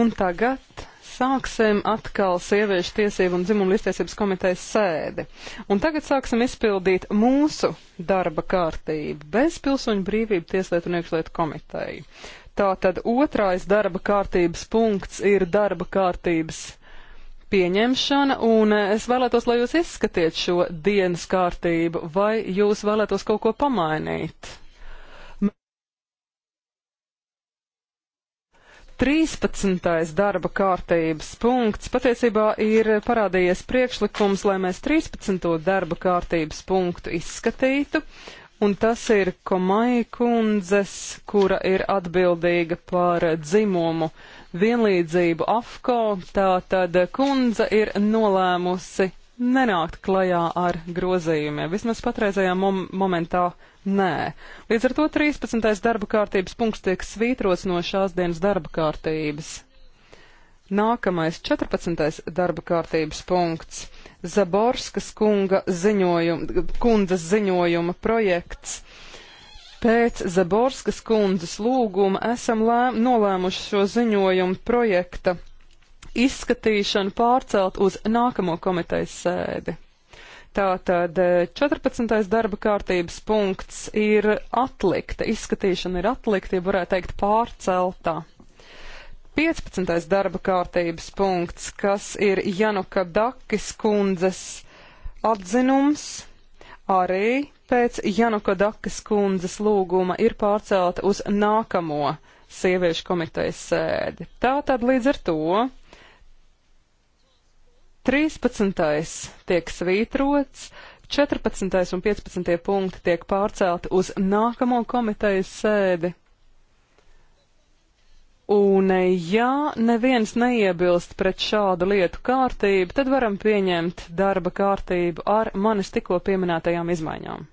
Un tagad sāksim atkal sieviešu tiesību un dzimumu līdztiesības komitejas sēdi. Un tagad sāksim izpildīt mūsu darba kārtību bez pilsoņu brīvību tieslietu un iekšlietu komiteju. Tātad otrais darba kārtības punkts ir darba kārtības pieņemšana, un es vēlētos, lai jūs izskatiet šo dienas kārtību, vai jūs vēlētos kaut ko pamainīt. 13. darba kārtības punkts. Patiesībā ir parādījies priekšlikums, lai mēs 13. darba kārtības punktu izskatītu, un tas ir Komai kundzes, kura ir atbildīga par dzimumu vienlīdzību AFKO. Tātad kundze ir nolēmusi nenākt klajā ar grozījumiem. Vismaz patreizajā mom momentā nē. Līdz ar to 13. darba kārtības punkts tiek svītrots no šās dienas darba kārtības. Nākamais 14. darba kārtības punkts - Zaborskas kunga ziņojuma, kundas ziņojuma projekts. Pēc Zaborskas kundzes lūguma esam lēm, nolēmuši šo ziņojumu projekta izskatīšanu pārcelt uz nākamo komitejas sēdi. Tātad 14. E, darba kārtības punkts ir atlikta, izskatīšana ir atlikta, ja varētu teikt pārceltā. 15. darba kārtības punkts, kas ir Januka Dakis kundzes atzinums, arī pēc Januka Dakas kundzes lūguma ir pārcelta uz nākamo sieviešu komitejas sēdi. Tātad līdz ar to 13. tiek svītrots, 14. un 15. punkti tiek pārcelti uz nākamo komitejas sēdi. Un ja neviens neiebilst pret šādu lietu kārtību, tad varam pieņemt darba kārtību ar manis tikko pieminētajām izmaiņām.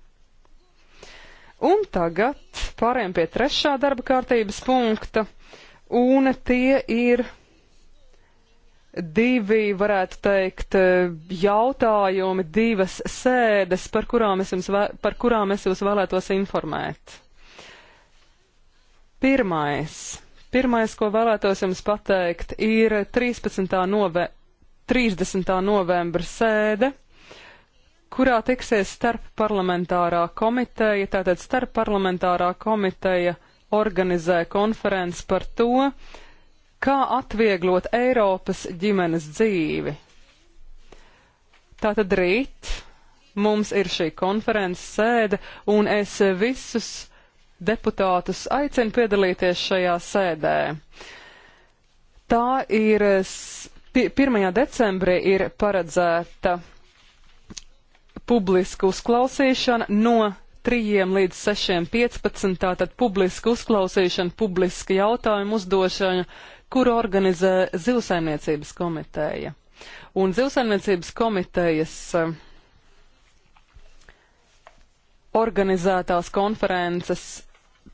Un tagad pārējām pie trešā darba kārtības punkta, un tie ir divi, varētu teikt, jautājumi, divas sēdes, par kurām es, jums, par kurām es jūs vēlētos informēt. Pirmais, pirmais, ko vēlētos jums pateikt, ir 13. Nove 30. novembra sēde, kurā tiksies starpparlamentārā komiteja, tātad starpparlamentārā komiteja organizē konferenci par to, uh, Kā atvieglot Eiropas ģimenes dzīvi? Tātad rīt mums ir šī konferences sēde, un es visus deputātus aicinu piedalīties šajā sēdē. Tā ir 1. decembrī ir paredzēta publiska uzklausīšana no 3 līdz 6.15, tātad publiska uzklausīšana, publiska jautājuma uzdošana, kuru organizē Zivsaimniecības komiteja. Un Zivsaimniecības komitejas eh, organizētās konferences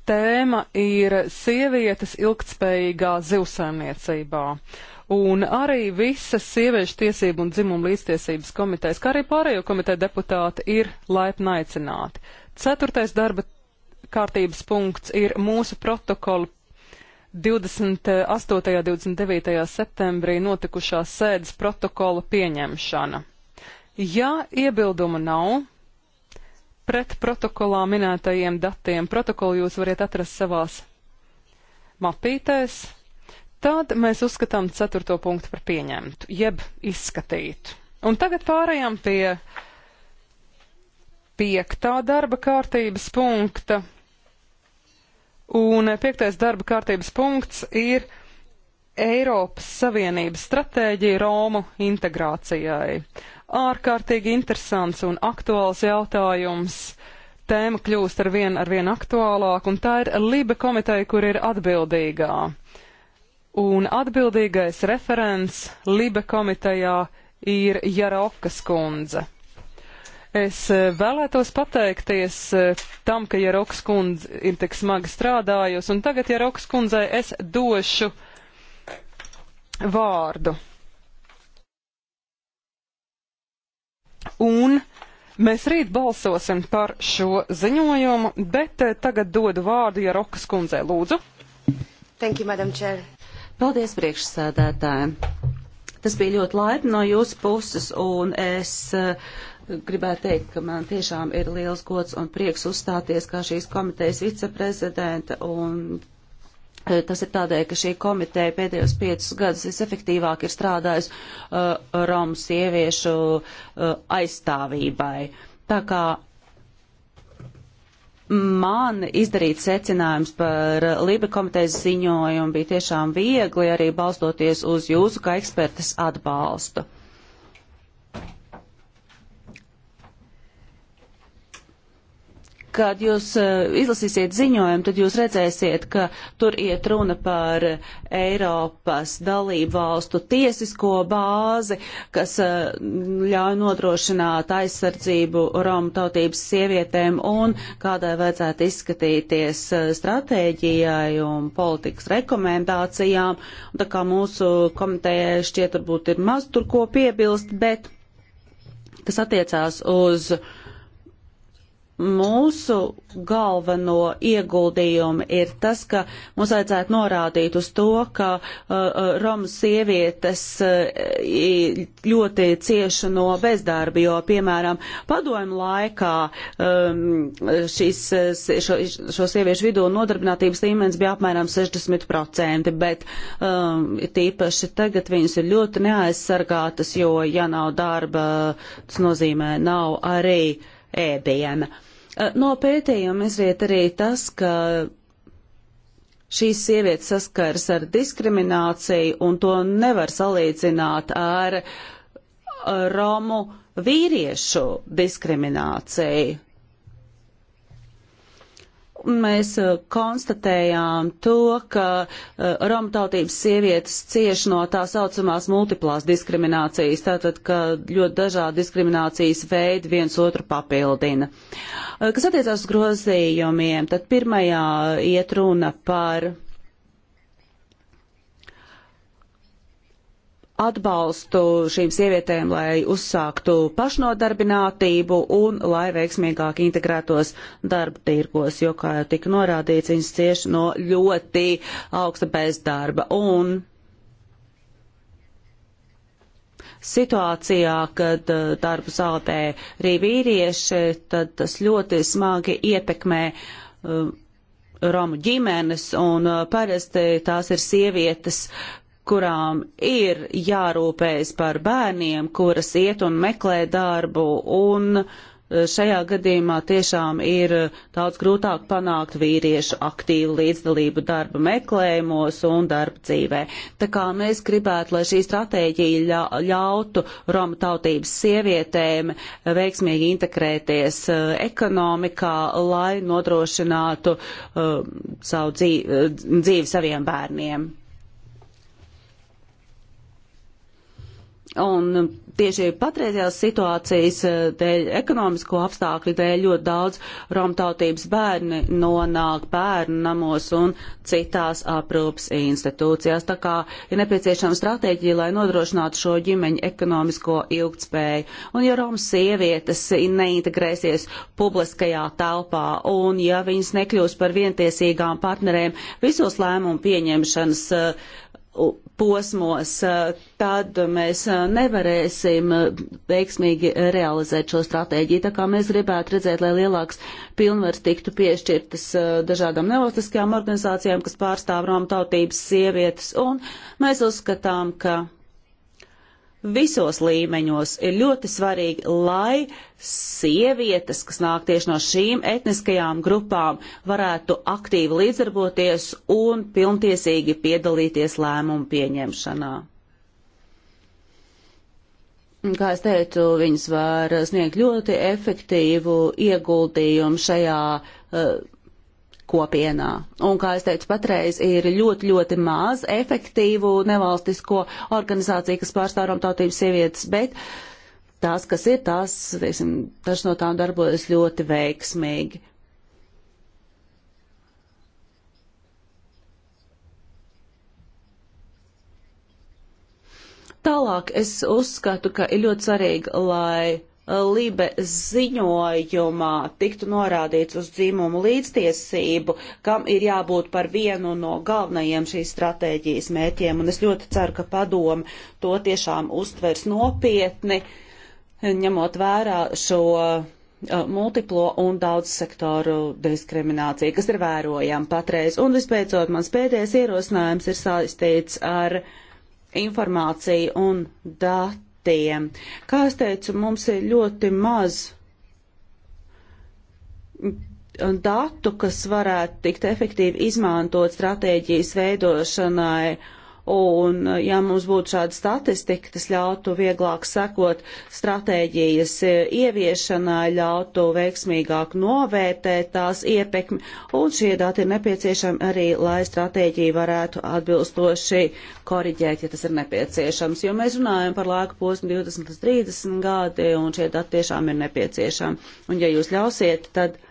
tēma ir sievietes ilgtspējīgā zivsaimniecībā. Un arī visas sieviešu tiesību un dzimumu līdztiesības komitejas, kā arī pārējo komiteju deputāti, ir laipni aicināti. Ceturtais darba kārtības punkts ir mūsu protokola 28. un 29. septembrī notikušās sēdes protokola pieņemšana. Ja iebildumu nav pret protokolā minētajiem datiem, protokolu jūs varat atrast savās mapītēs, tad mēs uzskatām ceturto punktu par pieņemtu, jeb izskatītu. Un tagad pārējām pie piektā darba kārtības punkta Un piektais darba kārtības punkts ir Eiropas Savienības stratēģija Romu integrācijai. Ārkārtīgi interesants un aktuāls jautājums. Tēma kļūst ar vien, ar vien aktuālāk, un tā ir Libe komiteja, kur ir atbildīgā. Un atbildīgais referents Libe komitejā ir Jarokas kundze. Es e, vēlētos pateikties e, tam, ka Jaroks kundze ir tik smagi strādājusi, un tagad Jaroks kundzei es došu vārdu. Un mēs rīt balsosim par šo ziņojumu, bet e, tagad dodu vārdu Jarokas kundzei. Lūdzu. Thank you, Madam Chair. Paldies priekšsēdētājiem. Tas bija ļoti laipni no jūsu puses, un es uh, gribētu teikt, ka man tiešām ir liels gods un prieks uzstāties kā šīs komitejas viceprezidenta un e, Tas ir tādēļ, ka šī komiteja pēdējos piecus gadus visefektīvāk ir strādājusi uh, e, Romu sieviešu uh, aizstāvībai. Tā kā man izdarīt secinājums par Liba komitejas ziņojumu bija tiešām viegli, arī balstoties uz jūsu kā ekspertas atbalstu. Kad jūs eh, izlasīsiet ziņojumu, tad jūs redzēsiet, ka tur iet runa par eh, Eiropas dalību valstu tiesisko bāzi, kas eh, ļauj nodrošināt aizsardzību Romu tautības sievietēm un kādai vajadzētu izskatīties stratēģijai un politikas rekomendācijām. Un tā kā mūsu komitejai šķiet varbūt ir maz tur ko piebilst, bet kas attiecās uz uh, Mūsu galveno ieguldījumu ir tas, ka mums vajadzētu norādīt uz to, ka uh, uh Romas sievietes uh, ļoti cieši no bezdarba, jo, piemēram, padomu laikā um, šis, uh, šo, šo sieviešu vidū nodarbinātības līmenis bija apmēram 60%, bet um, tīpaši tagad viņas ir ļoti neaizsargātas, jo, ja nav darba, tas nozīmē nav arī ēdiena. E Eh, no pētījuma izriet arī tas, ka šīs sievietes saskaras ar diskrimināciju un to nevar salīdzināt ar eh, Romu vīriešu diskrimināciju mēs uh, konstatējām to, ka uh, Roma tautības sievietes cieš no tā saucamās multiplās diskriminācijas, tātad, ka ļoti dažādi diskriminācijas veidi viens otru papildina. Uh, kas attiecās uz grozījumiem, tad pirmajā iet runa par atbalstu šīm sievietēm, lai uzsāktu pašnodarbinātību un lai veiksmīgāk integrētos darba tirgos, jo, kā jau tika norādīts, viņas cieši no ļoti augsta bezdarba. Un situācijā, kad uh, darbu zaudē arī vīrieši, tad tas ļoti smagi ietekmē uh, Romu ģimenes, un uh, parasti tās ir sievietes, kurām ir jārūpējas par bērniem, kuras iet un meklē darbu, un e, šajā gadījumā tiešām ir daudz grūtāk panākt vīriešu aktīvu līdzdalību darba meklējumos un darba dzīvē. Tā kā mēs gribētu, lai šī stratēģija ļautu Roma tautības sievietēm veiksmīgi integrēties e, ekonomikā, lai nodrošinātu uh, savu dzīvi, dzīvi saviem bērniem. Un um, tieši patreizējās situācijas uh, dēļ, ekonomisko apstākļu dēļ ļoti daudz romtautības bērni nonāk bērnu namos un citās aprūpas institūcijās. Tā kā ir nepieciešama stratēģija, lai nodrošinātu šo ģimeņu ekonomisko ilgtspēju. Un ja romas sievietes neintegrēsies publiskajā telpā un ja viņas nekļūs par vientiesīgām partnerēm visos lēmumu pieņemšanas uh, posmos, tad mēs nevarēsim veiksmīgi realizēt šo stratēģiju. Tā kā mēs gribētu redzēt, lai lielāks pilnvars tiktu piešķirtas eh, dažādām nevalstiskajām organizācijām, kas pārstāv Roma tautības sievietes, un mēs uzskatām, ka visos līmeņos ir ļoti svarīgi, lai sievietes, kas nāk tieši no šīm etniskajām grupām, varētu aktīvi līdzdarboties un pilntiesīgi piedalīties lēmumu pieņemšanā. Kā es teicu, viņas var sniegt ļoti efektīvu ieguldījumu šajā uh, kopienā. Un, kā es teicu, patreiz ir ļoti, ļoti maz efektīvu nevalstisko organizāciju, kas pārstāv tautības sievietes, bet tās, kas ir, tās, teiksim, dažas no tām darbojas ļoti veiksmīgi. Tālāk es uzskatu, ka ir ļoti svarīgi, lai Libe ziņojumā tiktu norādīts uz dzimumu līdztiesību, kam ir jābūt par vienu no galvenajiem šīs stratēģijas mēķiem, un es ļoti ceru, ka padomi to tiešām uztvers nopietni, ņemot vērā šo uh, multiplo un daudz sektoru diskrimināciju, kas ir vērojama patreiz. Un vispēcot, mans pēdējais ierosinājums ir saistīts ar informāciju un datu datiem. Kā es teicu, mums ir ļoti maz datu, kas varētu tikt efektīvi izmantot stratēģijas veidošanai Un, eh, ja mums būtu šāda statistika, tas ļautu vieglāk sekot stratēģijas eh, ieviešanai, ļautu veiksmīgāk novērtēt tās iepekmi, un šie dati ir nepieciešami arī, lai stratēģija varētu atbilstoši koriģēt, ja tas ir nepieciešams. Jo mēs runājam par laika posmu 20 līdz 30 gadi, un šie dati tiešām ir nepieciešami. Un, ja jūs ļausiet, tad.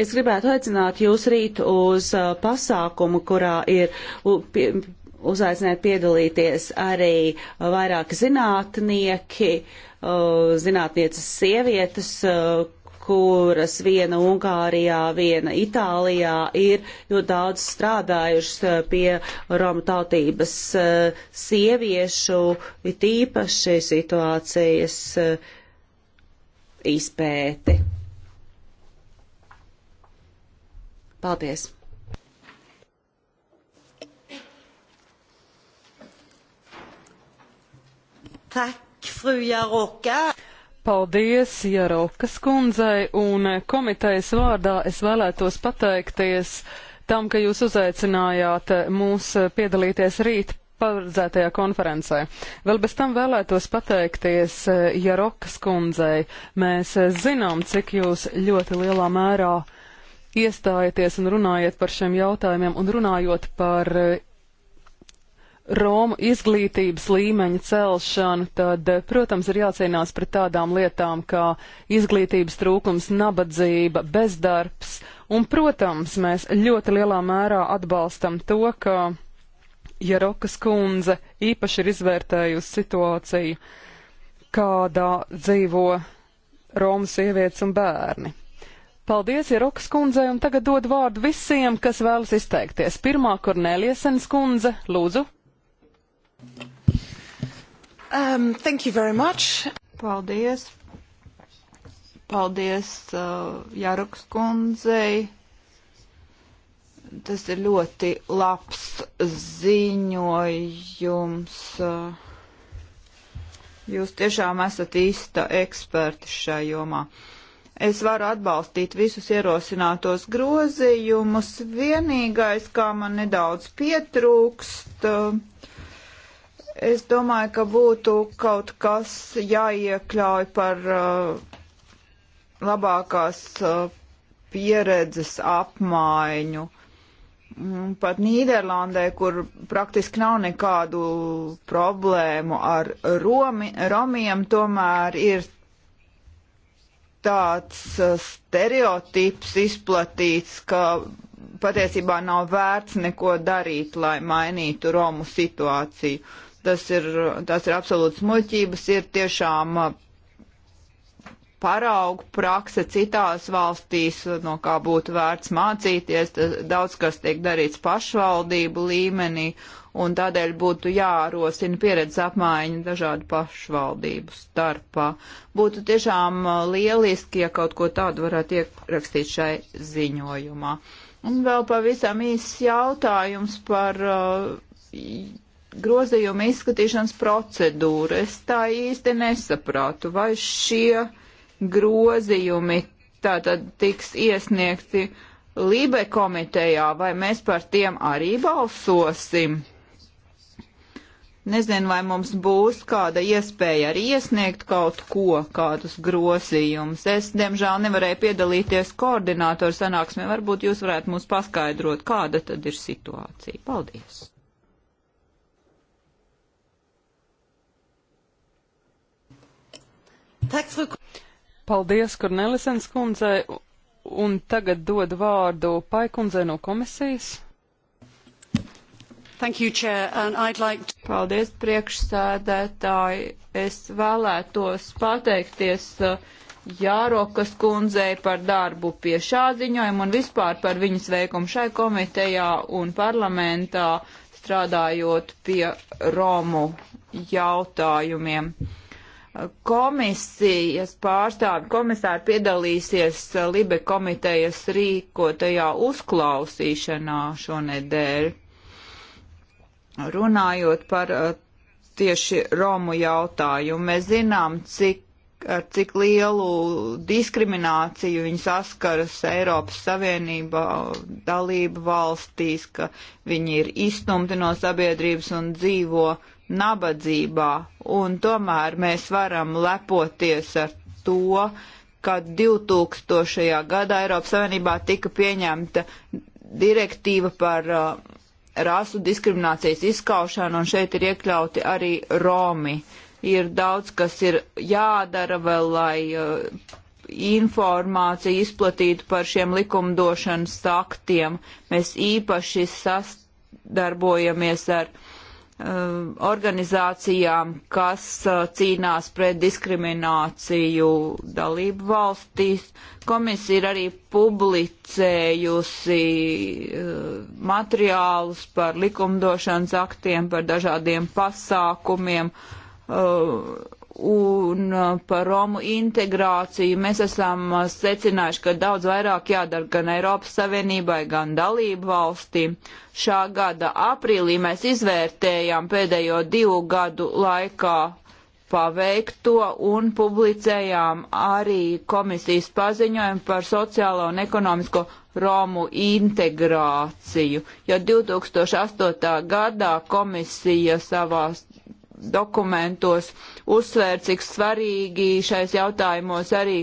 Es gribētu aicināt jūs rīt uz uh, pasākumu, kurā ir uzaicināt piedalīties arī uh, vairāki zinātnieki, uh, zinātnieces sievietes, kuras viena Ungārijā, viena Itālijā ir ļoti daudz strādājušas pie Roma tautības sieviešu, it īpaši situācijas izpēti. Paldies! Tak, fru Jaroka. Paldies Jarokas kundzei un komitejas vārdā es vēlētos pateikties tam, ka jūs uzaicinājāt mūs piedalīties rīt paredzētajā konferencē. Vēl bez tam vēlētos pateikties Jarokas kundzei. Mēs zinām, cik jūs ļoti lielā mērā iestājieties un runājiet par šiem jautājumiem un runājot par eh, Romu izglītības līmeņa celšanu, tad, eh, protams, ir jācīnās pret tādām lietām kā izglītības trūkums, nabadzība, bezdarbs. Un, protams, mēs ļoti lielā mērā atbalstam to, ka Jarokas kundze īpaši ir izvērtējusi situāciju, kādā dzīvo Romas sievietes un bērni. Paldies, Irokas kundze, un tagad dod vārdu visiem, kas vēlas izteikties. Pirmā Kornēliesens kundze, lūdzu. Um, thank you very much. Paldies. Paldies uh, Jarukas kundzei. Tas ir ļoti labs ziņojums. Uh, jūs tiešām esat īsta eksperti šajā jomā. Uh, Es varu atbalstīt visus ierosinātos grozījumus. Vienīgais, kā man nedaudz pietrūkst, es domāju, ka būtu kaut kas jāiekļauj par labākās pieredzes apmaiņu. Pat Nīderlandē, kur praktiski nav nekādu problēmu ar romi, romiem, tomēr ir tāds uh, stereotips izplatīts, ka patiesībā nav vērts neko darīt, lai mainītu Romu situāciju. Tas ir, tas ir absolūts muļķības, ir tiešām uh, paraugu prakse citās valstīs, no kā būtu vērts mācīties. Daudz kas tiek darīts pašvaldību līmenī, un tādēļ būtu jārosina pieredze apmaiņa dažādu pašvaldību starpā. Būtu tiešām uh, lieliski, ja kaut ko tādu varētu iekrakstīt šai ziņojumā. Un vēl pavisam īsts jautājums par uh, grozījumu izskatīšanas procedūru. Es tā īsti nesapratu, vai šie grozījumi tātad tiks iesniegti Lībe komitejā, vai mēs par tiem arī balsosim? Nezinu, vai mums būs kāda iespēja arī iesniegt kaut ko, kādus grozījumus. Es, diemžēl, nevarēju piedalīties koordinātoru sanāksmē. Varbūt jūs varētu mums paskaidrot, kāda tad ir situācija. Paldies! Tack för Paldies, Kornelisens kundzei, un tagad dod vārdu Paikundzei no komisijas. You, Chair, like to... Paldies, priekšsēdētāji. Es vēlētos pateikties uh, Jārokas kundzei par darbu pie šā ziņojuma un vispār par viņas veikumu šai komitejā un parlamentā strādājot pie Romu jautājumiem komisijas pārstāvi komisāri piedalīsies eh, Libe komitejas rīkotajā uzklausīšanā šonedēļ. Runājot par eh, tieši Romu jautājumu, mēs zinām, cik ar cik lielu diskrimināciju viņi saskaras Eiropas Savienībā dalību valstīs, ka viņi ir izstumti no sabiedrības un dzīvo uh, nabadzībā, un tomēr mēs varam lepoties ar to, ka 2000. gadā Eiropas Savienībā tika pieņemta direktīva par uh, rasu diskriminācijas izskaušanu, un šeit ir iekļauti arī Romi. Ir daudz, kas ir jādara vēl, lai uh, informāciju izplatītu par šiem likumdošanas aktiem. Mēs īpaši sastarbojamies ar uh, Uh, organizācijām, kas uh, cīnās pret diskrimināciju dalību valstīs. Komisija ir arī publicējusi uh, materiālus par likumdošanas aktiem, par dažādiem pasākumiem. Uh, un uh, par Romu integrāciju mēs esam uh, secinājuši, ka daudz vairāk jādara gan Eiropas Savienībai, gan dalību valstīm. Šā gada aprīlī mēs izvērtējām pēdējo divu gadu laikā paveikto un publicējām arī komisijas paziņojumu par sociālo un ekonomisko Romu integrāciju, jo 2008. gadā komisija savās dokumentos uzsvērt, cik svarīgi šais jautājumos arī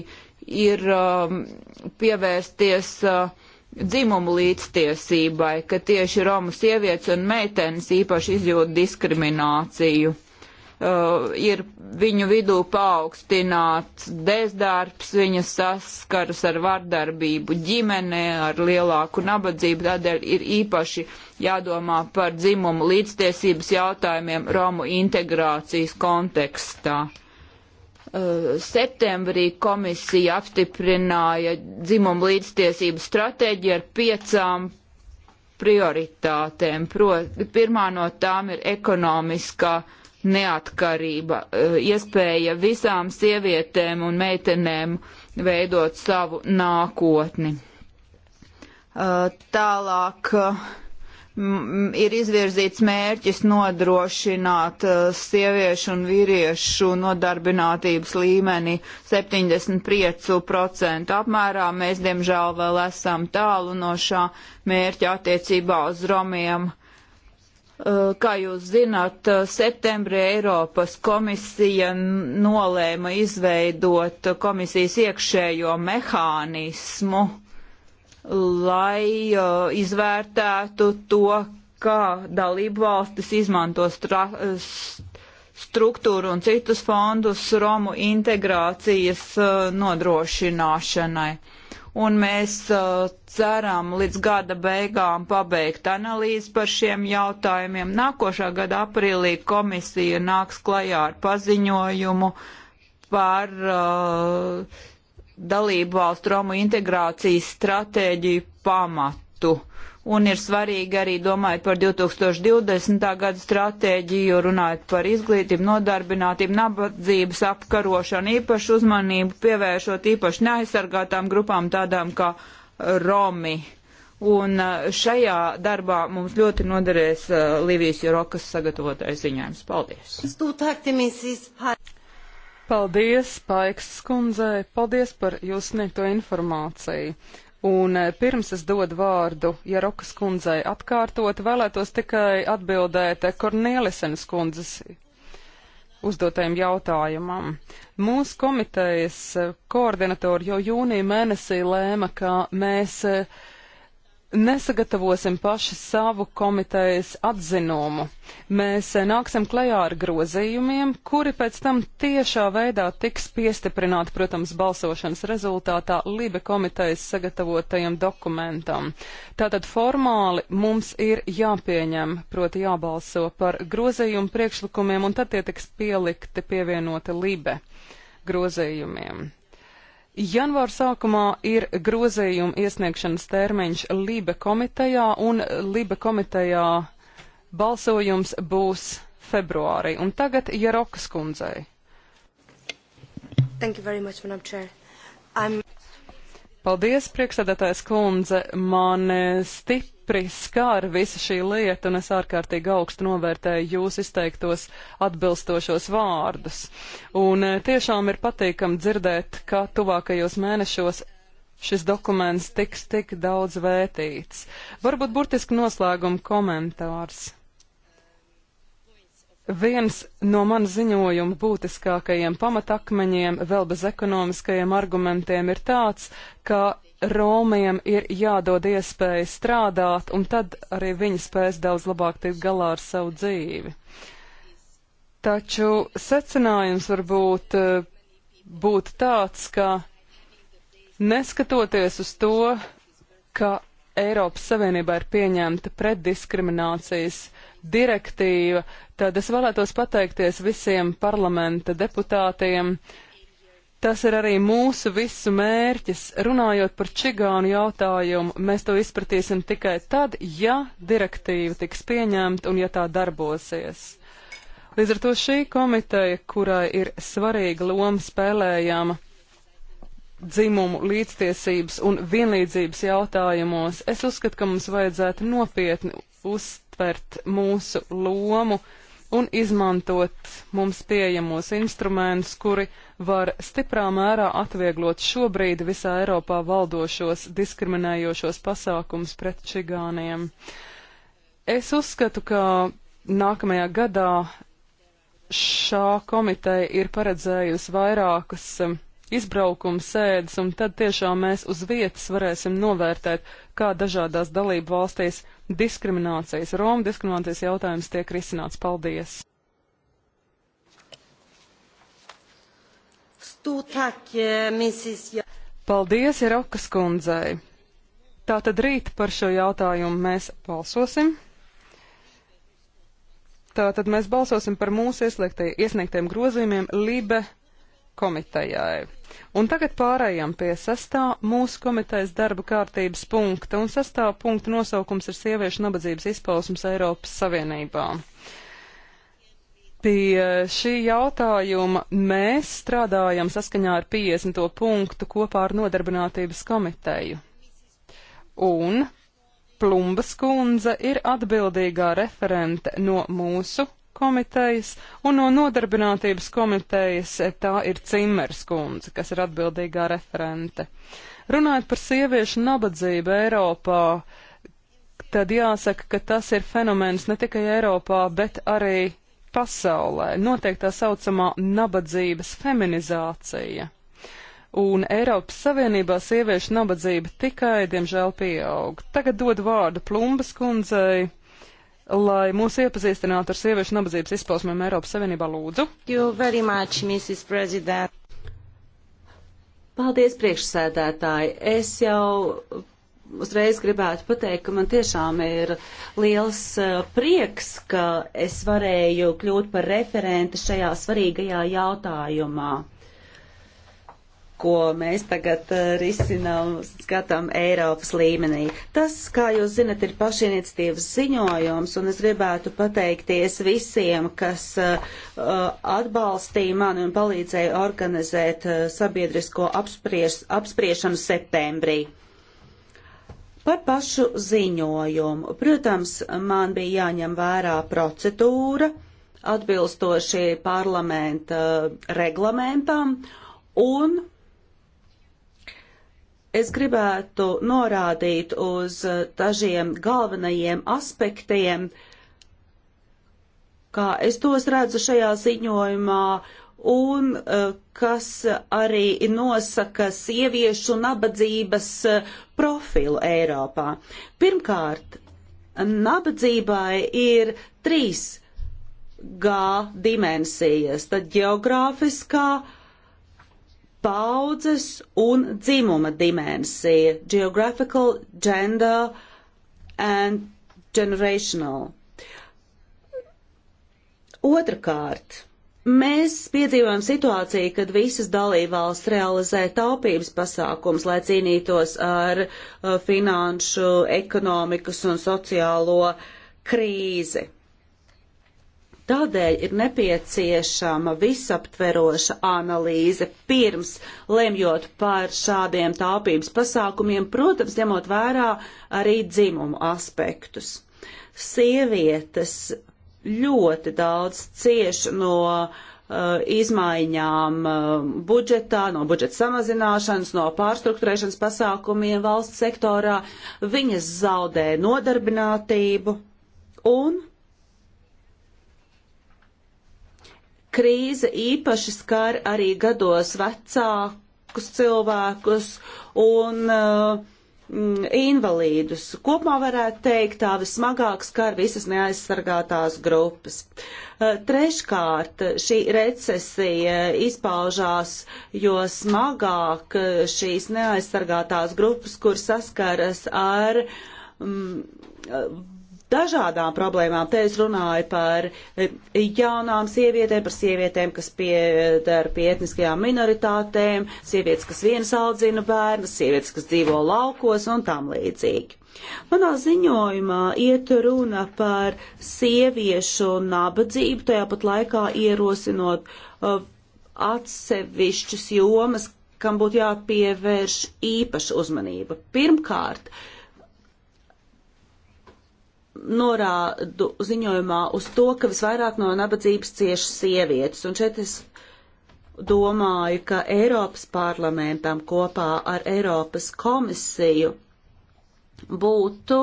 ir um, pievērsties uh, dzimumu līdztiesībai, ka tieši Romu sievietes un meitenes īpaši izjūt diskrimināciju uh, ir viņu vidū paaugstināts bezdarbs, viņas saskaras ar vardarbību ģimenē, ar lielāku nabadzību, tādēļ ir īpaši jādomā par dzimumu līdztiesības jautājumiem Romu integrācijas kontekstā uh, septembrī komisija apstiprināja dzimumu līdztiesību stratēģiju ar piecām prioritātēm. Pro, pirmā no tām ir ekonomiskā uh, neatkarība, eh, iespēja visām sievietēm un meitenēm veidot savu nākotni. Eh, tālāk eh, ir izvirzīts mērķis nodrošināt sieviešu un vīriešu nodarbinātības līmeni 75% apmērā. Mēs, diemžēl, vēl esam tālu no šā mērķa attiecībā uz romiem Eh, kā jūs zināt, eh, septembrī Eiropas komisija nolēma izveidot komisijas iekšējo mehānismu, lai eh, izvērtētu to, kā dalību valstis izmanto struktūru un citus fondus Romu integrācijas nodrošināšanai un mēs uh, ceram līdz gada beigām pabeigt analīzi par šiem jautājumiem. Nākošā gada aprīlī komisija nāks klajā ar paziņojumu par uh, dalību valstu Romu integrācijas stratēģiju pamatu un ir svarīgi arī domājot par 2020. gada stratēģiju, runājot par izglītību, nodarbinātību, nabadzības apkarošanu, īpašu uzmanību pievēršot īpaši neaizsargātām grupām tādām kā Romi. Un uh, šajā darbā mums ļoti noderēs uh, Livijas Jorokas sagatavotais ziņājums. Paldies! Paldies, Paiks skundzei! Paldies par jūsu sniegto informāciju! Un eh, pirms es dodu vārdu Jarokas kundzei atkārtot, vēlētos tikai atbildēt Kornēlisenes kundzes uzdotajam jautājumam. Mūsu komitejas eh, koordinatori jau jūnija mēnesī lēma, ka mēs uh, nesagatavosim paši savu komitejas atzinumu. Mēs nāksim klajā ar grozījumiem, kuri pēc tam tiešā veidā tiks piestiprināti, protams, balsošanas rezultātā Libe komitejas sagatavotajam dokumentam. Tātad formāli mums ir jāpieņem, proti jābalso par grozījumu priekšlikumiem, un tad tie tiks pielikti pievienoti Libe grozījumiem. Janvāra sākumā ir grozējuma iesniegšanas termiņš Libe komitejā, un Libe komitejā balsojums būs februārī. Un tagad Jarokas kundzei. Thank you very much, Madam Chair. I'm... Paldies, priekšsēdētājs kundze. Man stipri stipri skāra visa šī lieta, un es ārkārtīgi augstu novērtēju jūs izteiktos atbilstošos vārdus. Un e, tiešām ir patīkam dzirdēt, ka tuvākajos mēnešos šis dokuments tiks tik daudz vētīts. Varbūt burtiski noslēguma komentārs. Viens no man ziņojuma būtiskākajiem pamatakmeņiem, vēl bez ekonomiskajiem argumentiem, ir tāds, ka Romiem ir jādod iespēja strādāt, un tad arī viņi spēs daudz labāk tikt galā ar savu dzīvi. Taču secinājums varbūt eh, būtu tāds, ka neskatoties uz to, ka Eiropas Savienībā ir pieņemta preddiskriminācijas direktīva, tad es vēlētos pateikties visiem parlamenta deputātiem, uh, Tas ir arī mūsu visu mērķis. Runājot par čigānu jautājumu, mēs to izpratīsim tikai tad, ja direktīva tiks pieņemta un ja tā darbosies. Līdz ar to šī komiteja, kurai ir svarīga loma spēlējama dzimumu līdztiesības un vienlīdzības jautājumos, es uzskatu, ka mums vajadzētu nopietni uztvert mūsu lomu un izmantot mums pieejamos instrumentus, kuri var stiprā mērā atvieglot šobrīd visā Eiropā valdošos diskriminējošos pasākums pret čigāniem. Es uzskatu, ka nākamajā gadā šā komiteja ir paredzējusi vairākas um, izbraukuma sēdes, un tad tiešām mēs uz vietas varēsim novērtēt, kā dažādās dalību valstīs diskriminācijas, Roma diskriminācijas jautājums tiek risināts. Paldies! Eh, Paldies Irokas kundzei. Tātad rīt par šo jautājumu mēs balsosim. Tātad mēs balsosim par mūsu iesniegtiem grozījumiem Libe komitejai. Un tagad pārējām pie sastā mūsu komitejas darba kārtības punkta, un sastā punkta nosaukums ir sieviešu nabadzības izpausmas Eiropas Savienībā. Uh, Pie šī jautājuma mēs strādājam saskaņā ar 50. punktu kopā ar Nodarbinātības komiteju. Un Plumbas kundze ir atbildīgā referente no mūsu komitejas un no Nodarbinātības komitejas tā ir Cimers kundze, kas ir atbildīgā referente. Runājot par sieviešu nabadzību Eiropā, tad jāsaka, ka tas ir fenomens ne tikai Eiropā, bet arī pasaulē. Notiek tā saucamā nabadzības feminizācija. Un Eiropas Savienībā sieviešu nabadzība tikai, diemžēl, pieaug. Tagad dod vārdu Plumbas kundzei, lai mūs iepazīstinātu ar sieviešu nabadzības izpausmēm Eiropas Savienībā lūdzu. Much, Mrs. President. Paldies, priekšsēdētāji. Es jau uzreiz gribētu pateikt, ka man tiešām ir liels eh, prieks, ka es varēju kļūt par referenti šajā svarīgajā jautājumā, ko mēs tagad eh, risinām, skatām Eiropas līmenī. Tas, kā jūs zinat, ir pašiniciatīvas ziņojums, un es gribētu pateikties visiem, kas eh, atbalstīja mani un palīdzēja organizēt sabiedrisko apsprieš, apspriešanu septembrī. Par pašu ziņojumu. Protams, man bija jāņem vērā procedūra atbilstoši parlamenta reglamentam, un es gribētu norādīt uz dažiem galvenajiem aspektiem, kā es tos redzu šajā ziņojumā, un eh, kas arī nosaka sieviešu nabadzības eh, profilu Eiropā. Pirmkārt, nabadzībai ir trīs G dimensijas, tad geogrāfiskā, paudzes un dzimuma dimensija, geographical, gender and generational. Otrakārt, Mēs piedzīvojam situāciju, kad visas dalībvalsts realizē taupības pasākums, lai cīnītos ar uh, finanšu, ekonomikas un sociālo krīzi. Tādēļ ir nepieciešama visaptveroša analīze pirms lemjot par šādiem taupības pasākumiem, protams, ņemot vērā arī dzimumu aspektus. Sievietes ļoti daudz cieš no uh, izmaiņām uh, budžetā, no budžeta samazināšanas, no pārstruktūrēšanas pasākumiem valsts sektorā. Viņas zaudē nodarbinātību un krīze īpaši skar arī gados vecākus cilvēkus un uh, Mm, invalīdus. Kopumā varētu teikt, tā vismagāk skar visas neaizsargātās grupas. Uh, treškārt, šī recesija izpaužās, jo smagāk šīs neaizsargātās grupas, kur saskaras ar mm, dažādām problēmām. Te es runāju par eh, jaunām sievietēm, par sievietēm, kas piedara pie etniskajām minoritātēm, sievietes, kas vienas audzina bērnas, sievietes, kas dzīvo laukos un tam līdzīgi. Manā ziņojumā iet runa par sieviešu nabadzību, tajā pat laikā ierosinot uh, atsevišķas jomas, kam būtu jāpievērš īpaša uzmanība. Pirmkārt, norādu ziņojumā uz to, ka visvairāk no nabadzības cieši sievietes. Un šeit es domāju, ka Eiropas parlamentam kopā ar Eiropas komisiju būtu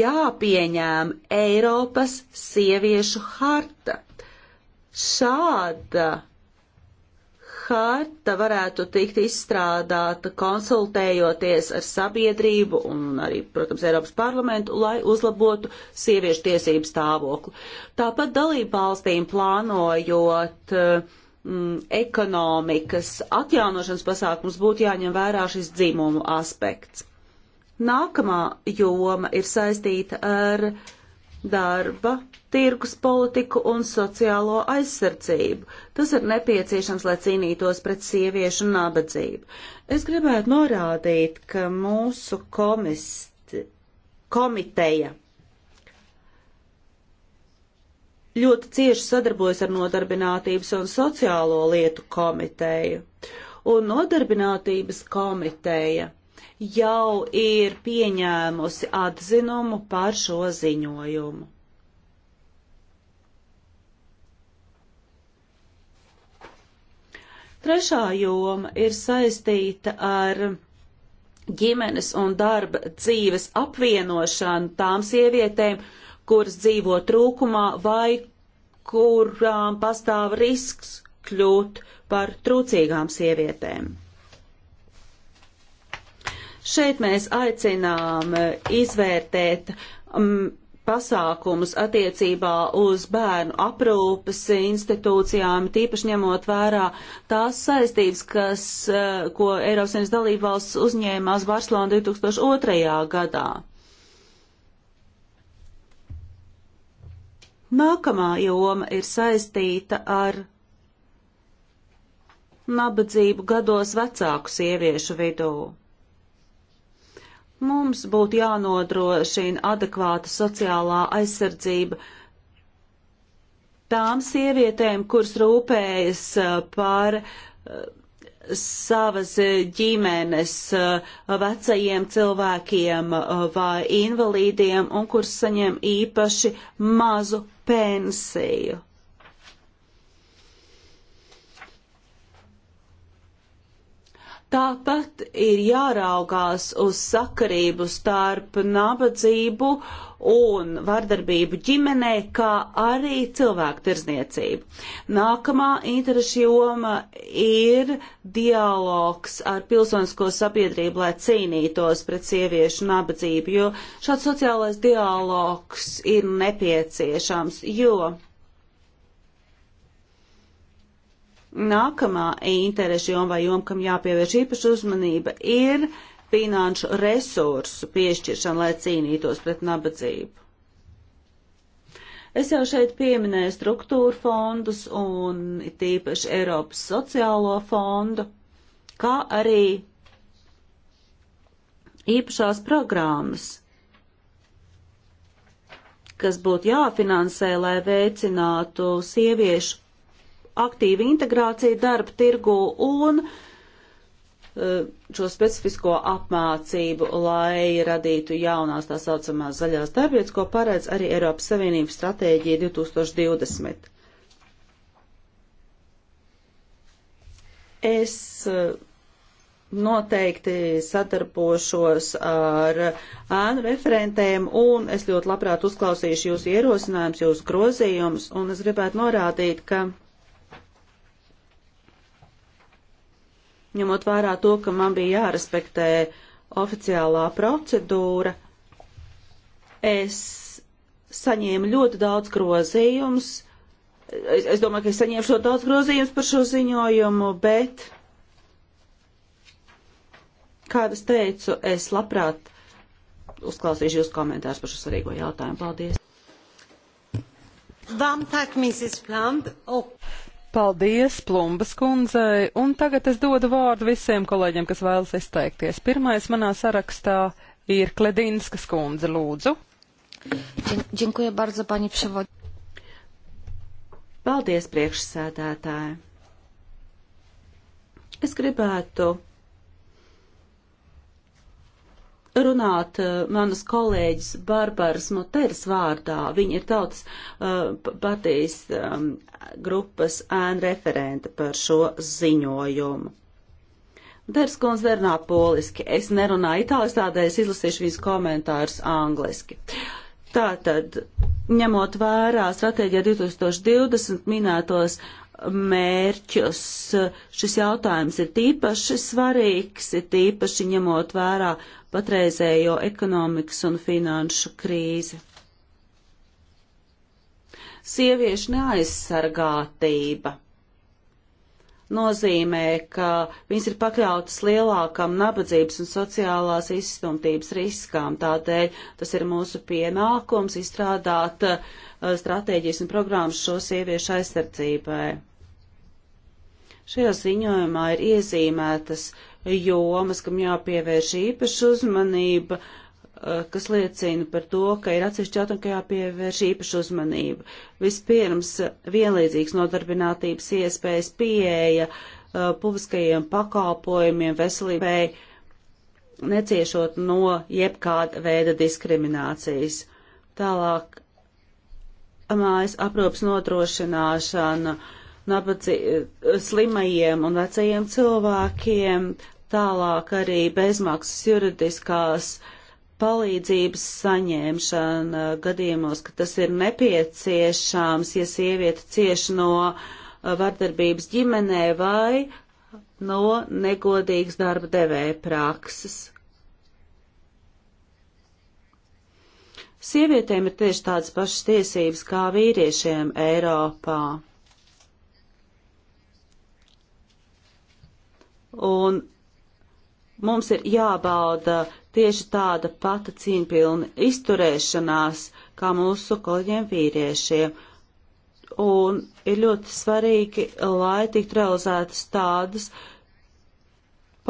jāpieņēm Eiropas sieviešu harta. Šāda harta varētu tikt izstrādāta konsultējoties ar sabiedrību un arī, protams, Eiropas parlamentu, lai uzlabotu sieviešu tiesību stāvokli. Tāpat dalību valstīm plānojot mm, ekonomikas atjaunošanas pasākums būtu jāņem vērā šis dzimumu aspekts. Nākamā joma ir saistīta ar darba tirgus politiku un sociālo aizsardzību. Tas ir nepieciešams, lai cīnītos pret sieviešu nabadzību. Es gribētu norādīt, ka mūsu komist, komiteja ļoti cieši sadarbojas ar Nodarbinātības un sociālo lietu komiteju. Un Nodarbinātības komiteja jau ir pieņēmusi atzinumu par šo ziņojumu. Trešā joma ir saistīta ar ģimenes un darba dzīves apvienošanu tām sievietēm, kuras dzīvo trūkumā vai kurām pastāv risks kļūt par trūcīgām sievietēm. Šeit mēs aicinām izvērtēt um, pasākumus attiecībā uz bērnu aprūpes institūcijām, tīpaši ņemot vērā tās saistības, kas, eh, ko Eiropas Savienības dalībvalsts uzņēmās Barcelona 2002. gadā. Nākamā joma ir saistīta ar nabadzību gados vecāku sieviešu vidū. Mums būtu jānodrošina adekvāta sociālā aizsardzība tām sievietēm, kuras rūpējas uh, par uh, savas ģimenes uh, vecajiem cilvēkiem vai invalīdiem un kuras saņem īpaši mazu pensiju. Tāpat ir jāraugās uz sakarību starp nabadzību un vardarbību ģimenē, kā arī cilvēku tirzniecību. Nākamā interešu joma ir dialogs ar pilsonisko sabiedrību, lai cīnītos pret sieviešu nabadzību, jo šāds sociālais dialogs ir nepieciešams, jo Nākamā interešu joma vai joma, kam jāpievērš īpaša uzmanība, ir finanšu resursu piešķiršana, lai cīnītos pret nabadzību. Es jau šeit pieminēju struktūru fondus un tīpaši Eiropas sociālo fondu, kā arī īpašās programmas, kas būtu jāfinansē, lai veicinātu sieviešu aktīva integrācija darba tirgu un e, šo specifisko apmācību, lai radītu jaunās tā saucamās zaļās darbietas, ko paredz arī Eiropas Savienības stratēģija 2020. Es e, noteikti sadarbošos ar ēnu referentēm un es ļoti labprāt uzklausīšu jūsu ierosinājumus, jūsu grozījumus un es gribētu norādīt, ka ņemot vērā to, ka man bija jārespektē oficiālā procedūra, es saņēmu ļoti daudz grozījumus. Es, es domāju, ka es saņēmu šo daudz grozījumus par šo ziņojumu, bet, kā es teicu, es labprāt uzklausīšu jūs komentārus par šo svarīgo jautājumu. Paldies! Varmt tack, Mrs. Plant. Och... Paldies Plumbas kundzei, un tagad es dodu vārdu visiem kolēģiem, kas vēlas izteikties. Pirmais manā sarakstā ir Kledinskas kundze, lūdzu. Dziękuję bardzo, pani przewod. Paldies, priekšsēdētāji. Es gribētu runāt eh, manas kolēģis Barbaras Moteris vārdā. Viņa ir tautas uh, partijas um, grupas ēna referente par šo ziņojumu. Deres kundze nerunā poliski. Es nerunāju itāliski, tādēļ es izlasīšu viņas komentārus angliski. Tātad, ņemot vērā stratēģijā 2020 minētos mērķus. Šis jautājums ir tīpaši svarīgs, ir tīpaši ņemot vērā patreizējo ekonomikas un finanšu krīzi. Sieviešu neaizsargātība nozīmē, ka viņas ir pakļautas lielākam nabadzības un sociālās izstumtības riskām. Tādēļ tas ir mūsu pienākums izstrādāt uh, stratēģijas un programmas šo sieviešu aizsardzībai. Šajā ziņojumā ir iezīmētas uh, jomas, kam jāpievērš īpaša uzmanība, eh, kas liecina par to, ka ir atsevišķi jautājumi, ka jāpievērš īpaša uzmanība. Vispirms, vienlīdzīgs nodarbinātības iespējas pieeja eh, publiskajiem pakalpojumiem, veselībai, neciešot no jebkāda veida diskriminācijas. Tālāk, mājas aprops nodrošināšana. Uh, nabadzie, eh, slimajiem un vecajiem cilvēkiem, tālāk arī bezmaksas juridiskās palīdzības saņemšana gadījumos, ka tas ir nepieciešams, ja sieviete cieši no eh, vardarbības ģimenē vai no negodīgas darba devēja prakses. Sievietēm ir tieši tādas pašas tiesības kā vīriešiem Eiropā. Un mums ir jābauda tieši tāda pata cīņpilna izturēšanās, kā mūsu kolēģiem vīriešiem. Un ir ļoti svarīgi, lai tiktu realizētas tādas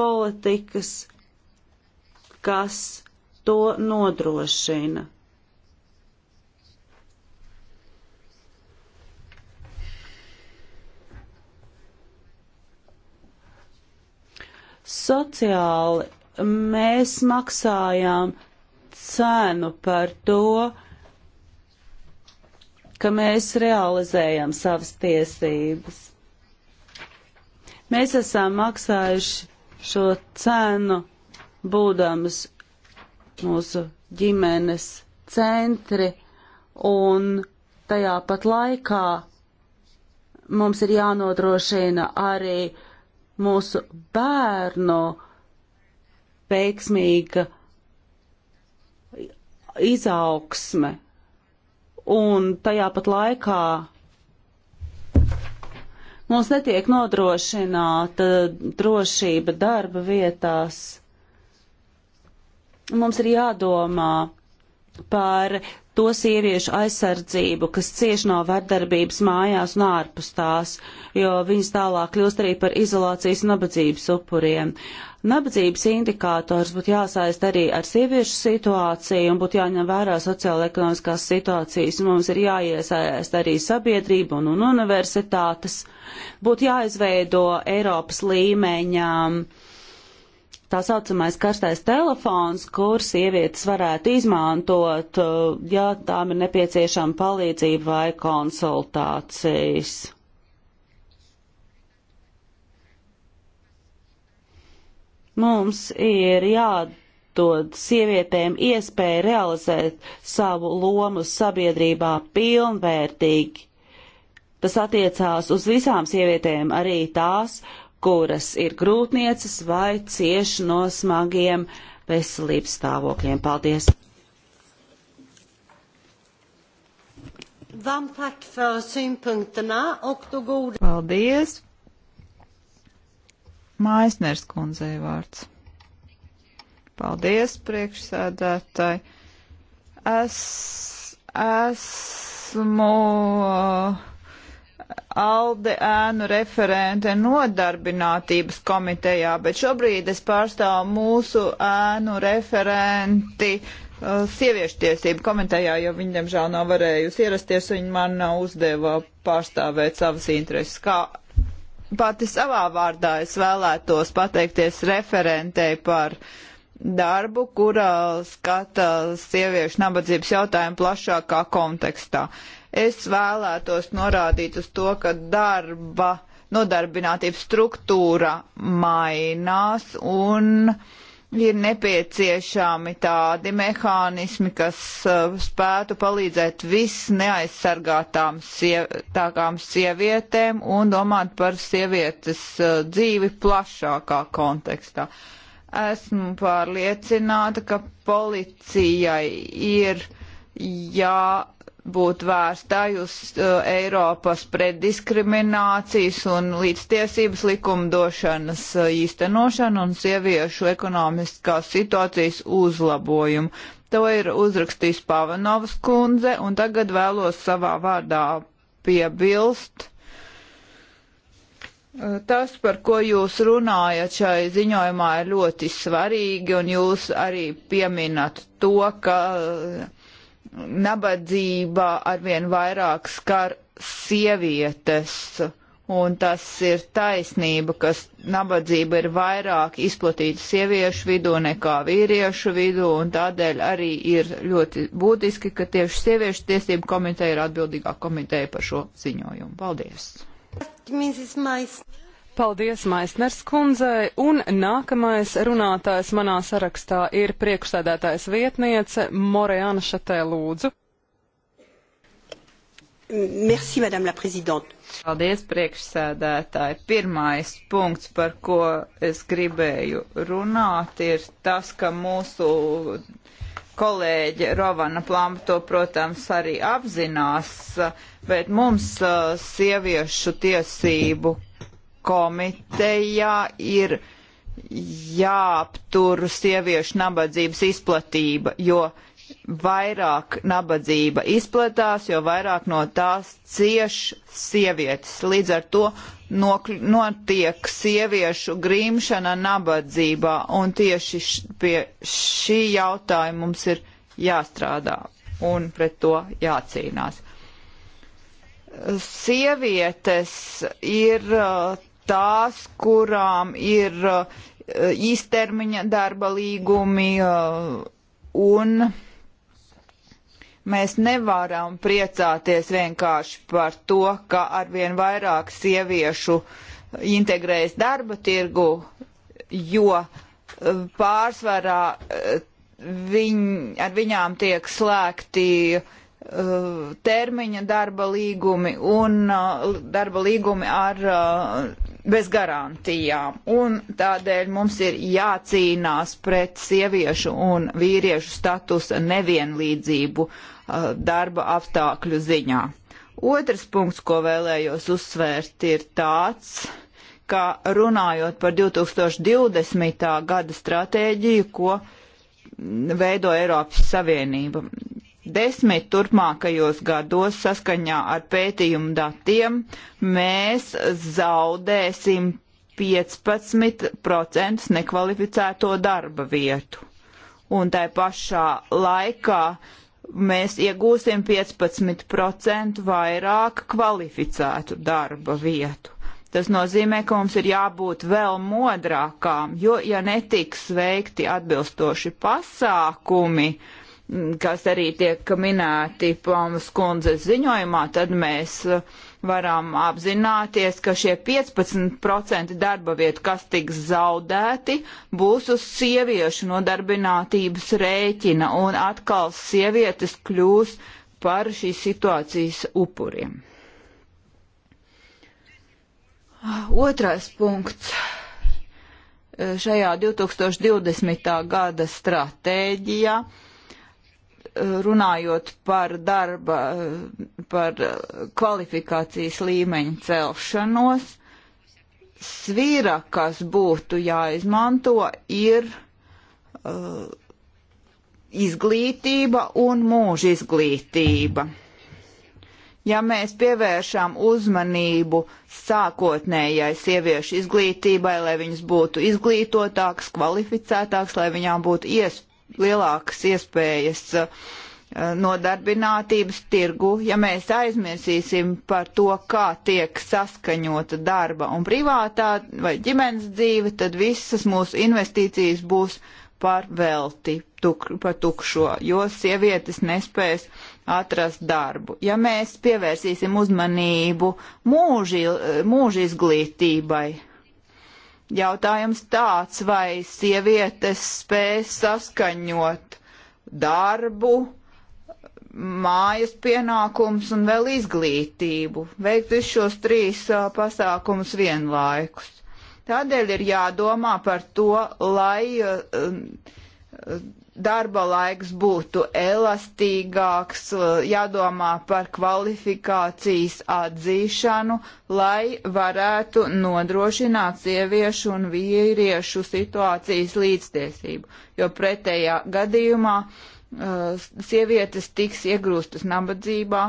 politikas, kas to nodrošina. Sociāli mēs maksājām cenu par to, ka mēs realizējam savas tiesības. Mēs esam maksājuši šo cenu, būdams mūsu ģimenes centri, un tajā pat laikā mums ir jānodrošina arī uh, mūsu bērnu veiksmīga izaugsme un tajā pat laikā mums netiek nodrošināta drošība darba vietās. Mums ir jādomā par to sieviešu aizsardzību, kas cieš no vardarbības mājās un ārpus tās, jo viņas tālāk kļūst arī par izolācijas un nabadzības upuriem. Nabadzības indikātors būtu jāsaist arī ar sieviešu situāciju un būtu jāņem vērā sociāla-ekonomiskās situācijas, un mums ir jāiesaist arī sabiedrība un, un universitātes. Būtu jāizveido Eiropas līmeņām. Um, tā saucamais karstais telefons, kur sievietes varētu izmantot, uh, ja tām ir nepieciešama palīdzība vai konsultācijas. Mums ir jādara dod sievietēm iespēju realizēt savu lomu sabiedrībā pilnvērtīgi. Tas attiecās uz visām sievietēm, arī tās, kuras ir grūtniecas vai cieši no smagiem veselības stāvokļiem. Paldies! Paldies! Maisners kundzei vārds. Paldies, priekšsēdētāji. Es esmu. Uh, Alde ēnu referente nodarbinātības komitejā, bet šobrīd es pārstāvu mūsu ēnu referenti uh, sieviešu tiesību komitejā, jo viņa, diemžēl, nav varējusi ierasties, viņa man uh, uzdeva pārstāvēt savas intereses. Kā pati savā vārdā es vēlētos pateikties referentei par darbu, kurā skata sieviešu nabadzības jautājumu plašākā kontekstā. Uh, Es vēlētos norādīt uz to, ka darba nodarbinātības struktūra mainās un ir nepieciešami tādi mehānismi, kas uh, spētu palīdzēt visneaizsargātām siev sievietēm un domāt par sievietes uh, dzīvi plašākā kontekstā. Esmu pārliecināta, ka policijai ir jā. Ja būt vērstai uz uh, Eiropas preddiskriminācijas un līdztiesības likumdošanas uh, īstenošanu un sieviešu ekonomiskās situācijas uzlabojumu. To ir uzrakstījis Pavanovas kundze, un tagad vēlos savā vārdā piebilst. Uh, tas, par ko jūs runājat šai ziņojumā, ir ļoti svarīgi, un jūs arī pieminat to, ka uh, nabadzība arvien vairāk skar sievietes. Un tas ir taisnība, ka nabadzība ir vairāk izplatīta sieviešu vidū nekā vīriešu vidū, un tādēļ arī ir ļoti būtiski, ka tieši sieviešu tiesību komiteja ir atbildīgā komiteja par šo ziņojumu. Paldies! Paldies Maisners kundzei, un nākamais runātājs manā sarakstā ir priekšsēdētājs vietniece Morejana Šatē Lūdzu. Merci, madame la présidente. Paldies, priekšsēdētāji. Pirmais punkts, par ko es gribēju runāt, ir tas, ka mūsu kolēģe Rovana Plama to, protams, arī apzinās, bet mums uh, sieviešu tiesību komitejā ir jāaptur sieviešu nabadzības izplatība, jo vairāk nabadzība izplatās, jo vairāk no tās cieš sievietes. Līdz ar to notiek sieviešu grimšana nabadzībā, un tieši pie šī jautājuma mums ir jāstrādā un pret to jācīnās. Sievietes ir uh, tās, kurām ir uh, īstermiņa darba līgumi uh, un mēs nevaram priecāties vienkārši par to, ka arvien vairāk sieviešu integrējas darba tirgu, jo uh, pārsvarā viņ, ar viņām tiek slēgti uh, Uh, termiņa darba līgumi un uh, darba līgumi ar uh, bez garantijām. Un tādēļ mums ir jācīnās pret sieviešu un vīriešu statusa nevienlīdzību darba apstākļu ziņā. Otrs punkts, ko vēlējos uzsvērt, ir tāds, ka runājot par 2020. gada stratēģiju, ko veido Eiropas Savienība desmit turpmākajos gados saskaņā ar pētījumu datiem mēs zaudēsim 15% nekvalificēto darba vietu. Un tai pašā laikā mēs iegūsim 15% vairāk kvalificētu darba vietu. Tas nozīmē, ka mums ir jābūt vēl modrākām, jo ja netiks veikti atbilstoši pasākumi, uh, kas arī tiek minēti Palmas kundzes ziņojumā, tad mēs uh, varam apzināties, ka šie 15% darba vietu, kas tiks zaudēti, būs uz sieviešu nodarbinātības rēķina, un atkal sievietes kļūs par šīs situācijas upuriem. Otrais punkts. Šajā 2020. gada stratēģijā runājot par darba, par kvalifikācijas līmeņu celšanos, svīra, kas būtu jāizmanto, ir uh, izglītība un mūža izglītība. Ja mēs pievēršam uzmanību sākotnējai sieviešu izglītībai, lai viņas būtu izglītotākas, kvalificētākas, lai viņām būtu iespējas, lielākas iespējas uh, nodarbinātības tirgu, ja mēs aizmirsīsim par to, kā tiek saskaņota darba un privātā vai ģimenes dzīve, tad visas mūsu investīcijas būs par velti, tuk, par tukšo, jo sievietes nespēs atrast darbu. Ja mēs pievērsīsim uzmanību mūži, mūža izglītībai, Jautājums tāds, vai sievietes spēs saskaņot darbu, mājas pienākums un vēl izglītību, veikt visus šos trīs uh, pasākumus vienlaikus. Tādēļ ir jādomā par to, lai uh, uh, darba laiks būtu elastīgāks, eh, jādomā par kvalifikācijas atzīšanu, lai varētu nodrošināt sieviešu un vīriešu situācijas līdztiesību, jo pretējā gadījumā uh, sievietes tiks iegrūstas nabadzībā.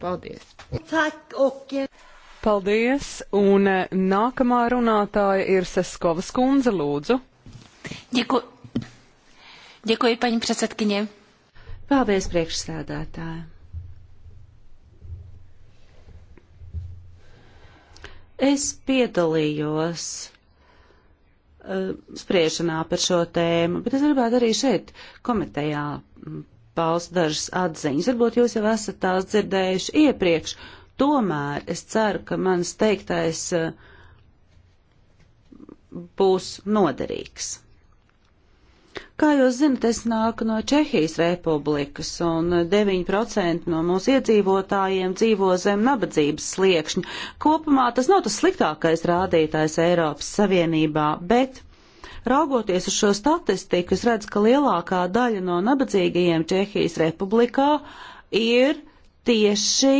Paldies! Paldies! Un eh, nākamā runātāja ir Seskovas kundze, lūdzu. Ďakujem. Děkuji, paní předsedkyně. Paldies, priekšsēdētāji. Es piedalījos uh, spriešanā par šo tēmu, bet es gribētu arī šeit komitejā mm, paust dažas atziņas. Varbūt jūs jau esat tās dzirdējuši iepriekš. Tomēr es ceru, ka mans teiktais uh, būs noderīgs. Kā jūs zinat, es nāku no Čehijas republikas, un 9% no mūsu iedzīvotājiem dzīvo zem nabadzības sliekšņa. Kopumā tas nav tas sliktākais rādītājs Eiropas Savienībā, bet raugoties uz šo statistiku, es redzu, ka lielākā daļa no nabadzīgajiem Čehijas republikā ir tieši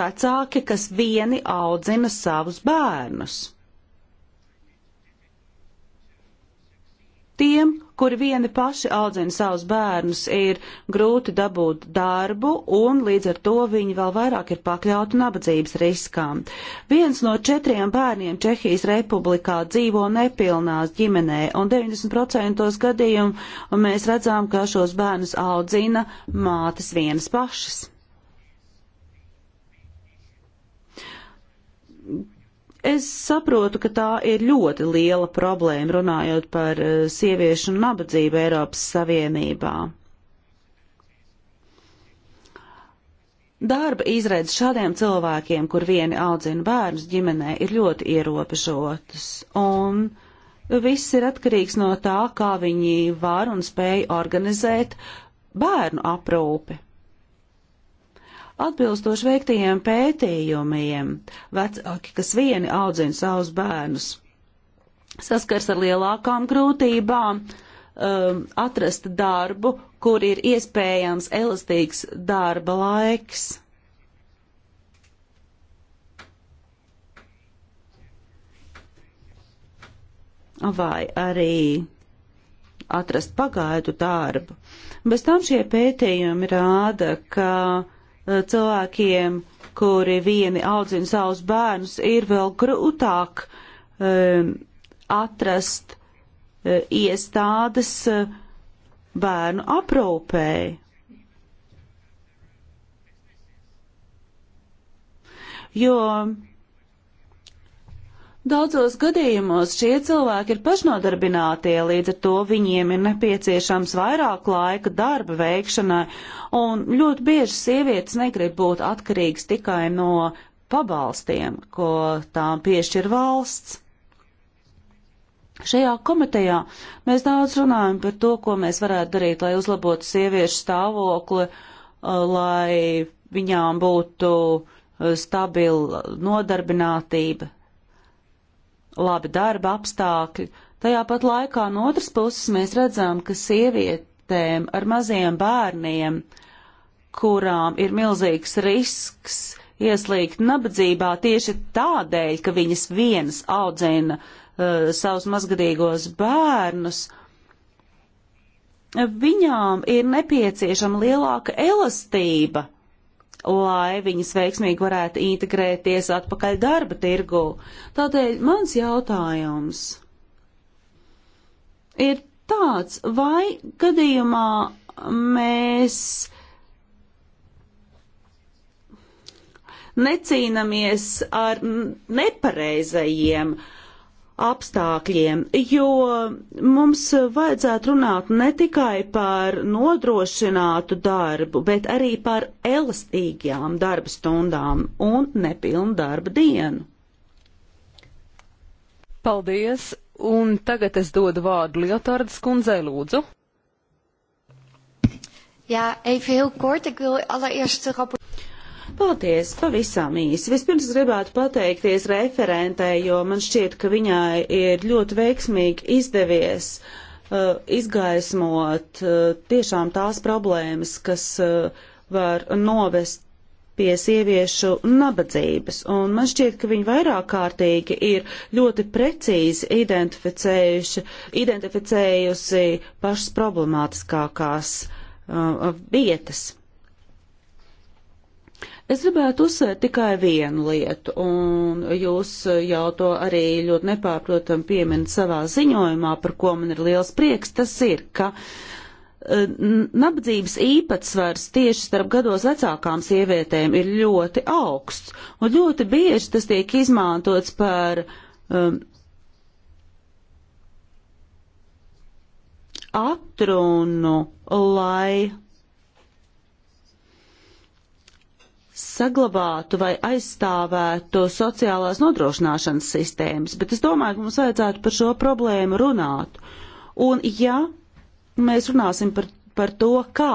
vecāki, kas vieni audzina savus bērnus. Tiem, kuri vieni paši audzina savus bērnus, ir grūti dabūt darbu, un līdz ar to viņi vēl vairāk ir pakļauti nabadzības riskām. Viens no četriem bērniem Čehijas republikā dzīvo nepilnās ģimenē, un 90% gadījumu mēs redzam, ka šos bērnus audzina mātes vienas pašas. Es saprotu, ka tā ir ļoti liela problēma runājot par eh, sieviešu nabadzību Eiropas Savienībā. Darba izredzes šādiem cilvēkiem, kur vieni audzina bērnus ģimenē, ir ļoti ierobežotas, un viss ir atkarīgs no tā, kā viņi var un spēj organizēt bērnu aprūpi. Atbilstoši veiktajiem pētījumiem, vecāki, kas vieni audzina savus bērnus, saskars ar lielākām grūtībām um, atrast darbu, kur ir iespējams elastīgs darba laiks. Vai arī atrast pagaidu darbu. Bez tam šie pētījumi rāda, ka Eh, cilvēkiem, kuri vieni audzina savus bērnus, ir vēl grūtāk um, atrast uh, iestādes uh, bērnu aprūpēji. Jo Daudzos gadījumos šie cilvēki ir pašnodarbinātie, līdz ar to viņiem ir nepieciešams vairāk laika darba veikšanai, un ļoti bieži sievietes negrib būt atkarīgas tikai no pabalstiem, ko tām piešķir valsts. Šajā komitejā mēs daudz runājam par to, ko mēs varētu darīt, lai uzlabotu sieviešu stāvokli, uh, lai viņām būtu uh, stabila nodarbinātība, labi darba apstākļi. Tajā pat laikā no otras puses mēs redzam, ka sievietēm ar maziem bērniem, kurām ir milzīgs risks ieslīgt nabadzībā tieši tādēļ, ka viņas vienas audzina uh, savus mazgadīgos bērnus, viņām ir nepieciešama lielāka elastība lai viņas veiksmīgi varētu integrēties atpakaļ darba tirgu. Tādēļ mans jautājums ir tāds, vai gadījumā mēs necīnamies ar nepareizajiem uh, apstākļiem, jo mums vajadzētu runāt ne tikai par nodrošinātu darbu, bet arī par elastīgām darba stundām un nepilnu darba dienu. Paldies, un tagad es dodu vārdu Liotārdas kundzei lūdzu. Jā, even heel kort. Ik wil allereerst de rapporteur. Paldies, pavisam īsi. Vispirms gribētu pateikties referentē, jo man šķiet, ka viņai ir ļoti veiksmīgi izdevies uh, izgaismot uh, tiešām tās problēmas, kas uh, var novest pie sieviešu nabadzības. Un man šķiet, ka viņi vairāk kārtīgi ir ļoti precīzi identificējusi pašas problemātiskākās uh, vietas. Es gribētu uzsvērt tikai vienu lietu, un jūs jau to arī ļoti nepārprotam pieminat savā ziņojumā, par ko man ir liels prieks, tas ir, ka e, nabadzības īpatsvars tieši starp gados vecākām sievietēm ir ļoti augsts, un ļoti bieži tas tiek izmantots par um, atrunu, lai saglabātu vai aizstāvētu sociālās nodrošināšanas sistēmas, bet es domāju, ka mums vajadzētu par šo problēmu runāt. Un ja mēs runāsim par, par to, kā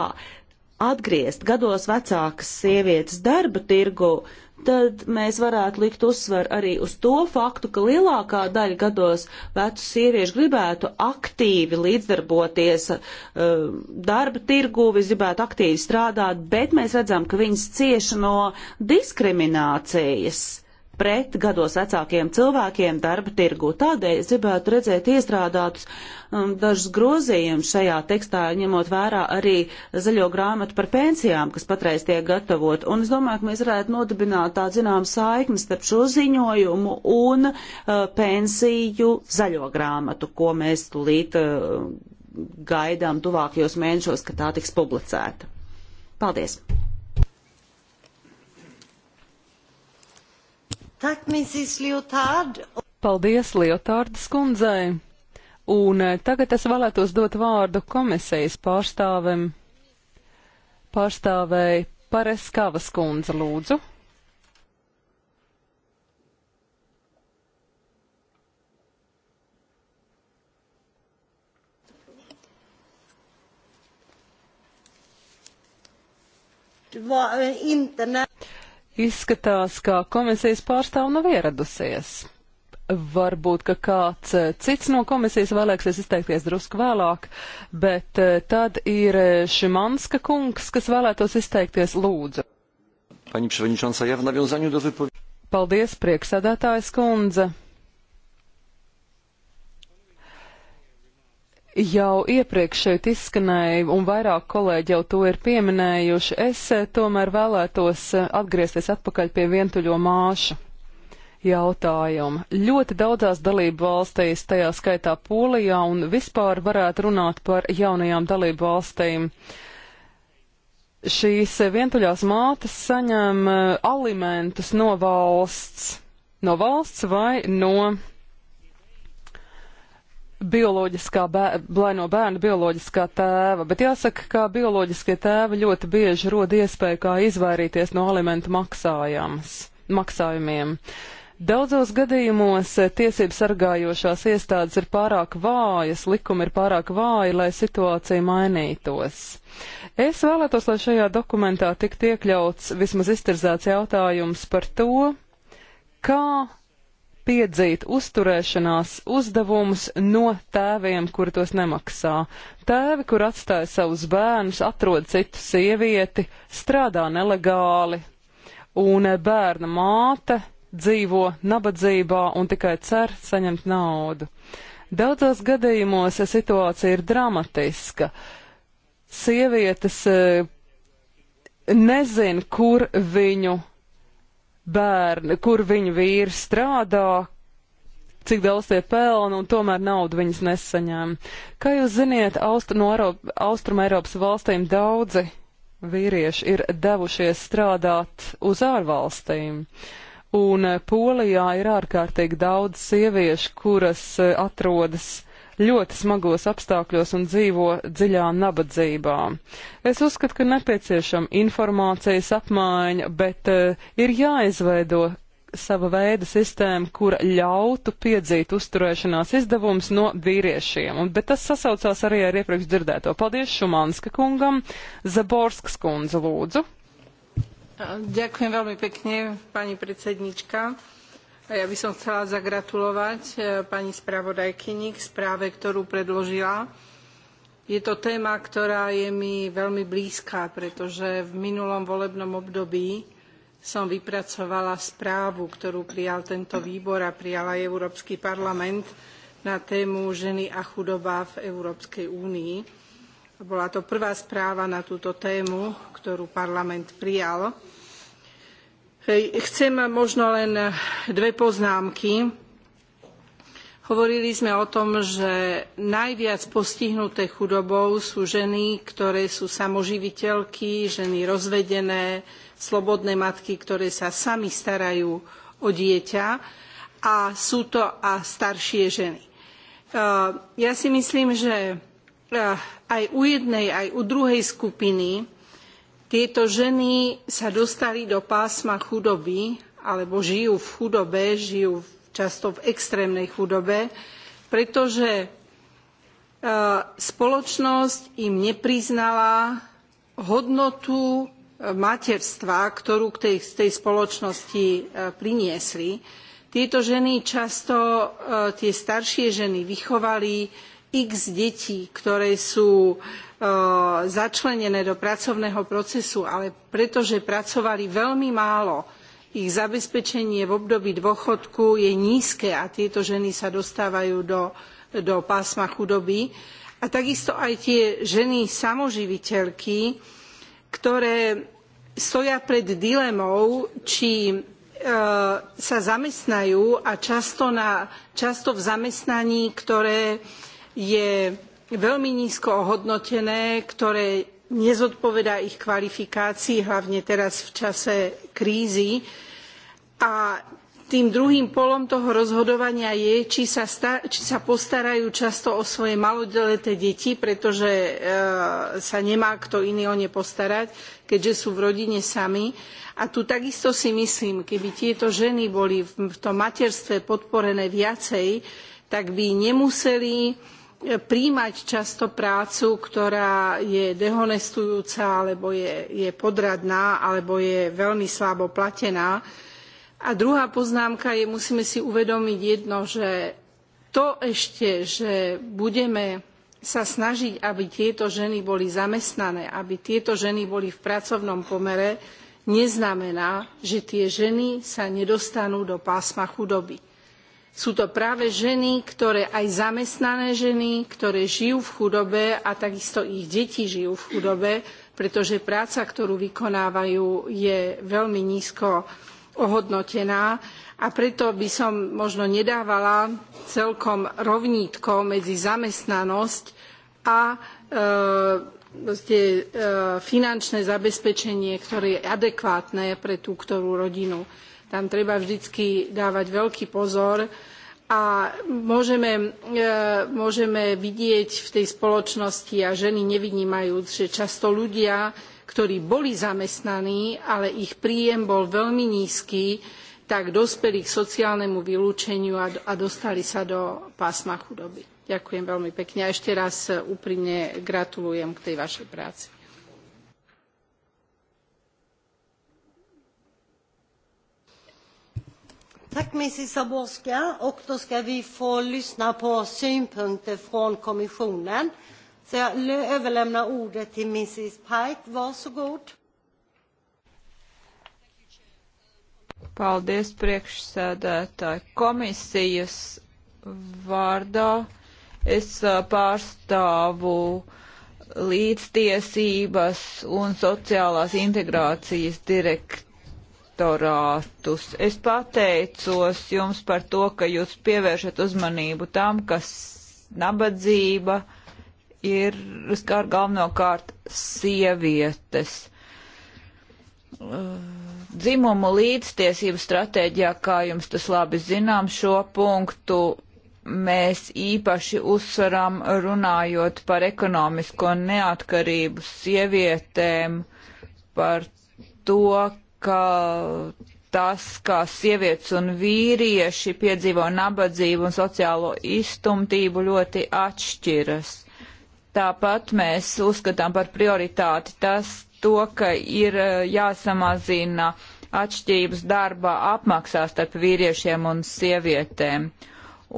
atgriezt gados vecākas sievietes darba tirgu, uh, tad mēs varētu likt uzsver arī uz to faktu, ka lielākā daļa gados vecu sieviešu gribētu aktīvi līdzdarboties uh, darba tirgu, viņas gribētu aktīvi strādāt, bet mēs redzam, ka viņas cieši no diskriminācijas pret gados vecākiem cilvēkiem darba tirgu. Tādēļ es gribētu redzēt iestrādātus um, dažus grozījumus šajā tekstā, ņemot vērā arī zaļo grāmatu par pensijām, kas patreiz tiek gatavot. Un es domāju, ka mēs varētu nodibināt tā zinām saiknes starp šo ziņojumu un uh, pensiju zaļo grāmatu, ko mēs tulīt uh, gaidām tuvākajos mēnešos, kad tā tiks publicēta. Paldies! Tak, Mrs. Liotard. Paldies Liotārdas kundzei. Un eh, tagad es vēlētos dot vārdu komisijas pārstāvim. Pārstāvēja Pareskavas kundze, lūdzu. Det var eh, internet. Izskatās, ka komisijas pārstāv nav ieradusies. Varbūt, ka kāds eh, cits no komisijas vēlēksies izteikties drusku vēlāk, bet eh, tad ir eh, Šimanska kungs, kas vēlētos izteikties lūdzu. Paldies, prieksēdētājs kundze. jau iepriekš šeit izskanēja, un vairāk kolēģi jau to ir pieminējuši, es eh, tomēr vēlētos eh, atgriezties atpakaļ pie vientuļo māšu jautājuma. Ļoti daudzās dalību valstīs, tajā skaitā Polijā, un vispār varētu runāt par jaunajām dalību valstīm. Šīs eh, vientuļās mātes saņem alimentus no valsts, no valsts vai no bioloģiskā bērna, blaino bērna bioloģiskā tēva, bet jāsaka, ka bioloģiskie tēvi ļoti bieži rod iespēju kā izvairīties no alimentu maksājumiem. Daudzos gadījumos eh, tiesību sargājošās iestādes ir pārāk vājas, likumi ir pārāk vāji, lai situācija mainītos. Es vēlētos, lai šajā dokumentā tiktu iekļauts vismaz iztirzēts jautājums par to, kā piedzīt uzturēšanās uzdevumus no tēviem, kuri tos nemaksā. Tēvi, kur atstāja savus bērnus, atrod citu sievieti, strādā nelegāli, un bērna māte dzīvo nabadzībā un tikai cer saņemt naudu. Daudzos gadījumos situācija ir dramatiska. Sievietes eh, nezin, kur viņu bērni, kur viņu vīri strādā, cik daudz tie pelna, un tomēr naudu viņas nesaņēma. Kā jūs ziniet, austru, no Austrum Eiropas valstīm daudzi vīrieši ir devušies strādāt uz ārvalstīm. Un Polijā ir ārkārtīgi daudz sieviešu, kuras eh, atrodas uh, ļoti smagos apstākļos un dzīvo dziļā nabadzībā. Es uzskatu, ka nepieciešama informācijas apmaiņa, bet uh, ir jāizveido sava veida sistēma, kura ļautu piedzīt uzturēšanās izdevumus no vīriešiem. Un, bet tas sasaucās arī ar iepriekš dzirdēto. Paldies Šumanska kungam. Zaborskas kundze, lūdzu. Ďakujem veľmi pekne, pani predsednička. A ja by som chcela zagratulovať e, pani spravodajkyni k správe, ktorú predložila. Je to téma, ktorá je mi veľmi blízka, pretože v minulom volebnom období som vypracovala správu, ktorú prijal tento výbor a prijal aj Európsky parlament na tému ženy a chudoba v Európskej únii. Bola to prvá správa na túto tému, ktorú parlament prijal Chcem možno len dve poznámky. Hovorili sme o tom, že najviac postihnuté chudobou sú ženy, ktoré sú samoživiteľky, ženy rozvedené, slobodné matky, ktoré sa sami starajú o dieťa a sú to a staršie ženy. E, ja si myslím, že e, aj u jednej, aj u druhej skupiny Tieto ženy sa dostali do pásma chudoby, alebo žijú v chudobe, žijú často v extrémnej chudobe, pretože e, spoločnosť im nepriznala hodnotu e, materstva, ktorú k tej, z tej spoločnosti e, priniesli. Tieto ženy často, tie staršie ženy, vychovali x detí, ktoré sú e, začlenené do pracovného procesu, ale pretože pracovali veľmi málo, ich zabezpečenie v období dôchodku je nízke a tieto ženy sa dostávajú do, do pásma chudoby. A takisto aj tie ženy samoživiteľky, ktoré stoja pred dilemou, či e, sa zamestnajú a často, na, často v zamestnaní, ktoré je veľmi nízko ohodnotené, ktoré nezodpovedá ich kvalifikácii, hlavne teraz v čase krízy. A tým druhým polom toho rozhodovania je, či sa, sta- či sa postarajú často o svoje maloleté deti, pretože e, sa nemá kto iný o ne postarať, keďže sú v rodine sami. A tu takisto si myslím, keby tieto ženy boli v, v tom materstve podporené viacej, tak by nemuseli príjmať často prácu, ktorá je dehonestujúca, alebo je, je podradná, alebo je veľmi slabo platená. A druhá poznámka je, musíme si uvedomiť jedno, že to ešte, že budeme sa snažiť, aby tieto ženy boli zamestnané, aby tieto ženy boli v pracovnom pomere, neznamená, že tie ženy sa nedostanú do pásma chudoby Sú to práve ženy, ktoré aj zamestnané ženy, ktoré žijú v chudobe a takisto ich deti žijú v chudobe, pretože práca, ktorú vykonávajú, je veľmi nízko ohodnotená a preto by som možno nedávala celkom rovnítko medzi zamestnanosť a e, e finančné zabezpečenie, ktoré je adekvátne pre tú ktorú rodinu tam treba vždy dávať veľký pozor a môžeme, e, môžeme vidieť v tej spoločnosti a ženy nevynímajúc že často ľudia ktorí boli zamestnaní ale ich príjem bol veľmi nízky tak dospeli k sociálnemu vylúčeniu a, a dostali sa do pásma chudoby. ďakujem veľmi pekne a ešte raz úprimne gratulujem k tej vašej práci. Tack Mrs Zaborska och då ska vi få lyssna på synpunkter från kommissionen. Så jag överlämnar ordet till Mrs Pike. Varsågod. Paldies priekšsēdētāji. Komisijas vārdā es pārstāvu līdztiesības un sociālās integrācijas direktīvu direktorātus. Es pateicos jums par to, ka jūs pievēršat uzmanību tam, kas nabadzība ir skar galvenokārt sievietes. Dzimumu līdztiesību stratēģijā, kā jums tas labi zinām, šo punktu mēs īpaši uzsveram runājot par ekonomisko neatkarību sievietēm, par to, ka tas, kā sievietes un vīrieši piedzīvo nabadzību un sociālo iztumtību, ļoti atšķiras. Tāpat mēs uzskatām par prioritāti tas, to, ka ir eh, jāsamazina atšķirības darba apmaksā starp vīriešiem un sievietēm.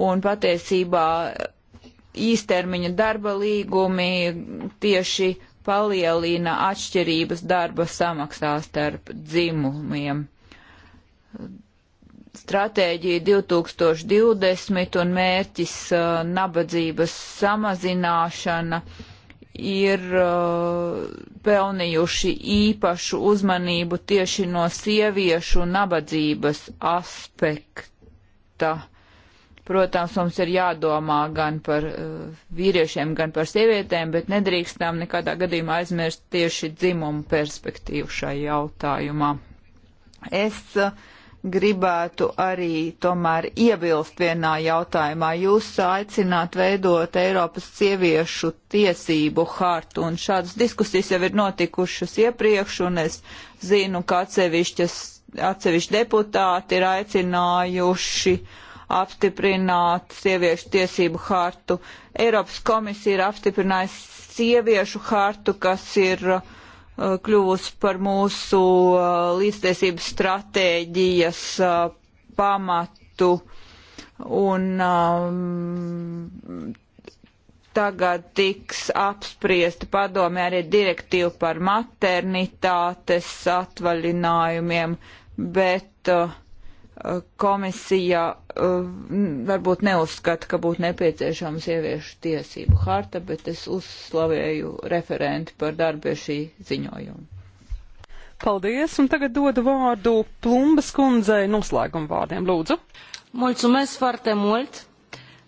Un patiesībā eh, īstermiņa darba līgumi tieši palielina atšķirības darba samaksā starp dzimumiem. Stratēģija 2020 un mērķis uh, nabadzības samazināšana ir uh, pelnījuši īpašu uzmanību tieši no sieviešu nabadzības aspekta. Uh, Protams, mums ir jādomā gan par uh, vīriešiem, gan par sievietēm, bet nedrīkstām nekādā gadījumā aizmirst tieši dzimumu perspektīvu šai jautājumā. Es uh, gribētu arī tomēr iebilst vienā jautājumā. Jūs aicināt veidot Eiropas sieviešu tiesību hartu, un šādas diskusijas jau ir notikušas iepriekš, un es zinu, ka atsevišķi deputāti ir aicinājuši uh, apstiprināt sieviešu tiesību hartu. Eiropas komisija ir apstiprinājusi sieviešu hartu, kas ir uh, kļuvusi par mūsu uh, līdztiesības stratēģijas uh, pamatu. Un um, tagad tiks apspriesta padomē arī direktīva par maternitātes atvaļinājumiem, bet uh, komisija eh, varbūt neuzskata, ka būtu nepieciešams ieviešu tiesību harta, bet es uzslavēju referenti par darbu pie šī ziņojuma. Paldies, un tagad dodu vārdu Plumbas kundzei noslēguma vārdiem. Lūdzu. Mulțumesc foarte mult.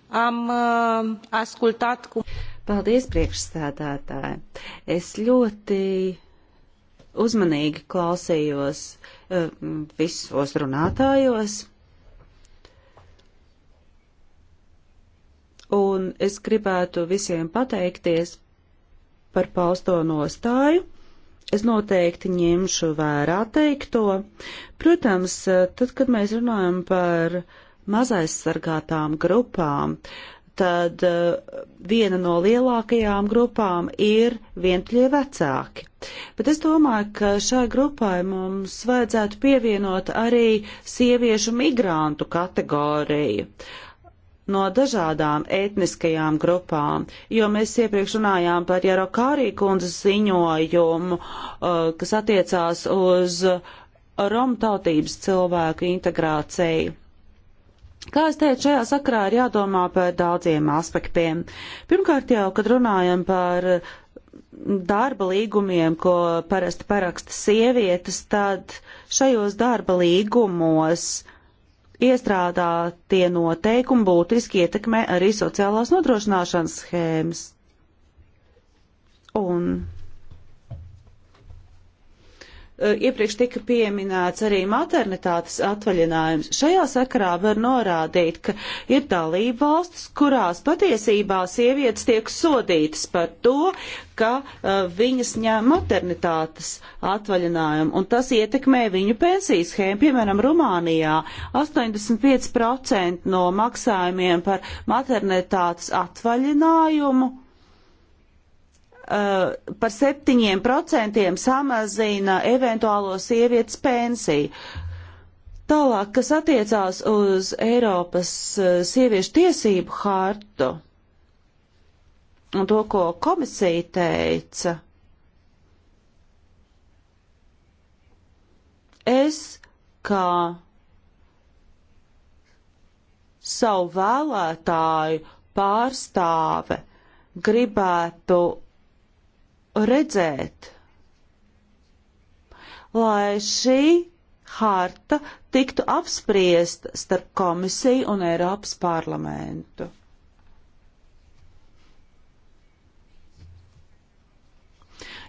Am uh, ascultat cu... Paldies, priekšstādātāji. Es ļoti uzmanīgi klausījos uh, Eh, visos runātājos. Un es gribētu visiem pateikties par pausto nostāju. Es noteikti ņemšu vērā teikto. Protams, eh, tad, kad mēs runājam par mazaizsargātām grupām, uh, tad eh, viena no lielākajām grupām ir vientuļie vecāki. Bet es domāju, ka šai grupai mums vajadzētu pievienot arī sieviešu migrantu kategoriju no dažādām etniskajām grupām, jo mēs iepriekš runājām par Jarokārī kundzes ziņojumu, eh, kas attiecās uz romu tautības cilvēku integrāciju. Kā es teicu, šajā sakrā ir jādomā par daudziem aspektiem. Pirmkārt jau, kad runājam par darba līgumiem, ko parasti paraksta sievietes, tad šajos darba līgumos iestrādātie noteikumi būtiski ietekmē arī sociālās nodrošināšanas schēmas. Un Eh, iepriekš tika pieminēts arī maternitātes atvaļinājums. Šajā sakarā var norādīt, ka ir dalība valstis, kurās patiesībā sievietes tiek sodītas par to, ka uh, viņas ņem maternitātes atvaļinājumu, un tas ietekmē viņu pensijas schēmu. Piemēram, Rumānijā 85% no maksājumiem par maternitātes atvaļinājumu Uh, par 7% samazina eventuālo sievietes pensiju. Tālāk, kas attiecās uz Eiropas uh, sieviešu tiesību hārtu un to, ko komisija teica, es kā savu vēlētāju pārstāve gribētu redzēt, lai šī harta tiktu apspriesta starp komisiju un Eiropas parlamentu.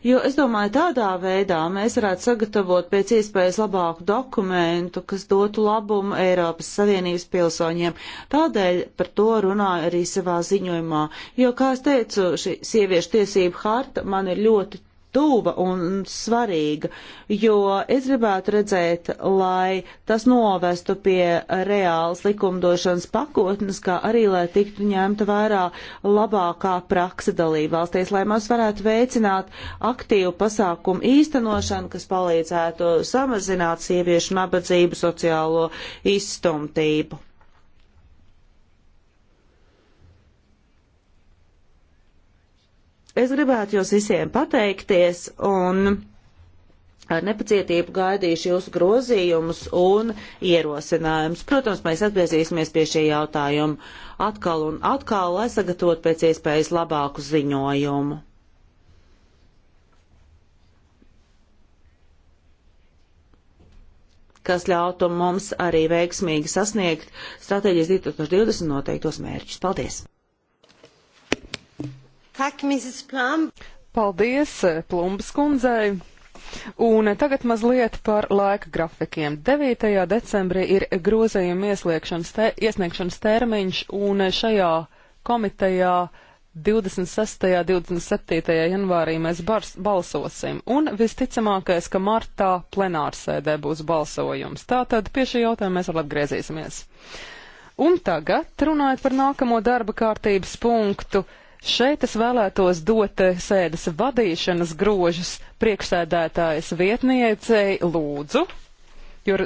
jo es domāju, tādā veidā mēs varētu sagatavot pēc iespējas labāku dokumentu, kas dotu labumu Eiropas Savienības pilsoņiem. Tādēļ par to runāju arī savā ziņojumā, jo, kā es teicu, šī sieviešu tiesību harta man ir ļoti tuva un svarīga, jo es gribētu redzēt, lai tas novestu pie reālas likumdošanas pakotnes, kā arī, lai tiktu ņemta vērā labākā praksa dalībvalstīs, lai mēs varētu veicināt aktīvu pasākumu īstenošanu, kas palīdzētu samazināt sieviešu nabadzību, sociālo izstumtību. Es gribētu jūs visiem pateikties un ar nepacietību gaidīšu jūsu grozījumus un ierosinājumus. Protams, mēs atgriezīsimies pie šī jautājuma atkal un atkal, lai sagatavot pēc iespējas labāku ziņojumu. kas ļautu mums arī veiksmīgi sasniegt strateģijas 2020 noteiktos mērķus. Paldies! Thank, Mrs. Plum. Paldies eh, Plumbas kundzei! Un eh, tagad mazliet par laika grafikiem. 9. decembrī ir grozējuma te, iesniegšanas termiņš, un eh, šajā komitejā 26. un 27. janvārī mēs bars, balsosim, un visticamākais, ka martā plenārsēdē būs balsojums. Tātad pie šī jautājuma mēs vēl atgriezīsimies. Un tagad, runājot par nākamo darba kārtības punktu, Šeit es vēlētos dot eh, sēdes vadīšanas grožus priekšsēdētājas vietniecei Lūdzu, jo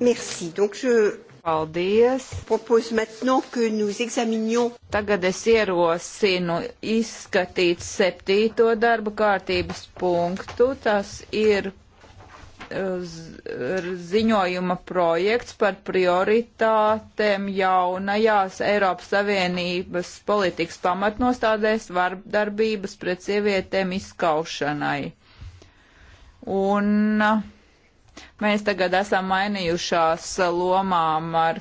Merci. Donc je Paldies. propose maintenant que nous examinions. Tagad es ierosinu izskatīt septīto darba kārtības punktu. Tas ir ziņojuma projekts par prioritātēm jaunajās Eiropas Savienības politikas pamatnostādēs vardarbības pret sievietēm izskaušanai. Un uh, mēs tagad esam mainījušās lomām ar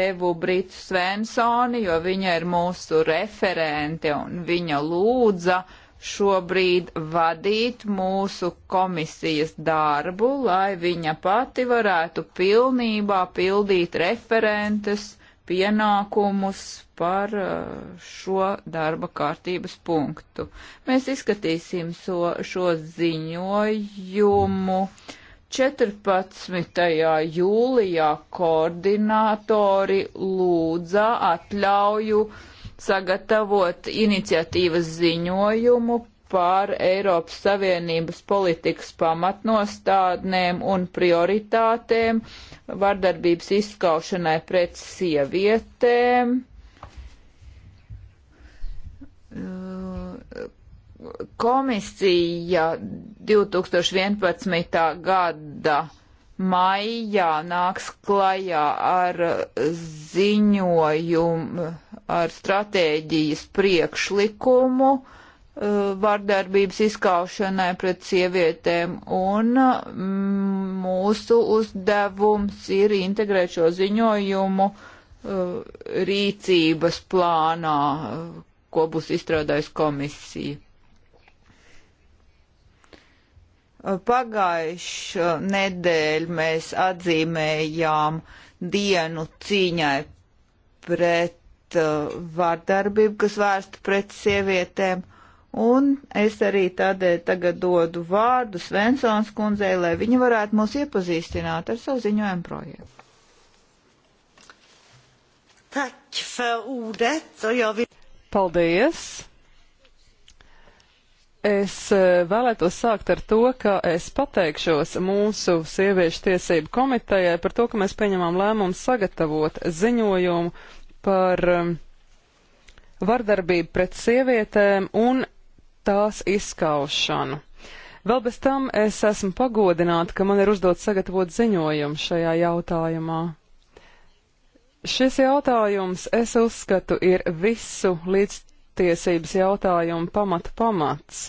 Evu Britu Svensoni, jo viņa ir mūsu referente un viņa lūdza uh, šobrīd vadīt mūsu komisijas darbu, lai viņa pati varētu pilnībā pildīt referentes pienākumus par uh, šo darba kārtības punktu. Mēs izskatīsim so, šo ziņojumu 14. jūlijā koordinātori lūdza atļauju uh, sagatavot iniciatīvas ziņojumu par Eiropas Savienības politikas pamatnostādnēm un prioritātēm vardarbības izskaušanai pret sievietēm. Komisija 2011. gada maijā nāks klajā ar ziņojumu ar stratēģijas priekšlikumu uh, vardarbības izskaušanai pret sievietēm, un mm, mūsu uzdevums ir integrēt šo ziņojumu uh, rīcības plānā, uh, ko būs izstrādājusi komisija. Pagājušā nedēļa mēs atzīmējām dienu cīņai pret Uh, vārdarbību, kas vērsta pret sievietēm. Un es arī tādēļ tagad dodu vārdu Svensons kundzei, lai viņa varētu mūs iepazīstināt ar savu ziņojumu projektu. Paldies! Es e, vēlētos sākt ar to, ka es pateikšos mūsu sieviešu tiesību komitejai par to, ka mēs pieņemam lēmumu sagatavot ziņojumu par um, vardarbību pret sievietēm un tās izskaušanu. Vēl bez tam es esmu pagodināta, ka man ir uzdot sagatavot ziņojumu šajā jautājumā. Šis jautājums, es uzskatu, ir visu līdz tiesības jautājumu pamata pamats,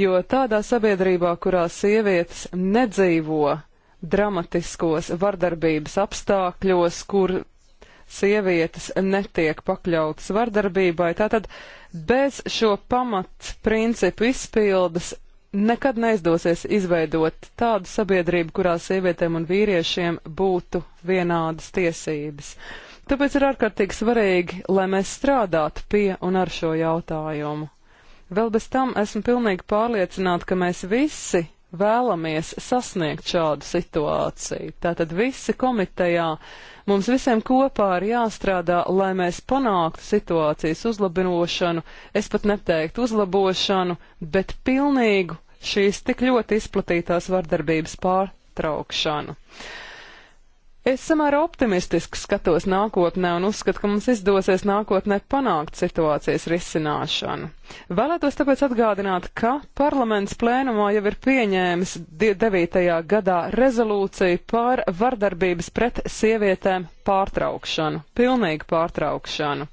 jo tādā sabiedrībā, kurā sievietes nedzīvo dramatiskos vardarbības apstākļos, kur sievietes netiek pakļautas vardarbībai. Tātad bez šo pamat principu izpildes nekad neizdosies izveidot tādu sabiedrību, kurā sievietēm un vīriešiem būtu vienādas tiesības. Tāpēc ir ārkārtīgi svarīgi, lai mēs strādātu pie un ar šo jautājumu. Vēl bez tam esmu pilnīgi pārliecināta, ka mēs visi vēlamies sasniegt šādu situāciju. Tātad visi komitejā mums visiem kopā ir jāstrādā, lai mēs panāktu situācijas uzlabošanu, es pat neteiktu uzlabošanu, bet pilnīgu šīs tik ļoti izplatītās vardarbības pārtraukšanu. Es samērā optimistiski skatos nākotnē un uzskatu, ka mums izdosies nākotnē panākt situācijas risināšanu. Vēlētos tāpēc atgādināt, ka parlaments plēnumā jau ir pieņēmis 9. gadā rezolūciju par vardarbības pret sievietēm pārtraukšanu, pilnīgu pārtraukšanu.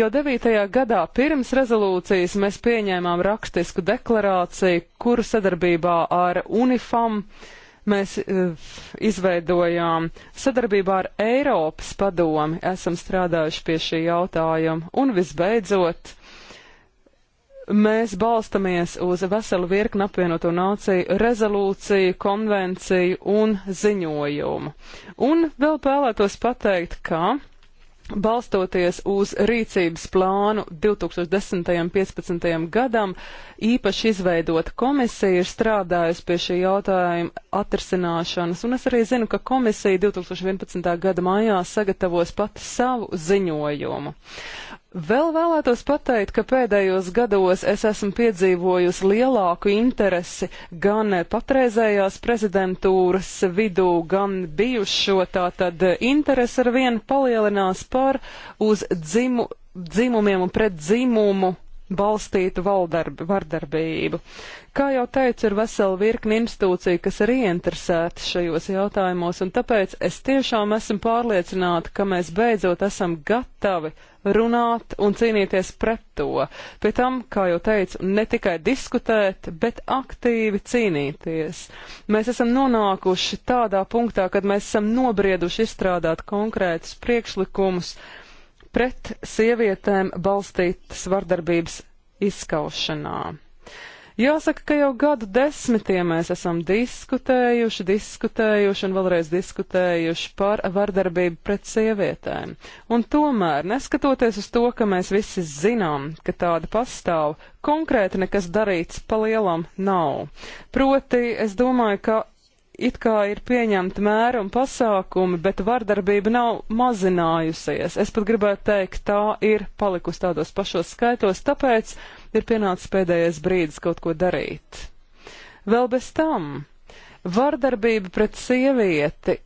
Jo 9. gadā pirms rezolūcijas mēs pieņēmām rakstisku deklarāciju, kuru sadarbībā ar UNIFAM uh, Mēs e, izveidojām sadarbībā ar Eiropas padomi, esam strādājuši pie šī jautājuma. Un visbeidzot, mēs balstamies uz veselu virkni apvienoto nāciju rezolūciju, konvenciju un ziņojumu. Un vēl vēlētos pateikt, ka Balstoties uz rīcības plānu 2010. un 2015. gadam, īpaši izveidota komisija ir strādājusi pie šī jautājuma atrisināšanas, un es arī zinu, ka komisija 2011. gada mājā sagatavos pati savu ziņojumu. Vēl vēlētos pateikt, ka pēdējos gados es esmu piedzīvojusi lielāku interesi gan patreizējās prezidentūras vidū, gan bijušo, tātad interesi ar vienu palielinās par uz dzimu, dzimumiem un pret dzimumu balstītu valdarb, vardarbību. Kā jau teicu, ir vesela virkni institūcija, kas ir ieinteresēti šajos jautājumos, un tāpēc es tiešām esmu pārliecināta, ka mēs beidzot esam gatavi runāt un cīnīties pret to. Pie tam, kā jau teicu, ne tikai diskutēt, bet aktīvi cīnīties. Mēs esam nonākuši tādā punktā, kad mēs esam nobrieduši izstrādāt konkrētus priekšlikumus pret sievietēm balstītas vardarbības izskaušanā. Jāsaka, ka jau gadu desmitiem mēs esam diskutējuši, diskutējuši un vēlreiz diskutējuši par vardarbību pret sievietēm. Un tomēr, neskatoties uz to, ka mēs visi zinām, ka tāda pastāv, konkrēti nekas darīts palielam nav. Proti, es domāju, ka it kā ir pieņemti mēri un pasākumi, bet vardarbība nav mazinājusies. Es pat gribētu teikt, tā ir palikusi tādos pašos skaitos, tāpēc ir pienācis pēdējais brīdis kaut ko darīt. Vēl bez tam vardarbība pret sievieti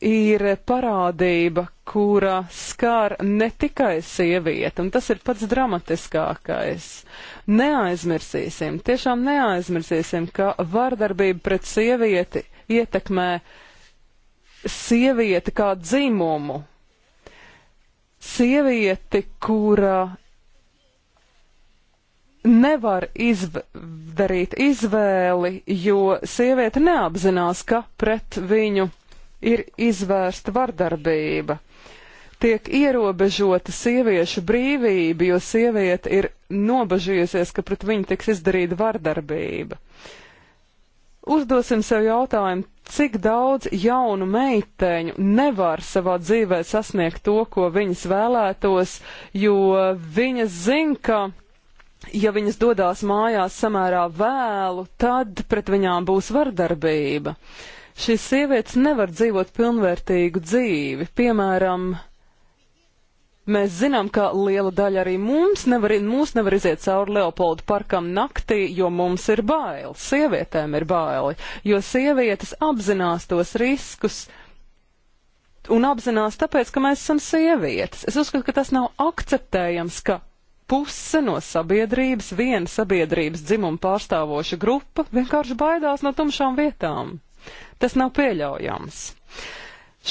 ir parādība, kura skar ne tikai sievieti, un tas ir pats dramatiskākais. Neaizmirsīsim, tiešām neaizmirsīsim, ka vardarbība pret sievieti ietekmē sievieti kā dzimumu. Sievieti, kura nevar izdarīt izvēli, jo sieviete neapzinās, ka pret viņu ir izvērsta vardarbība. Tiek ierobežota sieviešu brīvība, jo sieviete ir nobažījusies, ka pret viņu tiks izdarīta vardarbība. Uzdosim sev jautājumu, cik daudz jaunu meiteņu nevar savā dzīvē sasniegt to, ko viņas vēlētos, jo viņas zina, ka ja viņas dodās mājās samērā vēlu, tad pret viņām būs vardarbība. Uh, Šīs sievietes nevar dzīvot pilnvērtīgu dzīvi. Piemēram, mēs zinām, ka liela daļa arī mums nevar, mūs nevar iziet cauri Leopoldu parkam naktī, jo mums ir bail. Sievietēm ir baili, jo sievietes apzinās tos riskus, un apzinās tāpēc, ka mēs esam sievietes. Es uzskatu, ka tas nav akceptējams, ka puse no sabiedrības, viena sabiedrības dzimuma pārstāvoša grupa vienkārši baidās no tumšām vietām. Tas nav pieļaujams.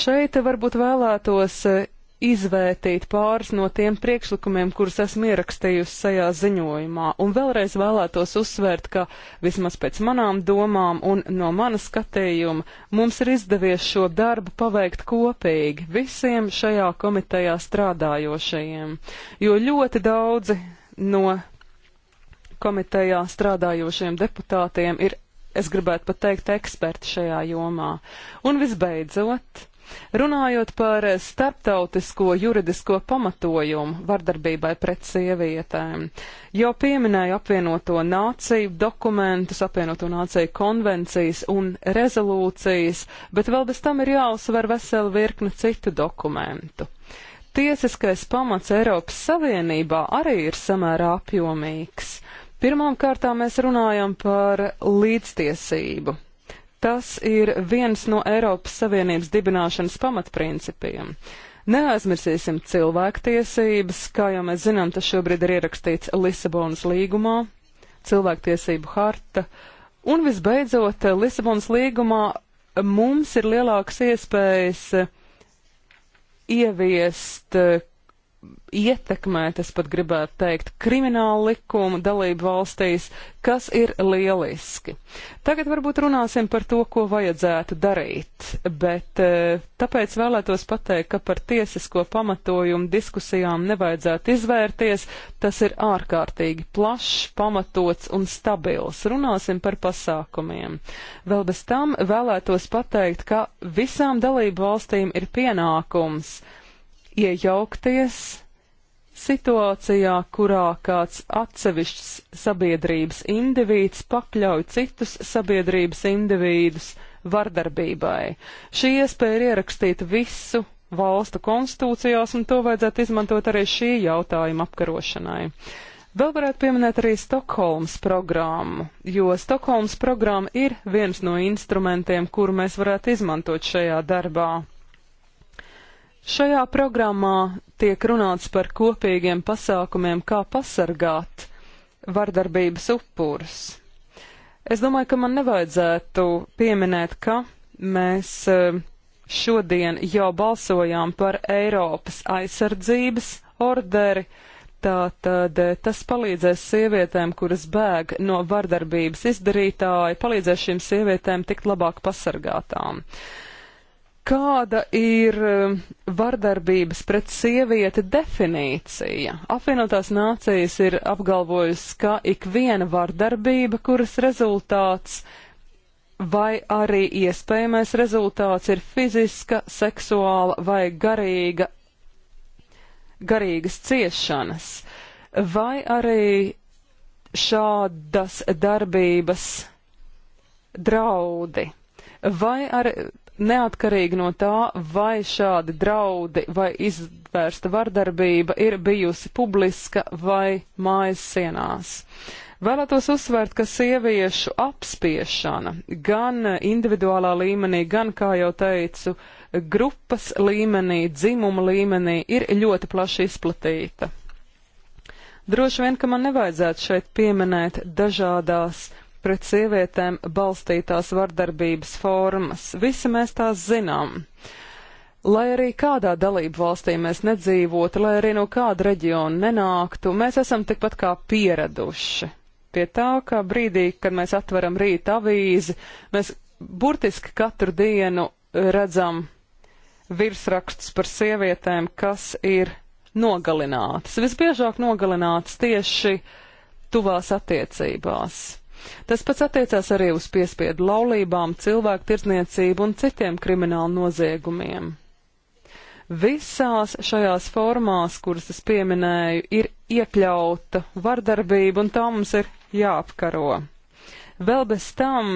Šeit varbūt vēlētos e, izvērtīt pāris no tiem priekšlikumiem, kurus esmu ierakstījusi šajā ziņojumā, un vēlreiz vēlētos uzsvērt, ka vismaz pēc manām domām un no mana skatījuma mums ir izdevies šo darbu paveikt kopīgi visiem šajā komitejā strādājošajiem, jo ļoti daudzi no komitejā strādājošiem deputātiem ir es gribētu pat teikt, eksperti šajā jomā. Un visbeidzot, runājot par starptautisko juridisko pamatojumu vardarbībai pret sievietēm, jau pieminēju apvienoto nāciju dokumentus, apvienoto nāciju konvencijas un rezolūcijas, bet vēl bez tam ir jāuzsver veseli virkni citu dokumentu. Tiesiskais pamats Eiropas Savienībā arī ir samērā apjomīgs Pirmām kārtām mēs runājam par līdztiesību. Tas ir viens no Eiropas Savienības dibināšanas pamatprincipiem. Neaizmirsīsim cilvēktiesības, kā jau mēs zinām, tas šobrīd ir ierakstīts Lisabonas līgumā, cilvēktiesību harta, un visbeidzot Lisabonas līgumā mums ir lielākas iespējas ieviest ietekmēt, es pat gribētu teikt, kriminālu likumu dalību valstīs, kas ir lieliski. Tagad varbūt runāsim par to, ko vajadzētu darīt, bet e, tāpēc vēlētos pateikt, ka par tiesisko pamatojumu diskusijām nevajadzētu izvērties, tas ir ārkārtīgi plašs, pamatots un stabils. Runāsim par pasākumiem. Vēl bez tam vēlētos pateikt, ka visām dalību valstīm ir pienākums iejaukties situācijā, kurā kāds atsevišķs sabiedrības indivīds pakļauj citus sabiedrības indivīdus vardarbībai. Šī iespēja ir ierakstīta visu valstu konstitūcijās, un to vajadzētu izmantot arī šī jautājuma apkarošanai. Vēl varētu pieminēt arī Stokholmas programmu, jo Stokholmas programma ir viens no instrumentiem, kuru mēs varētu izmantot šajā darbā. Šajā programmā tiek runāts par kopīgiem pasākumiem, kā pasargāt vardarbības upurus. Es domāju, ka man nevajadzētu pieminēt, ka mēs eh, šodien jau balsojām par Eiropas aizsardzības orderi. Tātad eh, tas palīdzēs sievietēm, kuras bēg no vardarbības izdarītāja, palīdzēs šīm sievietēm tikt labāk pasargātām. Uh, Kāda ir um, vardarbības pret sievieti definīcija? Apvienotās nācijas ir apgalvojusi, ka ikviena vardarbība, kuras rezultāts vai arī iespējamais rezultāts ir fiziska, seksuāla vai garīga, garīgas ciešanas, vai arī šādas darbības draudi vai ar neatkarīgi no tā, vai šādi draudi vai izvērsta vardarbība ir bijusi publiska vai mājas sienās. Vēlētos uzsvērt, ka sieviešu apspiešana gan individuālā līmenī, gan, kā jau teicu, grupas līmenī, dzimuma līmenī ir ļoti plaši izplatīta. Droši vien, ka man nevajadzētu šeit pieminēt dažādās pret sievietēm balstītās vardarbības formas. Visi mēs tās zinām. Lai arī kādā dalību valstī mēs nedzīvotu, lai arī no kāda reģiona nenāktu, mēs esam tikpat kā pieraduši pie tā, ka brīdī, kad mēs atveram rīta avīzi, mēs burtiski katru dienu redzam virsrakstus par sievietēm, kas ir nogalinātas. Visbiežāk nogalinātas tieši tuvās attiecībās. Tas pats attiecās arī uz piespiedu laulībām, cilvēku tirdzniecību un citiem kriminālu noziegumiem. Visās šajās formās, kuras es pieminēju, ir iekļauta vardarbība, un tā mums ir jāapkaro. Vēl bez tam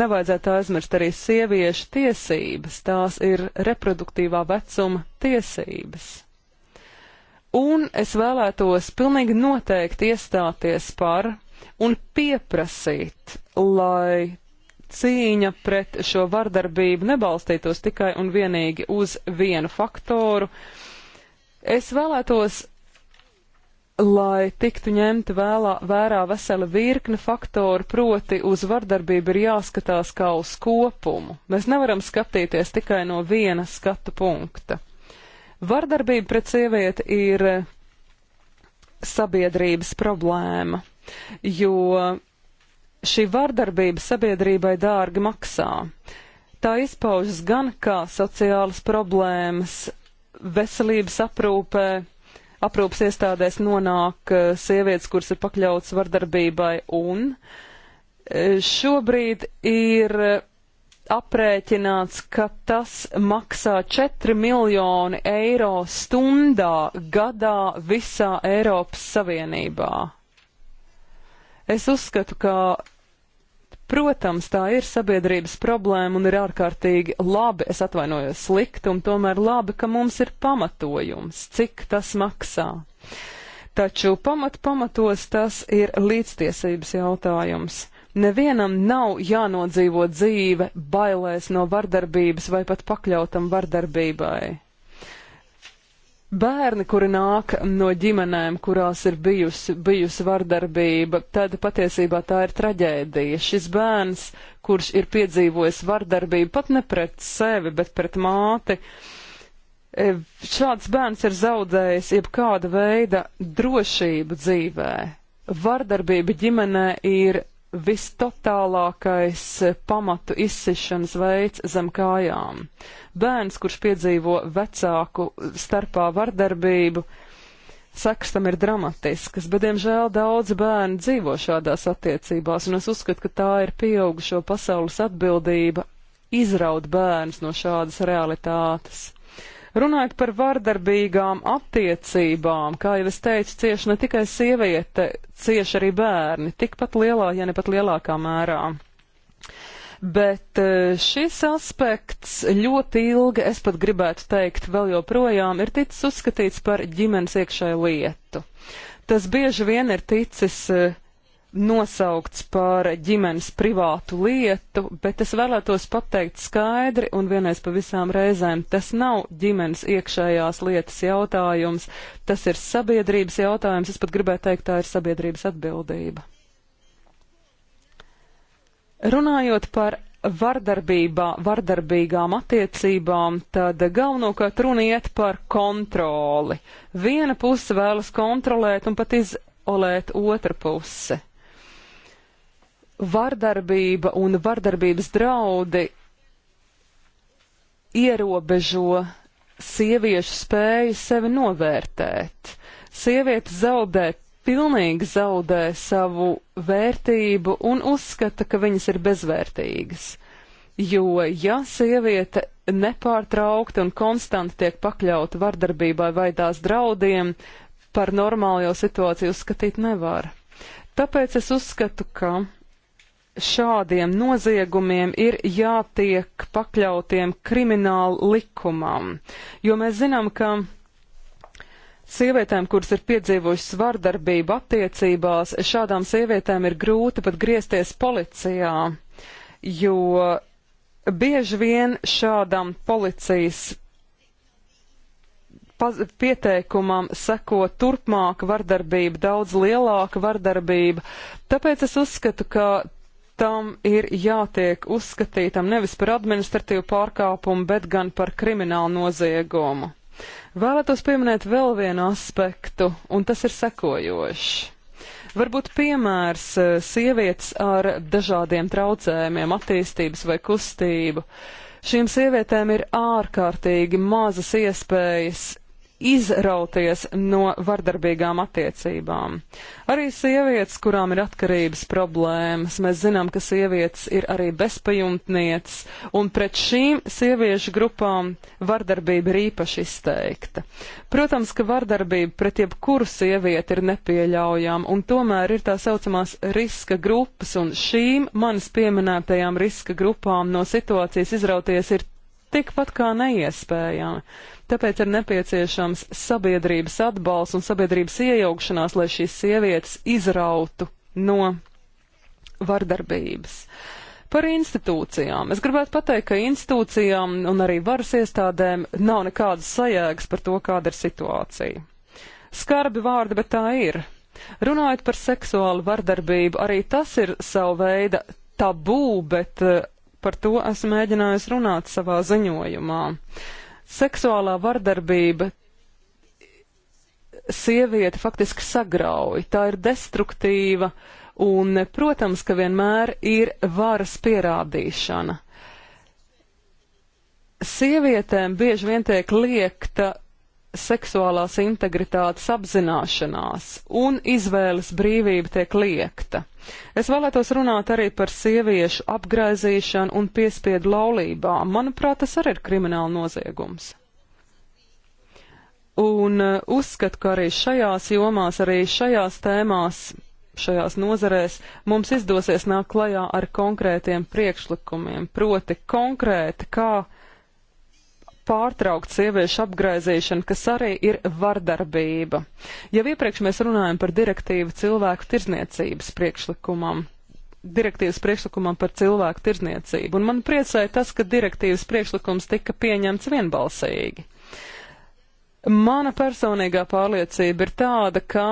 nevajadzētu aizmirst arī sieviešu tiesības, tās ir reproduktīvā vecuma tiesības. Un es vēlētos pilnīgi noteikti iestāties par un pieprasīt, lai cīņa pret šo vardarbību nebalstītos tikai un vienīgi uz vienu faktoru. Es vēlētos, lai tiktu ņemti vēlā, vērā vesela virkne faktoru, proti uz vardarbību ir jāskatās kā uz kopumu. Mēs nevaram skatīties tikai no viena skatu punkta. Vardarbība pret sievieti ir sabiedrības problēma jo šī vardarbība sabiedrībai dārgi maksā. Tā izpaužas gan kā sociālas problēmas, veselības aprūpē, aprūpas iestādēs nonāk eh, sievietes, kuras ir pakļautas vardarbībai, un eh, šobrīd ir aprēķināts, ka tas maksā 4 miljoni eiro stundā gadā visā Eiropas Savienībā. Es uzskatu, ka, protams, tā ir sabiedrības problēma un ir ārkārtīgi labi, es atvainojos slikti, un tomēr labi, ka mums ir pamatojums, cik tas maksā. Taču pamat pamatos tas ir līdztiesības jautājums. Nevienam nav jānodzīvo dzīve bailēs no vardarbības vai pat pakļautam vardarbībai. Bērni, kuri nāk no ģimenēm, kurās ir bijusi, bijusi vardarbība, tad patiesībā tā ir traģēdija. Šis bērns, kurš ir piedzīvojis vardarbību pat ne pret sevi, bet pret māti, e, šāds bērns ir zaudējis jebkāda veida drošību dzīvē. Vardarbība ģimenē ir vistotālākais pamatu izsišanas veids zem kājām. Bērns, kurš piedzīvo vecāku starpā vardarbību, sekas tam ir dramatiskas, bet, diemžēl, daudzi bērni dzīvo šādās attiecībās, un es uzskatu, ka tā ir pieaugušo pasaules atbildība izraut bērns no šādas realitātes. Runājot par vardarbīgām attiecībām, kā jau es teicu, cieši ne tikai sieviete, cieši arī bērni, tikpat lielā, ja ne pat lielākā mērā. Bet e, šis aspekts ļoti ilgi, es pat gribētu teikt, vēl joprojām ir ticis uzskatīts par ģimenes iekšēju lietu. Tas bieži vien ir ticis e, nosaukts par ģimenes privātu lietu, bet es vēlētos pateikt skaidri un vienreiz pa visām reizēm, tas nav ģimenes iekšējās lietas jautājums, tas ir sabiedrības jautājums, es pat gribēju teikt, tā ir sabiedrības atbildība. Runājot par vardarbībā, vardarbīgām attiecībām, tad galvenokārt runa iet par kontroli. Viena puse vēlas kontrolēt un pat izolēt otra puse vardarbība un vardarbības draudi ierobežo sieviešu spēju sevi novērtēt. Sieviete zaudē, pilnīgi zaudē savu vērtību un uzskata, ka viņas ir bezvērtīgas. Jo, ja sieviete nepārtraukti un konstanti tiek pakļauta vardarbībai vai tās draudiem, par normālo situāciju uzskatīt nevar. Tāpēc es uzskatu, ka šādiem noziegumiem ir jātiek pakļautiem kriminālu likumam, jo mēs zinām, ka Sievietēm, kuras ir piedzīvojušas vardarbību attiecībās, šādām sievietēm ir grūti pat griezties policijā, jo bieži vien šādam policijas pieteikumam seko turpmāka vardarbība, daudz lielāka vardarbība. Tāpēc es uzskatu, ka tam ir jātiek uzskatītam nevis par administratīvu pārkāpumu, bet gan par kriminālu noziegumu. Vēlētos pieminēt vēl vienu aspektu, un tas ir sekojošs. Varbūt piemērs e, sievietes ar dažādiem traucējumiem, attīstības vai kustību. Šīm sievietēm ir ārkārtīgi mazas iespējas izrauties no vardarbīgām attiecībām. Arī sievietes, kurām ir atkarības problēmas, mēs zinām, ka sievietes ir arī bezpajumtnieces, un pret šīm sieviešu grupām vardarbība ir īpaši izteikta. Protams, ka vardarbība pret jebkuru sievieti ir nepieļaujama, un tomēr ir tā saucamās riska grupas, un šīm manas pieminētajām riska grupām no situācijas izrauties ir tikpat kā neiespējami. Tāpēc ir nepieciešams sabiedrības atbalsts un sabiedrības iejaukšanās, lai šīs sievietes izrautu no vardarbības. Par institūcijām. Es gribētu pateikt, ka institūcijām un arī varas iestādēm nav nekādas sajēgas par to, kāda ir situācija. Skarbi vārdi, bet tā ir. Runājot par seksuālu vardarbību, arī tas ir sava veida tabū, bet eh, par to esmu mēģinājusi runāt savā ziņojumā. Uh, Seksuālā vardarbība sievieti faktiski sagrauj, tā ir destruktīva, un, protams, ka vienmēr ir varas pierādīšana. Sievietēm bieži vien tiek liekta seksuālās integritātes apzināšanās un izvēles brīvība tiek liekta. Es vēlētos runāt arī par sieviešu apgraizīšanu un piespiedu laulībām. Manuprāt, tas arī ir krimināla noziegums. Un uh, uzskatu, ka arī šajās jomās, arī šajās tēmās šajās nozarēs, mums izdosies nākt klajā ar konkrētiem priekšlikumiem, proti konkrēti, kā pārtraukt sieviešu apgraizīšanu, kas arī ir vardarbība. Jau iepriekš mēs runājam par direktīvu cilvēku tirzniecības priekšlikumam. Direktīvas priekšlikumam par cilvēku tirzniecību, un man priecēja tas, ka direktīvas priekšlikums tika pieņemts vienbalsīgi. Mana personīgā pārliecība ir tāda, ka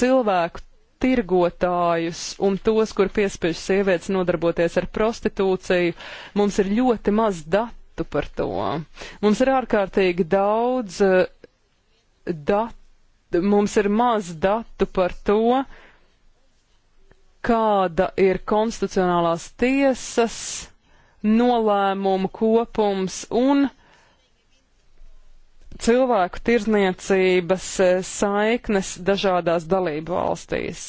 cilvēku tirgotājus un tos, kur piespiež sievietes nodarboties ar prostitūciju, mums ir ļoti maz datu datu par to. Mums ir ārkārtīgi daudz eh, datu, mums ir maz datu par to, kāda ir konstitucionālās tiesas nolēmumu kopums un cilvēku tirzniecības eh, saiknes dažādās dalību valstīs.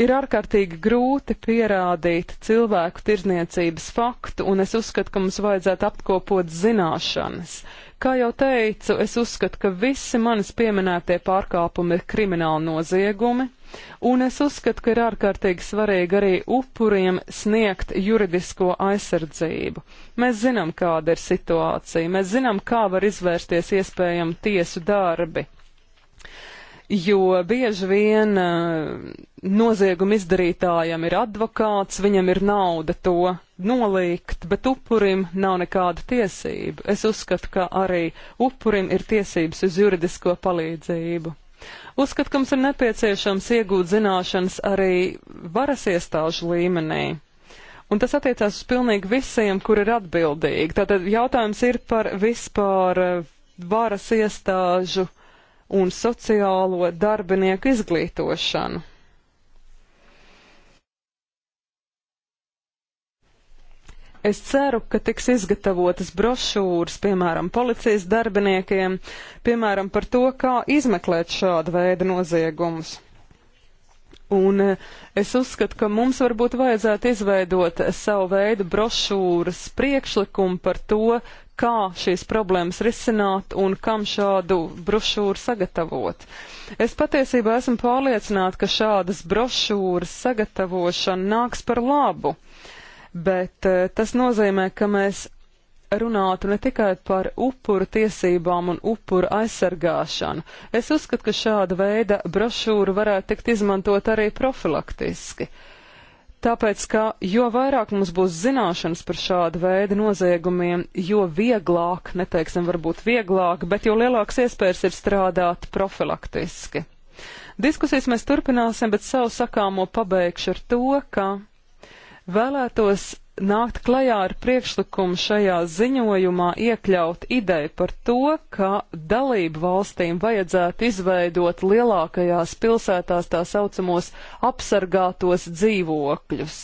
Ir ārkārtīgi grūti pierādīt cilvēku tirzniecības faktu, un es uzskatu, ka mums vajadzētu apkopot zināšanas. Kā jau teicu, es uzskatu, ka visi manis pieminētie pārkāpumi ir krimināli noziegumi, un es uzskatu, ka ir ārkārtīgi svarīgi arī upuriem sniegt juridisko aizsardzību. Mēs zinām, kāda ir situācija, mēs zinām, kā var izvērsties iespējami tiesu darbi jo bieži vien eh, nozieguma izdarītājam ir advokāts, viņam ir nauda to nolīgt, bet upurim nav nekāda tiesība. Es uzskatu, ka arī upurim ir tiesības uz juridisko palīdzību. Uzskatu, ka mums ir nepieciešams iegūt zināšanas arī varas iestāžu līmenī. Un tas attiecās uz pilnīgi visiem, kur ir atbildīgi. Tātad jautājums ir par vispār eh, varas iestāžu uh, un sociālo darbinieku izglītošanu. Es ceru, ka tiks izgatavotas brošūras, piemēram, policijas darbiniekiem, piemēram, par to, kā izmeklēt šādu veidu noziegumus. Un eh, es uzskatu, ka mums varbūt vajadzētu izveidot savu veidu brošūras priekšlikumu par to, kā šīs problēmas risināt un kam šādu brošūru sagatavot. Es patiesībā esmu pārliecināta, ka šādas brošūras sagatavošana nāks par labu, bet eh, tas nozīmē, ka mēs runātu ne tikai par upuru tiesībām un upuru aizsargāšanu. Es uzskatu, ka šāda veida brošūra varētu tikt izmantot arī profilaktiski. Tāpēc, ka jo vairāk mums būs zināšanas par šādu veidu noziegumiem, jo vieglāk, neteiksim varbūt vieglāk, bet jo lielāks iespējas ir strādāt profilaktiski. Diskusijas mēs turpināsim, bet savu sakāmo pabeigšu ar to, ka vēlētos nākt klajā ar priekšlikumu šajā ziņojumā iekļaut ideju par to, ka dalību valstīm vajadzētu izveidot lielākajās pilsētās tā saucamos apsargātos dzīvokļus.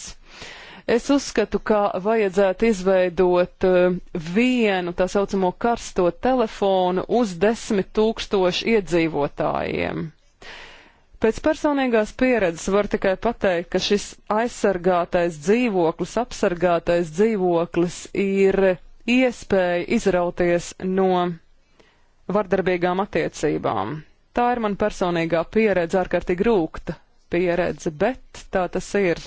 Es uzskatu, ka vajadzētu izveidot eh, vienu tā saucamo karsto telefonu uz desmit tūkstošu iedzīvotājiem. Pēc personīgās pieredzes var tikai pateikt, ka šis aizsargātais dzīvoklis, apsargātais dzīvoklis ir iespēja izrauties no vardarbīgām attiecībām. Tā ir man personīgā pieredze, ārkārtīgi rūkta pieredze, bet tā tas ir.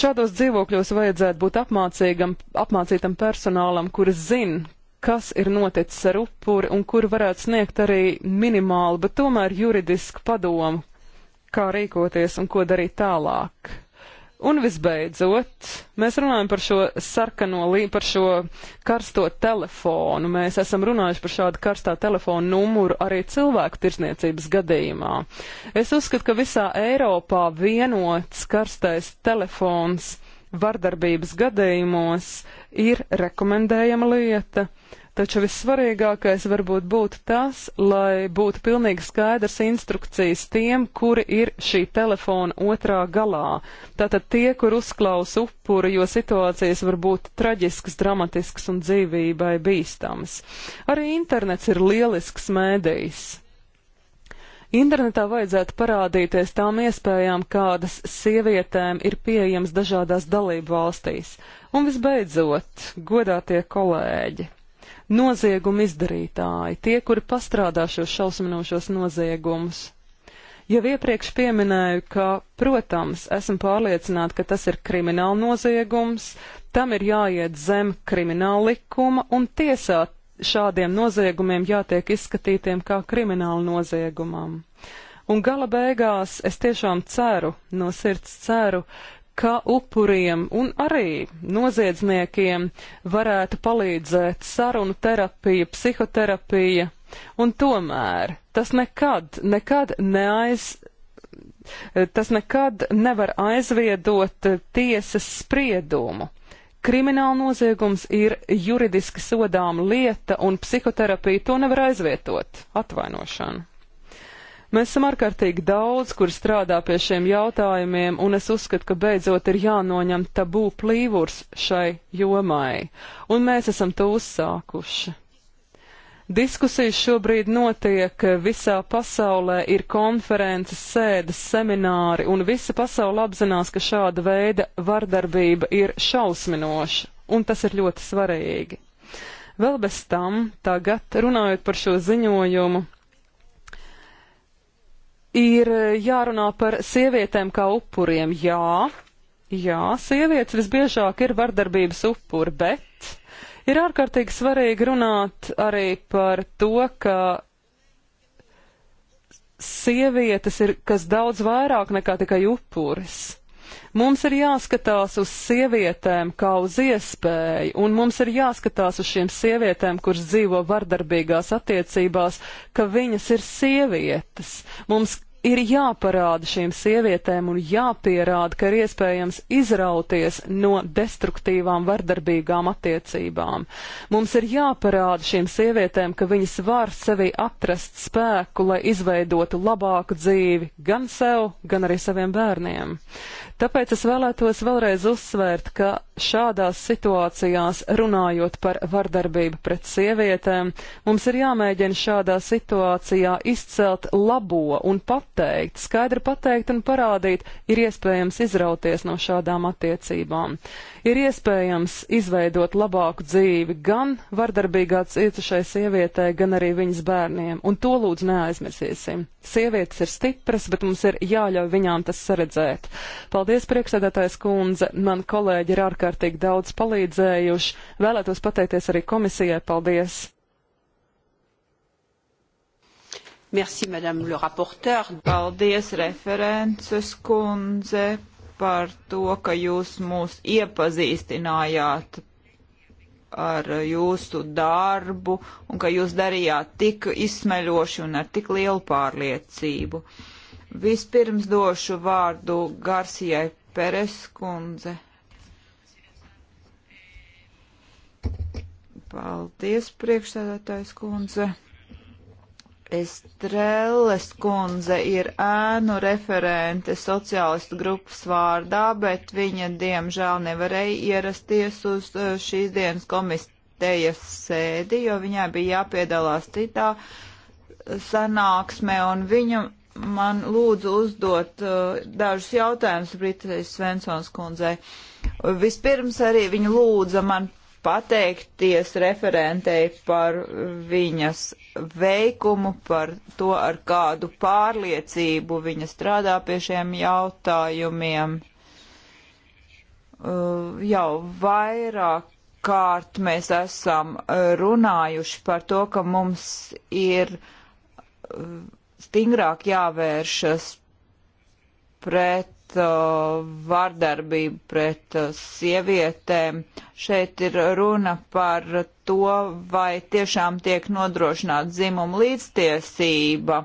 Šādos dzīvokļos vajadzētu būt apmācīgam, apmācītam personālam, kuris zina, kas ir noticis ar upuri un kur varētu sniegt arī minimālu, bet tomēr juridisku padomu, kā rīkoties un ko darīt tālāk. Un visbeidzot, mēs runājam par šo sarkano, par šo karsto telefonu. Mēs esam runājuši par šādu karstā telefonu numuru arī cilvēku tirsniecības gadījumā. Es uzskatu, ka visā Eiropā vienots karstais telefons vardarbības gadījumos uh, ir rekomendējama lieta. Taču vissvarīgākais varbūt būtu tas, lai būtu pilnīgi skaidrs instrukcijas tiem, kuri ir šī telefona otrā galā. Tātad tie, kur uzklaus upuri, jo situācijas var būt traģiskas, dramatiskas un dzīvībai bīstamas. Arī internets ir lielisks mēdījis. Internetā vajadzētu parādīties tām iespējām, kādas sievietēm ir pieejams dažādās dalību valstīs. Un visbeidzot, godātie kolēģi, nozieguma izdarītāji, tie, kuri pastrādā šos šausminošos noziegumus. Jau iepriekš pieminēju, ka, protams, esmu pārliecināta, ka tas ir krimināla noziegums, tam ir jāiet zem krimināla likuma un tiesā šādiem noziegumiem jātiek izskatītiem kā krimināla noziegumam. Un gala beigās es tiešām ceru, no sirds ceru, ka upuriem un arī noziedzniekiem varētu palīdzēt sarunu terapija, psihoterapija, un tomēr tas nekad, nekad neaiz. Tas nekad nevar aizviedot tiesas spriedumu. Krimināla noziegums ir juridiski sodām lieta, un psihoterapija to nevar aizvietot - atvainošanu. Mēs esam ārkārtīgi daudz, kur strādā pie šiem jautājumiem, un es uzskatu, ka beidzot ir jānoņem tabū plīvurs šai jomai, un mēs esam to uzsākuši. Diskusijas šobrīd notiek visā pasaulē, ir konferences, sēdes, semināri, un visa pasaule apzinās, ka šāda veida vardarbība ir šausminoša, un tas ir ļoti svarīgi. Vēl bez tam, tagad runājot par šo ziņojumu, ir eh, jārunā par sievietēm kā upuriem. Jā, jā, sievietes visbiežāk ir vardarbības upuri, bet ir ārkārtīgi svarīgi runāt arī par to, ka sievietes ir kas daudz vairāk nekā tikai upuris. Mums ir jāskatās uz sievietēm kā uz iespēju, un mums ir jāskatās uz šīm sievietēm, kuras dzīvo vardarbīgās attiecībās, ka viņas ir sievietes. Mums ir jāparāda šīm sievietēm un jāpierāda, ka ir iespējams izrauties no destruktīvām vardarbīgām attiecībām. Mums ir jāparāda šīm sievietēm, ka viņas var sevi atrast spēku, lai izveidotu labāku dzīvi gan sev, gan arī saviem bērniem. Tāpēc es vēlētos vēlreiz uzsvērt, ka šādās situācijās, runājot par vardarbību pret sievietēm, mums ir jāmēģina šādā situācijā izcelt labo un pateikt, skaidri pateikt un parādīt, ir iespējams izrauties no šādām attiecībām. Ir iespējams izveidot labāku dzīvi gan vardarbīgā cietušai sievietē, gan arī viņas bērniem, un to lūdzu neaizmirsīsim. Sievietes ir stipras, bet mums ir jāļauj viņām tas saredzēt. Paldies! Paldies, priekšsēdētājs kundze. Man kolēģi ir ārkārtīgi daudz palīdzējuši. Vēlētos pateikties arī komisijai. Paldies! Merci, madame le rapporteur. Paldies, references kundze, par to, ka jūs mūs iepazīstinājāt ar jūsu darbu un ka jūs darījāt tik izsmeļoši un ar tik lielu pārliecību. Vispirms došu vārdu Garcijai Pereskundze. Paldies, priekšsēdētājs kundze. Estrēles kundze ir ēnu referente sociālistu grupas vārdā, bet viņa diemžēl nevarēja ierasties uz eh, šīs dienas komistejas sēdi, jo viņai bija jāpiedalās citā sanāksmē, un viņa man lūdzu uzdot uh, dažus jautājumus Britais Svensons kundzei. Vispirms arī viņa lūdza man pateikties referentei par viņas veikumu, par to, ar kādu pārliecību viņa strādā pie šiem jautājumiem. Uh, jau vairāk kārt mēs esam runājuši par to, ka mums ir uh, stingrāk jāvēršas pret uh, vardarbību pret uh, sievietēm. Šeit ir runa par to, vai tiešām tiek nodrošināta dzimuma līdztiesība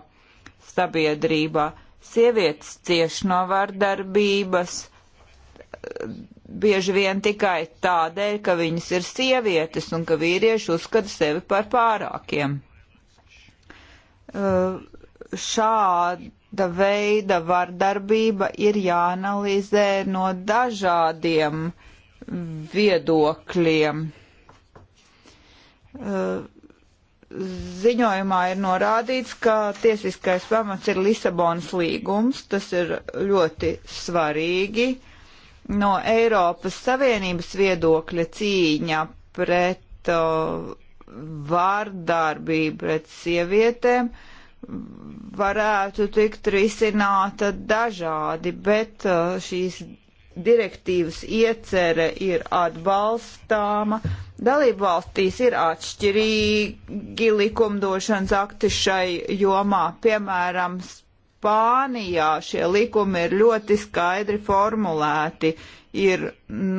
sabiedrībā. Sievietes cieš no vardarbības uh, bieži vien tikai tādēļ, ka viņas ir sievietes un ka vīrieši uzskata sevi par pārākiem. Uh, šāda veida vardarbība ir jāanalizē no dažādiem viedokļiem. Uh, ziņojumā ir norādīts, ka tiesiskais pamats ir Lisabonas līgums, tas ir ļoti svarīgi. No Eiropas Savienības viedokļa cīņa pret uh, vārdarbību pret sievietēm uh, varētu tikt risināta dažādi, bet uh, šīs direktīvas iecere ir atbalstāma. Dalību valstīs ir atšķirīgi likumdošanas akti šai jomā, piemēram, Spānijā šie likumi ir ļoti skaidri formulēti. Ir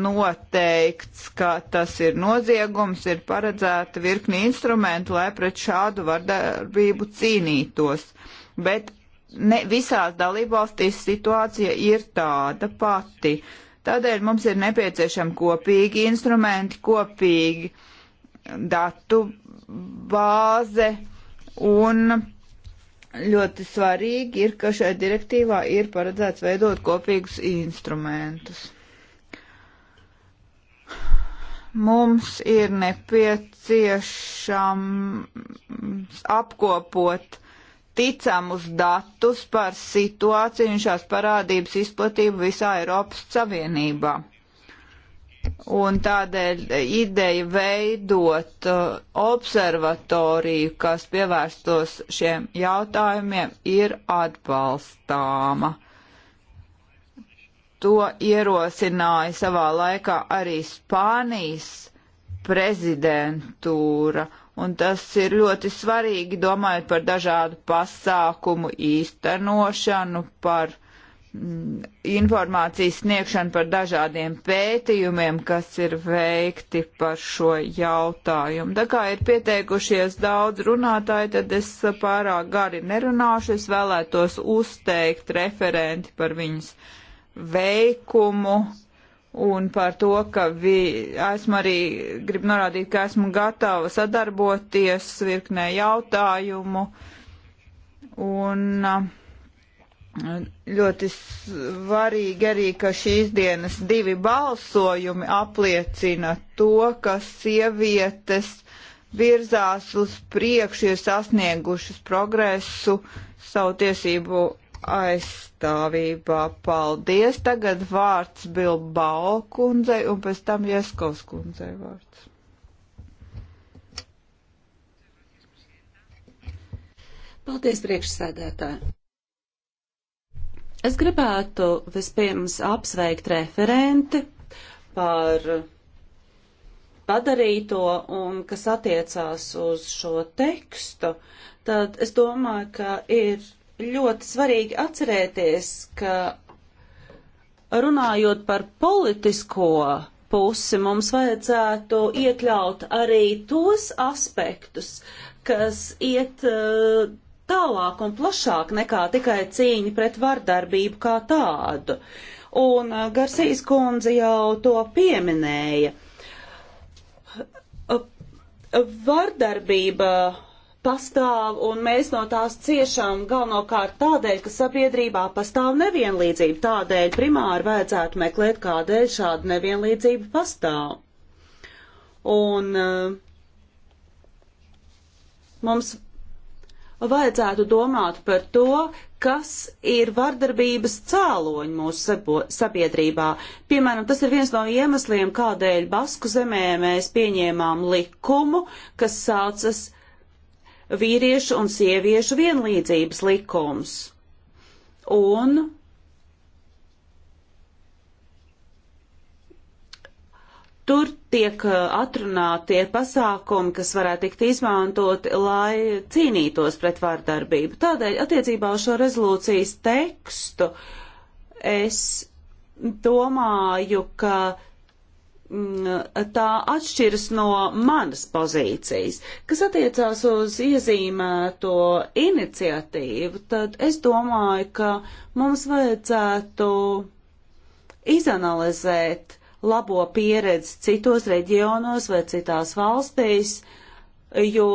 noteikts, ka tas ir noziegums, ir paredzēta virkni instrumentu, lai pret šādu vardarbību cīnītos. Bet ne visās dalībvalstīs situācija ir tāda pati. Tādēļ mums ir nepieciešami kopīgi instrumenti, kopīgi datu bāze un ļoti svarīgi ir, ka šai direktīvā ir paredzēts veidot kopīgus instrumentus. Mums ir nepieciešams apkopot ticamus datus par situāciju un šās parādības izplatību visā Eiropas Savienībā. Un tādēļ ideja veidot uh, observatoriju, kas pievērstos šiem jautājumiem, ir atbalstāma. To ierosināja savā laikā arī Spānijas prezidentūra, un tas ir ļoti svarīgi, domājot par dažādu pasākumu īstenošanu, par Mm, informācijas sniegšanu par dažādiem pētījumiem, kas ir veikti par šo jautājumu. Tā kā ir pieteikušies daudz runātāji, tad es pārāk gari nerunāšu. Es vēlētos uzteikt referenti par viņas veikumu un par to, ka vi, esmu arī, gribu norādīt, ka esmu gatava sadarboties virknē jautājumu. Un, uh, Ļoti svarīgi arī, ka šīs dienas divi balsojumi apliecina to, ka sievietes virzās uz priekšu, ir sasniegušas progresu savu tiesību aizstāvībā. Paldies! Tagad vārds Bilbao kundzei un pēc tam Ieskovs kundzei vārds. Paldies, priekšsēdētāji! Es gribētu vispirms apsveikt referenti par padarīto un kas attiecās uz šo tekstu, tad es domāju, ka ir ļoti svarīgi atcerēties, ka runājot par politisko pusi, mums vajadzētu iekļaut arī tos aspektus, kas iet uh, tālāk un plašāk nekā tikai cīņa pret vardarbību kā tādu. Un uh, Garsīs kundze jau to pieminēja. Uh, vardarbība pastāv un mēs no tās ciešam galvenokārt tādēļ, ka sabiedrībā pastāv nevienlīdzība. Tādēļ primāri vajadzētu meklēt, kādēļ šāda nevienlīdzība pastāv. Un uh, mums vajadzētu domāt par to, kas ir vardarbības cēloņi mūsu sabiedrībā. Piemēram, tas ir viens no iemesliem, kādēļ Basku zemē mēs pieņēmām likumu, kas saucas vīriešu un sieviešu vienlīdzības likums. Un Tur tiek eh, atrunāti tie pasākumi, kas varētu tikt izmantoti, lai cīnītos pret vārdarbību. Tādēļ attiecībā uz šo rezolūcijas tekstu es domāju, ka mm, tā atšķiras no manas pozīcijas. Kas attiecās uz iezīmēto iniciatīvu, tad es domāju, ka mums vajadzētu izanalizēt, labo pieredzi citos reģionos vai citās valstīs, uh, jo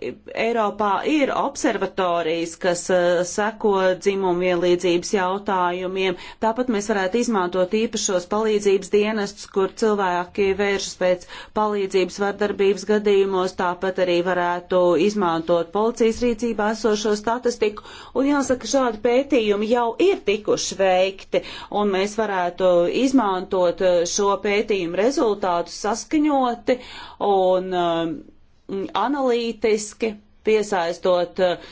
Eiropā ir observatorijas, kas uh, seko dzimumu vienlīdzības jautājumiem. Tāpat mēs varētu izmantot īpašos palīdzības dienestus, kur cilvēki vēršas pēc palīdzības vardarbības gadījumos, tāpat arī varētu izmantot policijas rīcībā esošo statistiku. Un jāsaka, šādi pētījumi jau ir tikuši veikti, un mēs varētu izmantot uh, šo pētījumu rezultātus saskaņoti un um, analītiski, piesaistot eh,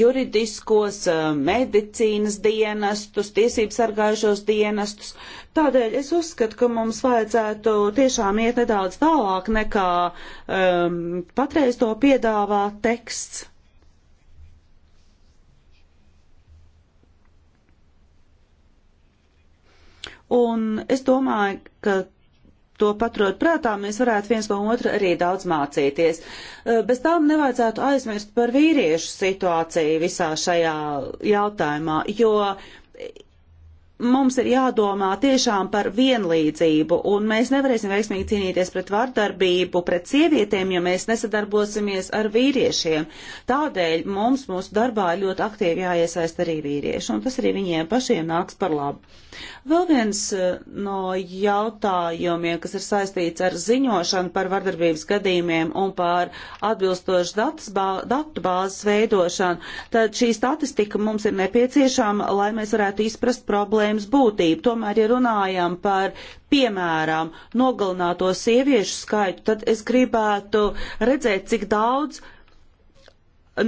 juridiskos, eh, medicīnas dienestus, tiesību sargājušos dienestus. Tādēļ es uzskatu, ka mums vajadzētu tiešām iet nedaudz tālāk nekā um, patreiz to piedāvā teksts. Un es domāju, ka to paturot prātā, mēs varētu viens no otra arī daudz mācīties. Eh, bez tām nevajadzētu aizmirst par vīriešu situāciju visā šajā jautājumā, jo mums ir jādomā tiešām par vienlīdzību, un mēs nevarēsim veiksmīgi cīnīties pret vardarbību, pret sievietēm, ja mēs nesadarbosimies ar vīriešiem. Tādēļ mums mūsu darbā ļoti aktīvi jāiesaist arī vīrieši, un tas arī viņiem pašiem nāks par labu. Vēl viens eh, no jautājumiem, kas ir saistīts ar ziņošanu par vardarbības gadījumiem un par atbilstošu datu bāzes veidošanu, tad šī statistika mums ir nepieciešama, lai mēs varētu izprast problēmu problēmas būtību. Tomēr, ja runājam par, piemēram, nogalināto sieviešu skaitu, tad es gribētu redzēt, cik daudz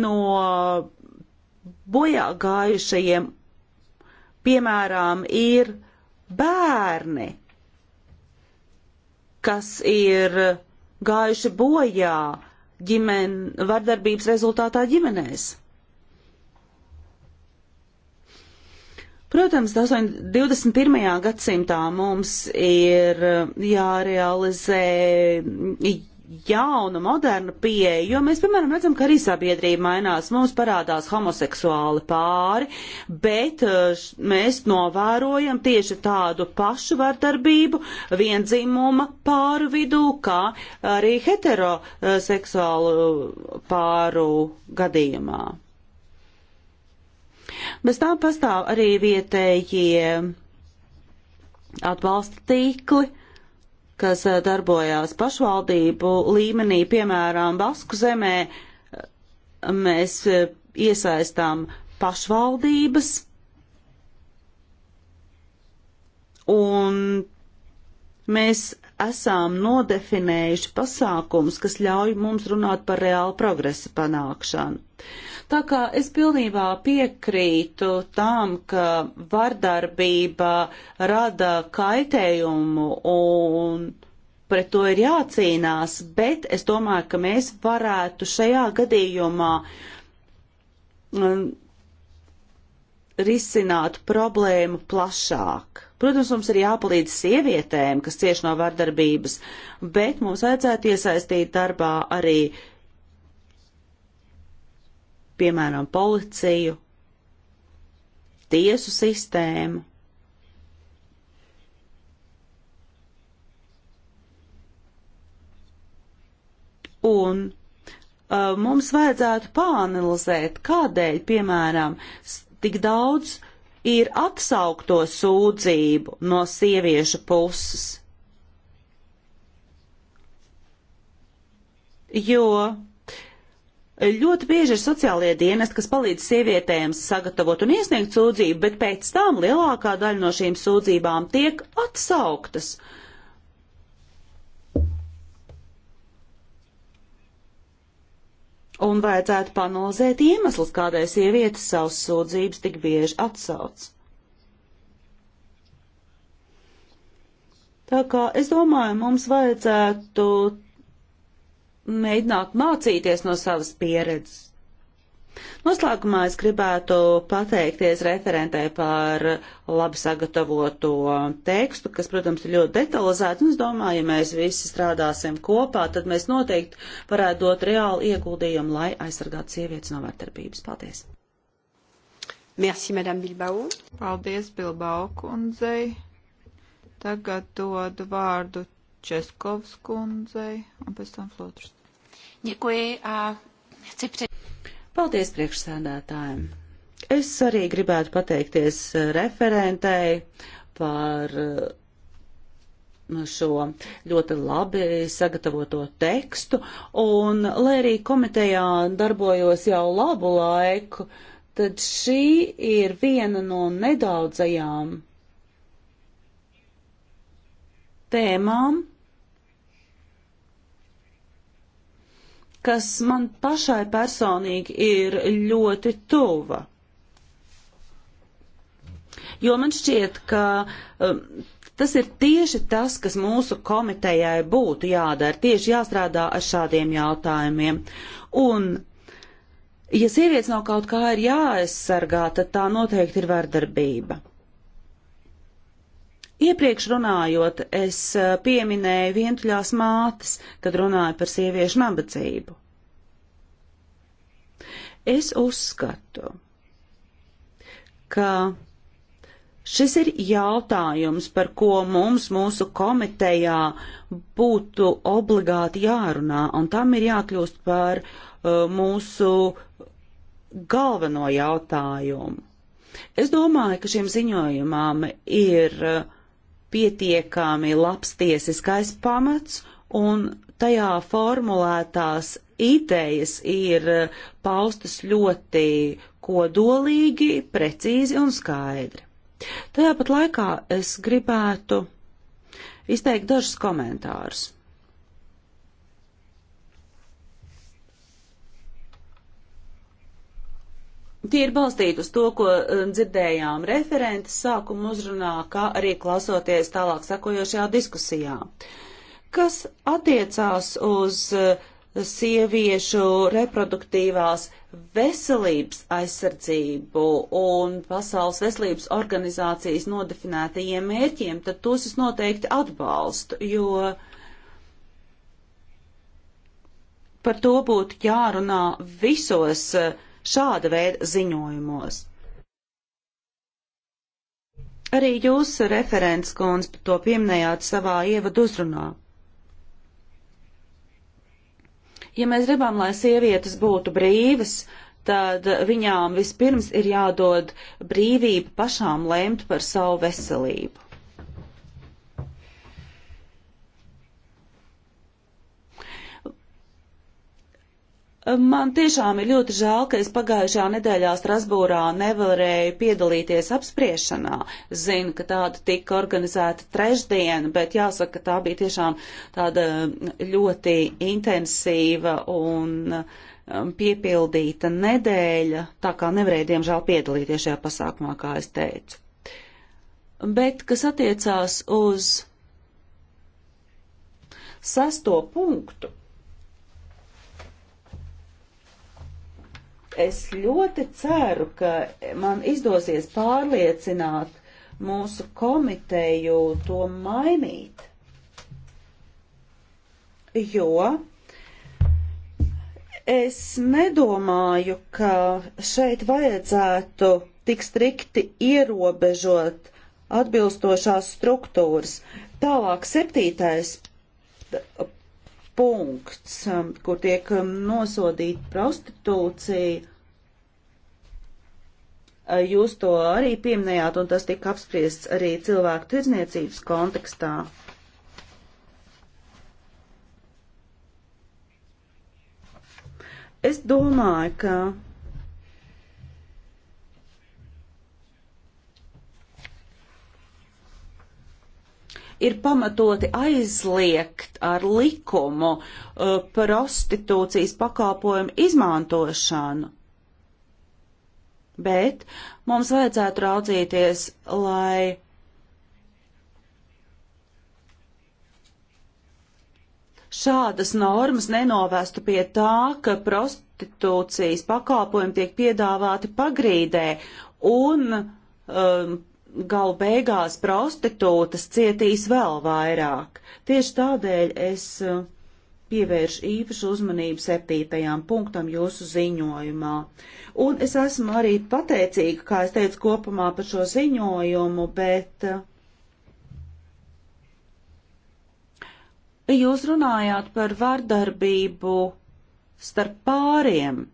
no bojā gājušajiem, piemēram, ir bērni, kas ir gājuši bojā ģimen, vardarbības rezultātā ģimenēs. Protams, 21. gadsimtā mums ir eh, jārealizē jauna, moderna pieeja, jo mēs, piemēram, redzam, ka arī sabiedrība mainās, mums parādās homoseksuāli pāri, bet eh, mēs novērojam tieši tādu pašu vardarbību viendzimuma pāru vidū, kā arī heteroseksuālu eh, pāru gadījumā. Bez tā pastāv arī vietējie atbalsta tīkli, kas eh, darbojās pašvaldību līmenī, piemēram, Basku zemē eh, mēs eh, iesaistām pašvaldības un mēs esam nodefinējuši pasākums, kas ļauj mums runāt par reālu progresa panākšanu. Tā kā es pilnībā piekrītu tam, ka vardarbība rada kaitējumu un pret to ir jācīnās, bet es domāju, ka mēs varētu šajā gadījumā um, risināt problēmu plašāk. Protams, mums ir jāpalīdz sievietēm, kas cieš no vardarbības, bet mums vajadzētu iesaistīt darbā arī uh, piemēram, policiju, tiesu sistēmu. Un uh, mums vajadzētu pāanalizēt, kādēļ, piemēram, tik daudz ir atsaukto sūdzību no sieviešu puses. Jo Ļoti bieži ir sociālie dienesti, kas palīdz sievietēm sagatavot un iesniegt sūdzību, bet pēc tam lielākā daļa no šīm sūdzībām tiek atsauktas. Un vajadzētu panalizēt iemeslus, kādēļ sievietes savas sūdzības tik bieži atsauc. Tā kā es domāju, mums vajadzētu mēģināt mācīties no savas pieredzes. Noslēgumā es gribētu pateikties referentē par labi sagatavoto tekstu, kas, protams, ir ļoti detalizēts. Un es domāju, ja mēs visi strādāsim kopā, tad mēs noteikti varētu dot reālu ieguldījumu, lai aizsargātu sievietes no vardarbības. Paldies! Merci, Madame Bilbao. Paldies, Bilbao kundzei. Tagad dodu vārdu Českovs kundzei un pēc tam Flotrs. Děkuji a chci pře... Paldies priekšsēdētājiem. Es arī gribētu pateikties referentei par uh, šo ļoti labi sagatavoto tekstu, un lai arī komitejā darbojos jau labu laiku, tad šī ir viena no nedaudzajām tēmām, kas man pašai personīgi ir ļoti tuva. Jo man šķiet, ka um, tas ir tieši tas, kas mūsu komitejai būtu jādara, tieši jāstrādā ar šādiem jautājumiem. Un, ja sievietes no kaut kā ir jāaizsargā, tad tā noteikti ir vardarbība. Iepriekš runājot, es eh, pieminēju vientuļās mātes, kad runāju par sieviešu nabadzību. Es uzskatu, ka Šis ir jautājums, par ko mums mūsu komitejā būtu obligāti jārunā, un tam ir jākļūst par uh, mūsu galveno jautājumu. Es domāju, ka šim ziņojumam ir uh, pietiekami labs tiesiskais pamats un tajā formulētās idejas ir eh, paustas ļoti kodolīgi, precīzi un skaidri. Tajāpat laikā es gribētu izteikt dažus komentārus. Tie ir balstīti uz to, ko eh, dzirdējām referentes sākuma uzrunā, kā arī klausoties tālāk sakojošajā diskusijā. Kas attiecās uz eh, sieviešu reproduktīvās veselības aizsardzību un Pasaules veselības organizācijas nodefinētajiem mērķiem, tad tos es noteikti atbalstu, jo par to būtu jārunā visos uh, šāda veida ziņojumos. Arī jūs, referents kundz, to pieminējāt savā ievadu uzrunā. Ja mēs gribam, lai sievietes būtu brīvas, tad viņām vispirms ir jādod brīvība pašām lemt par savu veselību. Man tiešām ir ļoti žēl, ka es pagājušajā nedēļā Strasbūrā nevarēju piedalīties apspriešanā. Zinu, ka tāda tika organizēta trešdien, bet jāsaka, ka tā bija tiešām tāda ļoti intensīva un um, piepildīta nedēļa, tā kā nevarēju, diemžēl, piedalīties šajā pasākumā, kā es teicu. Bet, kas attiecās uz sesto punktu, Es ļoti ceru, ka man izdosies pārliecināt mūsu komiteju to mainīt, jo es nedomāju, ka šeit vajadzētu tik strikti ierobežot atbilstošās struktūras. Tālāk septītais punkts, um, kur tiek um, nosodīta prostitūcija. Uh, jūs to arī pieminējāt, un tas tika apspriests arī cilvēku tirdzniecības kontekstā. Es domāju, ka ir pamatoti aizliegt ar likumu uh, prostitūcijas pakalpojumu izmantošanu. Bet mums vajadzētu raudzīties, lai šādas normas nenovestu pie tā, ka prostitūcijas pakalpojumi tiek piedāvāti pagrīdē un um, galu beigās prostitūtas cietīs vēl vairāk. Tieši tādēļ es uh, pievēršu īpašu uzmanību septītajām punktam jūsu ziņojumā. Un es esmu arī pateicīga, kā es teicu, kopumā par šo ziņojumu, bet uh, jūs runājāt par vardarbību starp pāriem.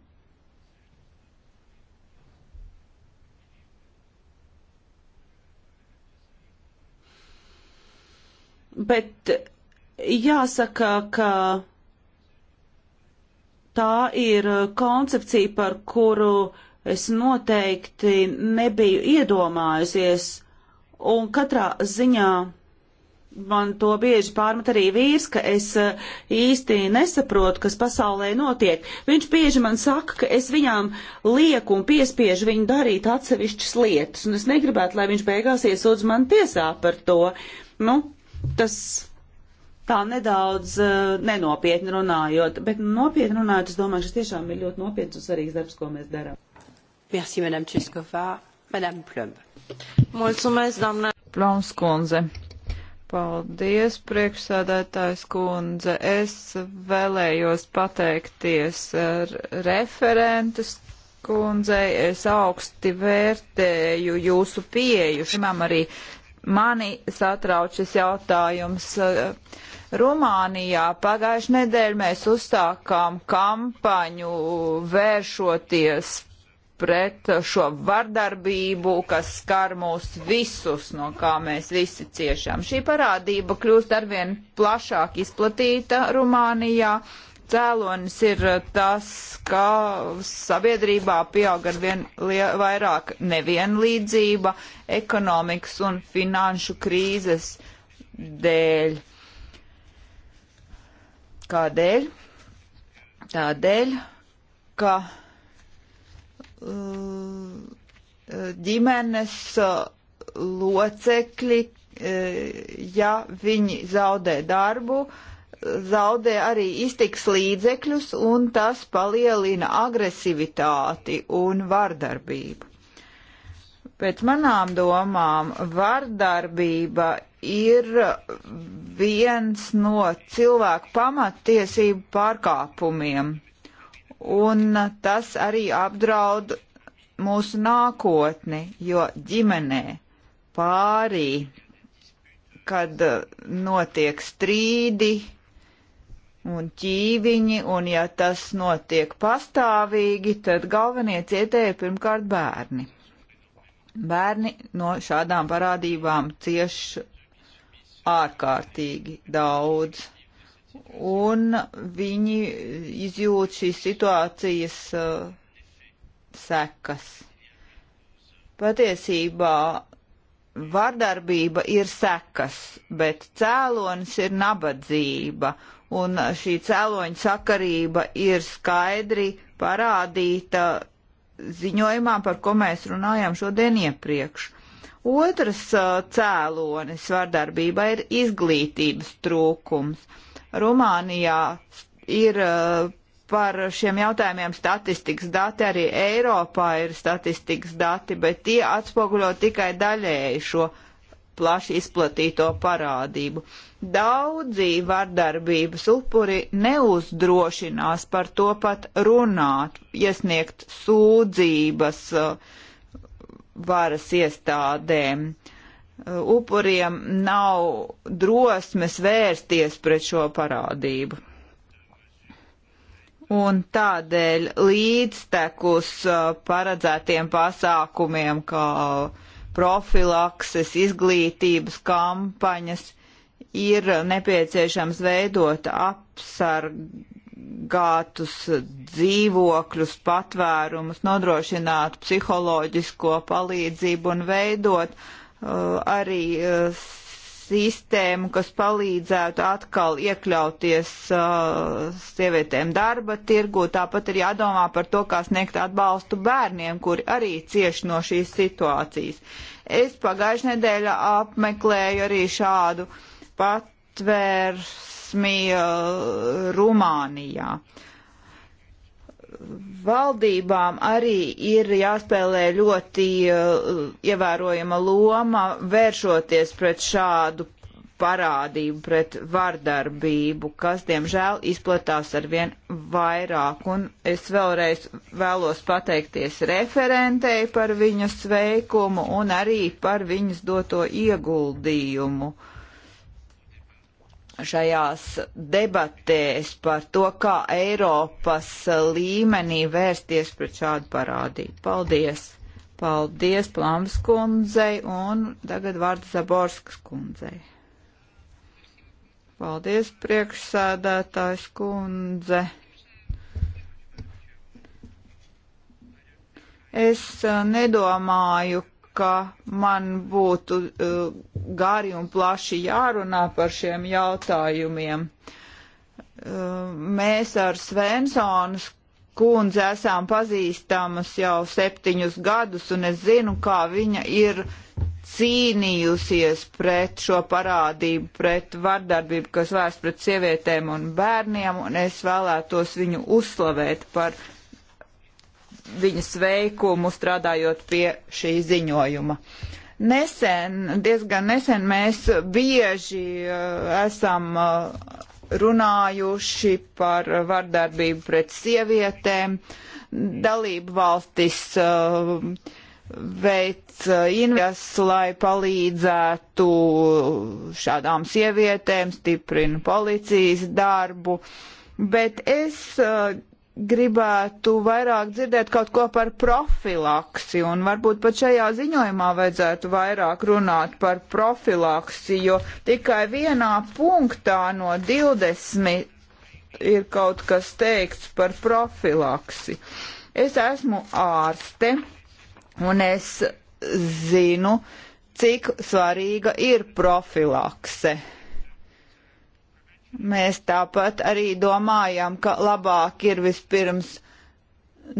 bet jāsaka, ka tā ir koncepcija, par kuru es noteikti nebiju iedomājusies, un katrā ziņā man to bieži pārmet arī vīrs, ka es eh, īsti nesaprotu, kas pasaulē notiek. Viņš bieži man saka, ka es viņām lieku un piespiežu viņu darīt atsevišķas lietas, un es negribētu, lai viņš beigās iesūdz man tiesā par to. Nu, tas tā nedaudz uh, nenopietni runājot, bet nopietni runājot, es domāju, šis tiešām ir ļoti nopietns un svarīgs darbs, ko mēs darām. Merci, Madame Českovā, Madame Plum. Mulțumesc, doamna Plums kundze. Paldies, priekšsādātājs kundze. Es vēlējos pateikties eh, referentes kundzei. Es augsti vērtēju jūsu pieeju šim arī mani satrauc šis jautājums. Rumānijā pagājušajā nedēļā mēs uzsākām kampaņu vēršoties pret šo vardarbību, kas skar mūs visus, no kā mēs visi ciešam. Šī parādība kļūst arvien plašāk izplatīta Rumānijā. Uh, cēlonis ir eh, tas, ka sabiedrībā pieaug ar vien vairāk nevienlīdzība ekonomikas un finanšu krīzes dēļ. Kādēļ? Tādēļ, ka eh, ģimenes eh, locekļi, ja viņi zaudē darbu, uh, zaudē arī iztiks līdzekļus, un tas palielina agresivitāti un vardarbību. Pēc manām domām, vardarbība ir viens no cilvēku pamattiesību pārkāpumiem, un tas arī apdraud mūsu nākotni, jo ģimenē pārī, kad notiek strīdi, un ķīviņi, un ja tas notiek pastāvīgi, tad galvenie cietēji pirmkārt bērni. Bērni no šādām parādībām cieš ārkārtīgi daudz, un viņi izjūt šīs situācijas uh, sekas. Patiesībā vardarbība ir sekas, bet cēlonis ir nabadzība, un šī cēloņa sakarība ir skaidri parādīta ziņojumā, par ko mēs runājām šodien iepriekš. Otrs uh, cēlonis vardarbībā ir izglītības trūkums. Rumānijā ir uh, par šiem jautājumiem statistikas dati, arī Eiropā ir statistikas dati, bet tie atspoguļo tikai daļēji šo jautājumu plaši izplatīto parādību. Daudzi vardarbības upuri neuzdrošinās par to pat runāt, iesniegt sūdzības uh, varas iestādēm. Uh, upuriem nav drosmes vērsties pret šo parādību un tādēļ līdztekus uh, paredzētiem pasākumiem, kā profilakses, izglītības kampaņas, ir nepieciešams veidot apsargātus dzīvokļus, patvērumus, nodrošināt psiholoģisko palīdzību un veidot uh, arī uh, sistēmu, kas palīdzētu atkal iekļauties uh, sievietēm darba tirgu. Tāpat ir jādomā par to, kā sniegt atbalstu bērniem, kuri arī cieši no šīs situācijas. Es pagājušajā nedēļā apmeklēju arī šādu patvērsmi uh, Rumānijā. Uh, valdībām arī ir jāspēlē ļoti uh, ievērojama loma vēršoties pret šādu parādību, pret vardarbību, kas, diemžēl, izplatās arvien vairāk. Un es vēlreiz vēlos pateikties referentei par viņas veikumu un arī par viņas doto ieguldījumu uh, šajās debatēs par to, kā Eiropas līmenī vērsties pret šādu parādību. Paldies! Paldies Plams kundzei un tagad vārds Zaborskas kundzei. Paldies priekšsēdētājs kundze. Es nedomāju, ka man būtu uh, gari un plaši jārunā par šiem jautājumiem. Uh, mēs ar Svensons kundzi esam pazīstamas jau septiņus gadus, un es zinu, kā viņa ir cīnījusies pret šo parādību, pret vardarbību, kas vērst pret sievietēm un bērniem, un es vēlētos viņu uzslavēt par viņas veikumu strādājot pie šī ziņojuma. Nesen, diezgan nesen mēs bieži uh, esam uh, runājuši par vardarbību pret sievietēm, dalību valstis uh, veic investēs, lai palīdzētu šādām sievietēm, stiprina policijas darbu, bet es gribētu vairāk dzirdēt kaut ko par profilaksi, un varbūt pat šajā ziņojumā vajadzētu vairāk runāt par profilaksi, jo tikai vienā punktā no 20 ir kaut kas teikts par profilaksi. Es esmu ārste, un es zinu, cik svarīga ir profilakse Mēs tāpat arī domājam, ka labāk ir vispirms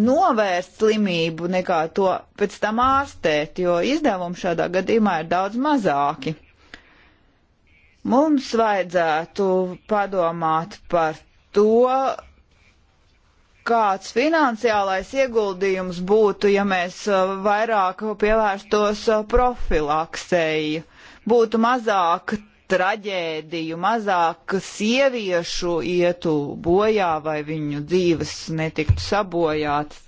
novērst slimību nekā to pēc tam ārstēt, jo izdevumi šādā gadījumā ir daudz mazāki. Mums vajadzētu padomāt par to, kāds finansiālais ieguldījums būtu, ja mēs uh, vairāk pievērstos uh, profilaksēji. Būtu mazāk traģēdiju, mazāk sieviešu ietu bojā vai viņu dzīves netiktu sabojātas.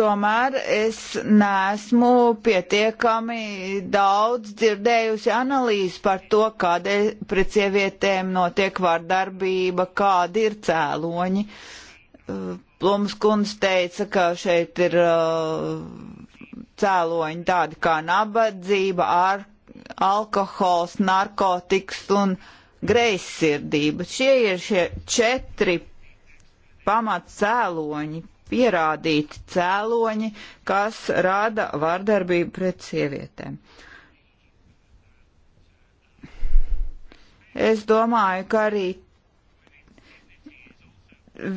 Tomēr es neesmu pietiekami daudz dzirdējusi analīzi par to, kādēļ pret sievietēm notiek vārdarbība, kādi ir cēloņi. Plums kundze teica, ka šeit ir uh, cēloņi tādi kā nabadzība, ar alkohols, narkotikas un greizsirdība. Šie ir šie četri pamatcēloņi, pierādīti cēloņi, kas rada vardarbību pret sievietēm. Es domāju, ka arī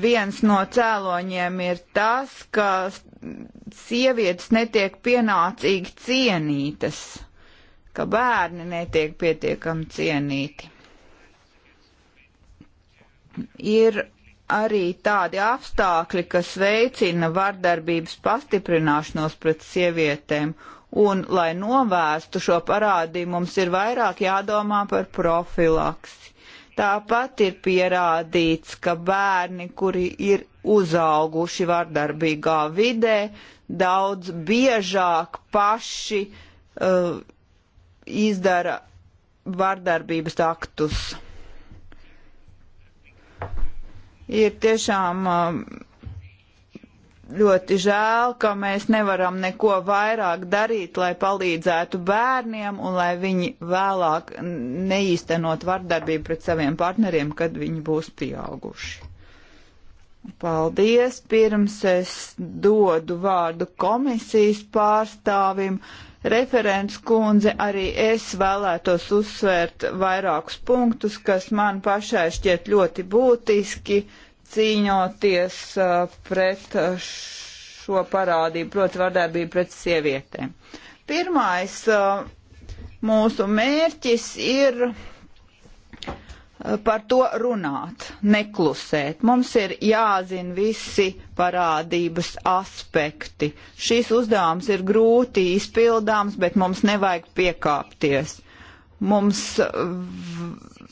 viens no cēloņiem ir tas, ka sievietes netiek pienācīgi cienītas ka bērni netiek pietiekami cienīti. Ir arī tādi apstākļi, kas veicina vardarbības pastiprināšanos pret sievietēm, un, lai novērstu šo parādību, mums ir vairāk jādomā par profilaksi. Tāpat ir pierādīts, ka bērni, kuri ir uzauguši vardarbīgā vidē, daudz biežāk paši uh, izdara vardarbības aktus. Ir tiešām um, ļoti žēl, ka mēs nevaram neko vairāk darīt, lai palīdzētu bērniem un lai viņi vēlāk neīstenot vardarbību pret saviem partneriem, kad viņi būs pieauguši. Paldies! Pirms es dodu vārdu komisijas pārstāvim, uh, Referents kundze, arī es vēlētos uzsvērt vairākus punktus, kas man pašai šķiet ļoti būtiski cīņoties uh, pret uh, šo parādību, proti vardarbību pret sievietēm. Pirmais uh, mūsu mērķis ir par to runāt, neklusēt. Mums ir jāzina visi parādības aspekti. Šīs uzdevums ir grūti izpildāms, bet mums nevajag piekāpties. Mums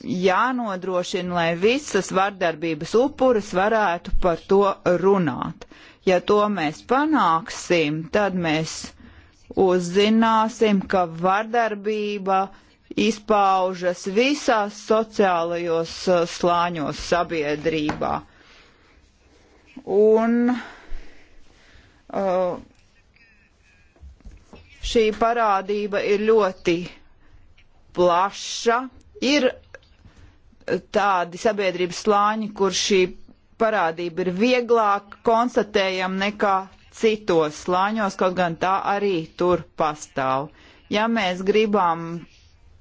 jānodrošina, lai visas vardarbības upuras varētu par to runāt. Ja to mēs panāksim, tad mēs uzzināsim, ka vardarbība uh, izpaužas visās sociālajos uh, slāņos sabiedrībā. Un uh, šī parādība ir ļoti plaša. Ir tādi sabiedrības slāņi, kur šī parādība ir vieglāk konstatējama nekā citos slāņos, kaut gan tā arī tur pastāv. Ja mēs gribam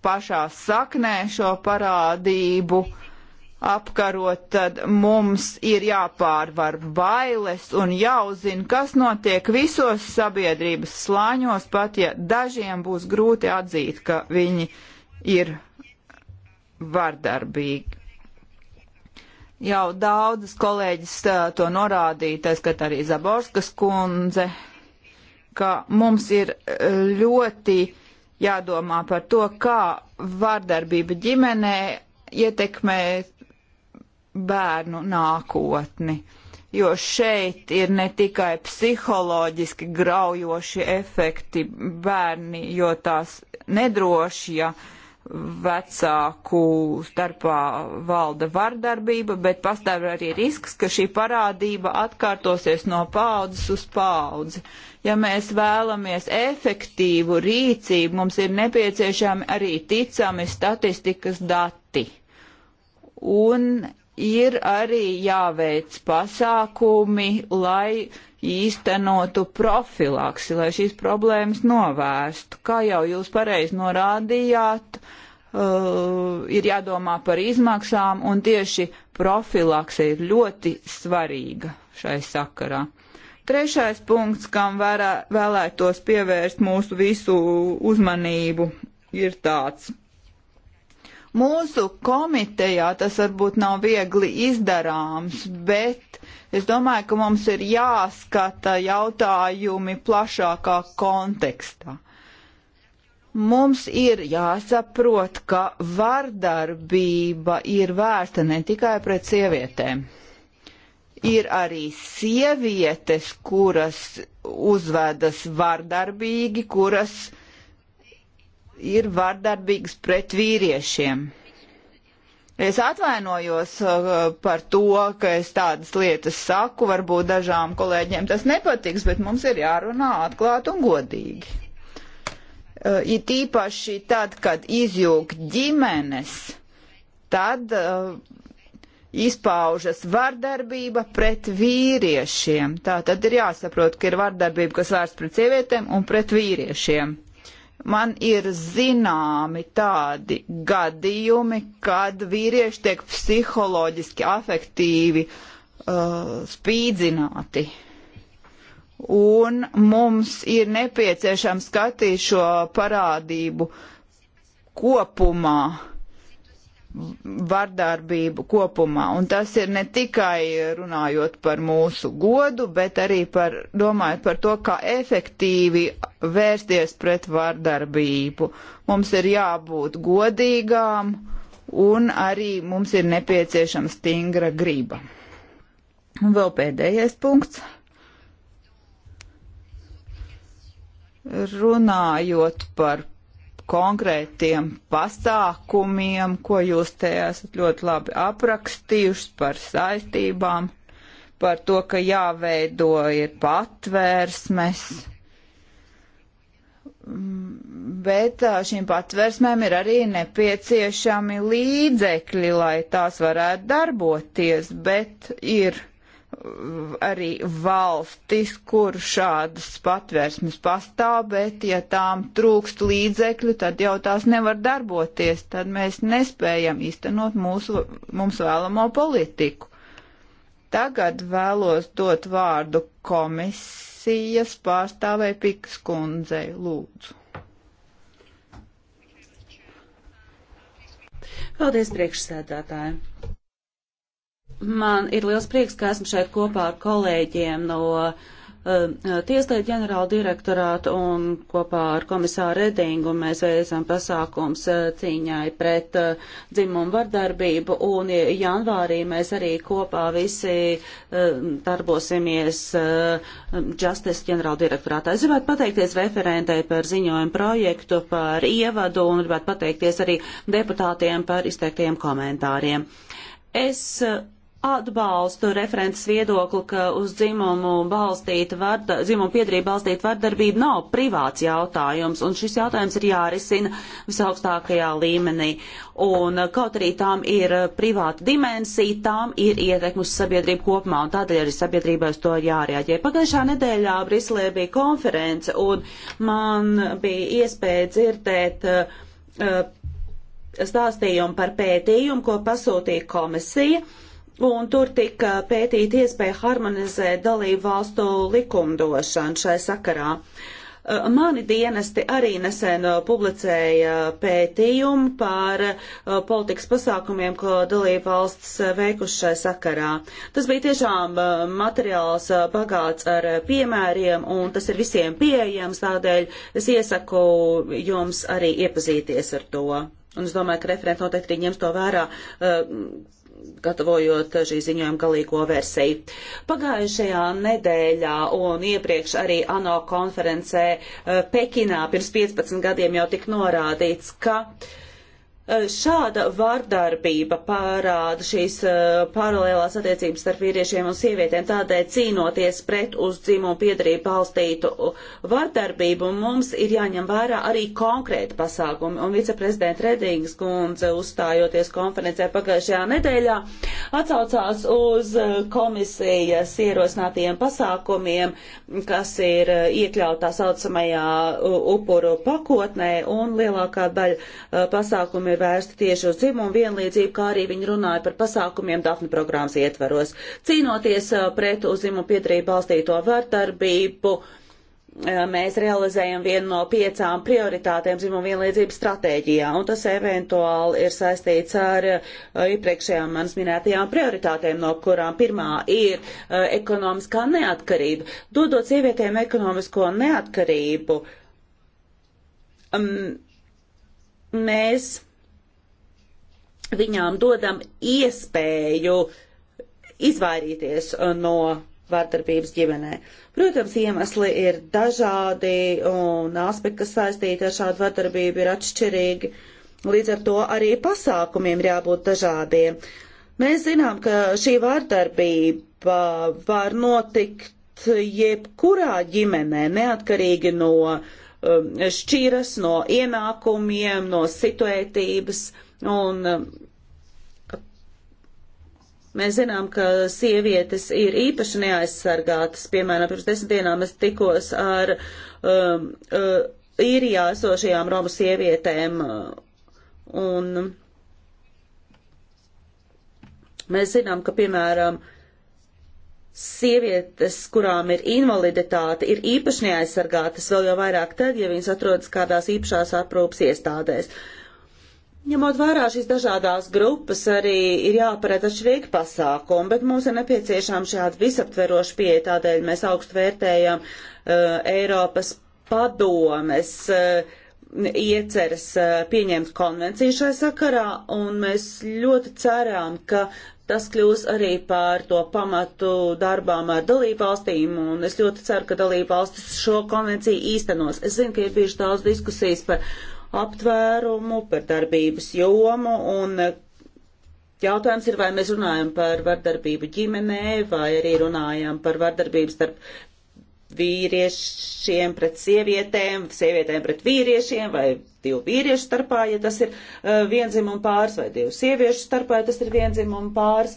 pašā saknē šo parādību apkarot, tad mums ir jāpārvar bailes un jāuzina, kas notiek visos sabiedrības slāņos, pat ja dažiem būs grūti atzīt, ka viņi ir vardarbīgi. Jau daudzas kolēģis to norādīja, tā skat arī Zaborskas kundze, ka mums ir ļoti jādomā par to, kā vardarbība ģimenē ietekmē bērnu nākotni. Jo šeit ir ne tikai psiholoģiski graujoši efekti bērni, jo tās nedroši, ja uh, vecāku starpā valda vardarbība, bet pastāv arī risks, ka šī parādība atkārtosies no paudzes uz paudzi. Ja mēs vēlamies efektīvu rīcību, mums ir nepieciešami arī ticami statistikas dati. Un ir arī jāveic pasākumi, lai īstenotu profilaksi, lai šīs problēmas novērstu. Kā jau jūs pareizi norādījāt, uh, ir jādomā par izmaksām, un tieši profilakse ir ļoti svarīga šai sakarā. Trešais punkts, kam vērā, vēlētos pievērst mūsu visu uzmanību, ir tāds Mūsu komitejā tas varbūt nav viegli izdarāms, bet es domāju, ka mums ir jāskata jautājumi plašākā kontekstā. Mums ir jāsaprot, ka vardarbība ir vērsta ne tikai pret sievietēm. Ir arī sievietes, kuras uzvedas vardarbīgi, kuras uh, ir vardarbīgas pret vīriešiem. Es atvainojos uh, par to, ka es tādas lietas saku, varbūt dažām kolēģiem tas nepatiks, bet mums ir jārunā atklāt un godīgi. Uh, it īpaši tad, kad izjūg ģimenes, tad uh, izpaužas vardarbība pret vīriešiem. Tā tad ir jāsaprot, ka ir vardarbība, kas vērsta pret sievietēm un pret vīriešiem. Man ir zināmi tādi gadījumi, kad vīrieši tiek psiholoģiski afektīvi uh, spīdzināti. Un mums ir nepieciešams skatīt šo parādību kopumā vardarbību kopumā. Un tas ir ne tikai runājot par mūsu godu, bet arī par, domājot par to, kā efektīvi vērsties pret vardarbību. Mums ir jābūt godīgām un arī mums ir nepieciešama stingra grība. Un vēl pēdējais punkts. Runājot par konkrētiem pasākumiem, ko jūs te esat ļoti labi aprakstījuši par saistībām, par to, ka jāveido ir patvērsmes. Bet šīm patvērsmēm ir arī nepieciešami līdzekļi, lai tās varētu darboties, bet ir arī valstis, kur šādas patvērsmes pastāv, bet ja tām trūkst līdzekļu, tad jau tās nevar darboties, tad mēs nespējam īstenot mūsu, mums vēlamo politiku. Tagad vēlos dot vārdu komisijas pārstāvē Pikas kundzei, lūdzu. Paldies priekšsēdētājiem! Man ir liels prieks, ka esmu šeit kopā ar kolēģiem no uh, Tieslietu ģenerāla direktorāta un kopā ar komisāru Redingu mēs veicam pasākums eh, cīņai pret uh, dzimumu vardarbību un janvārī mēs arī kopā visi uh, darbosimies uh, Justice ģenerāla direktorātā. Es gribētu pateikties referentei par ziņojumu projektu, par ievadu un gribētu pateikties arī deputātiem par izteiktiem komentāriem. Es uh, atbalstu referents viedokli, ka uz dzimumu, varda, dzimumu piedrību balstīta vardarbība nav privāts jautājums, un šis jautājums ir jārisina visaugstākajā līmenī. Un uh, kaut arī tām ir uh, privāta dimensija, tām ir ietekme uz sabiedrību kopumā, un tādēļ arī sabiedrībai uz to jārēģē. Pagājušā nedēļā Briselē bija konference, un man bija iespēja dzirdēt uh, uh stāstījumu par pētījumu, ko pasūtīja komisija. Uh, Un tur tika pētīta iespēja harmonizēt dalību valstu likumdošanu šai sakarā. Uh, mani dienesti arī nesen uh, publicēja pētījumu par uh, politikas pasākumiem, ko dalība valsts veikušai sakarā. Tas bija tiešām materiāls bagāts ar piemēriem, un tas ir visiem pieejams, tādēļ es iesaku jums arī iepazīties ar to. Un es domāju, ka referents noteikti ņems to vērā gatavojot šī ziņojuma galīgo versiju. Pagājušajā nedēļā un iepriekš arī ANO konferencē eh, Pekinā pirms 15 gadiem jau tik norādīts, ka uh, Eh, šāda vardarbība pārāda šīs eh, paralēlās attiecības starp vīriešiem un sievietēm, tādēļ cīnoties pret uz dzimumu piedarību balstītu vardarbību, mums ir jāņem vērā arī konkrēti pasākumi. Un viceprezidenta Redingas kundze, uzstājoties konferencē pagājušajā nedēļā, atsaucās uz eh, komisijas ierosinātajiem pasākumiem, kas ir iekļautā saucamajā upuru pakotnē, un lielākā daļa pasākumu pasākumi vērsti tieši uz dzimumu vienlīdzību, kā arī viņi runāja par pasākumiem Dafne programmas ietvaros. Cīnoties pret uz dzimumu piedarību balstīto vardarbību, mēs realizējam vienu no piecām prioritātēm dzimumu vienlīdzības stratēģijā, un tas eventuāli ir saistīts ar iepriekšējām manas minētajām prioritātēm, no kurām pirmā ir ekonomiskā neatkarība. Dodot sievietēm ekonomisko neatkarību, um, mēs viņām dodam iespēju izvairīties no vārdarbības ģimenē. Protams, iemesli ir dažādi un aspekti, kas saistīti ar šādu vārdarbību, ir atšķirīgi. Līdz ar to arī pasākumiem ir jābūt dažādiem. Mēs zinām, ka šī vārdarbība var notikt jebkurā ģimenē, neatkarīgi no um, šķiras, no ienākumiem, no situētības. Un um, Mēs zinām, ka sievietes ir īpaši neaizsargātas. Piemēram, pirms desmit dienām es tikos ar um, uh, īrijā esošajām Romu sievietēm. Uh, un mēs zinām, ka, piemēram, sievietes, kurām ir invaliditāte, ir īpaši neaizsargātas vēl jau vairāk tad, ja viņas atrodas kādās īpašās aprūpas iestādēs. Uh, Ņemot vērā šīs dažādās grupas, arī ir jāparedz atšķirīgi pasākumi, bet mums ir nepieciešama šāda visaptveroša pieeja, tādēļ mēs augstu vērtējam uh, Eiropas padomes uh, eh, ieceras uh, eh, pieņemt konvenciju šai sakarā, un mēs ļoti ceram, ka tas kļūs arī par to pamatu darbām ar dalību valstīm, un es ļoti ceru, ka dalību valstis šo konvenciju īstenos. Es zinu, ka ir bijuši daudz diskusijas par aptvērumu, par darbības jomu, un jautājums ir, vai mēs runājam par vardarbību ģimenē, vai arī runājam par vardarbību starp vīriešiem pret sievietēm, sievietēm pret vīriešiem, vai divu vīriešu starpā, ja tas ir eh, vienzim un pāris, vai divu sieviešu starpā, ja tas ir vienzim un pāris.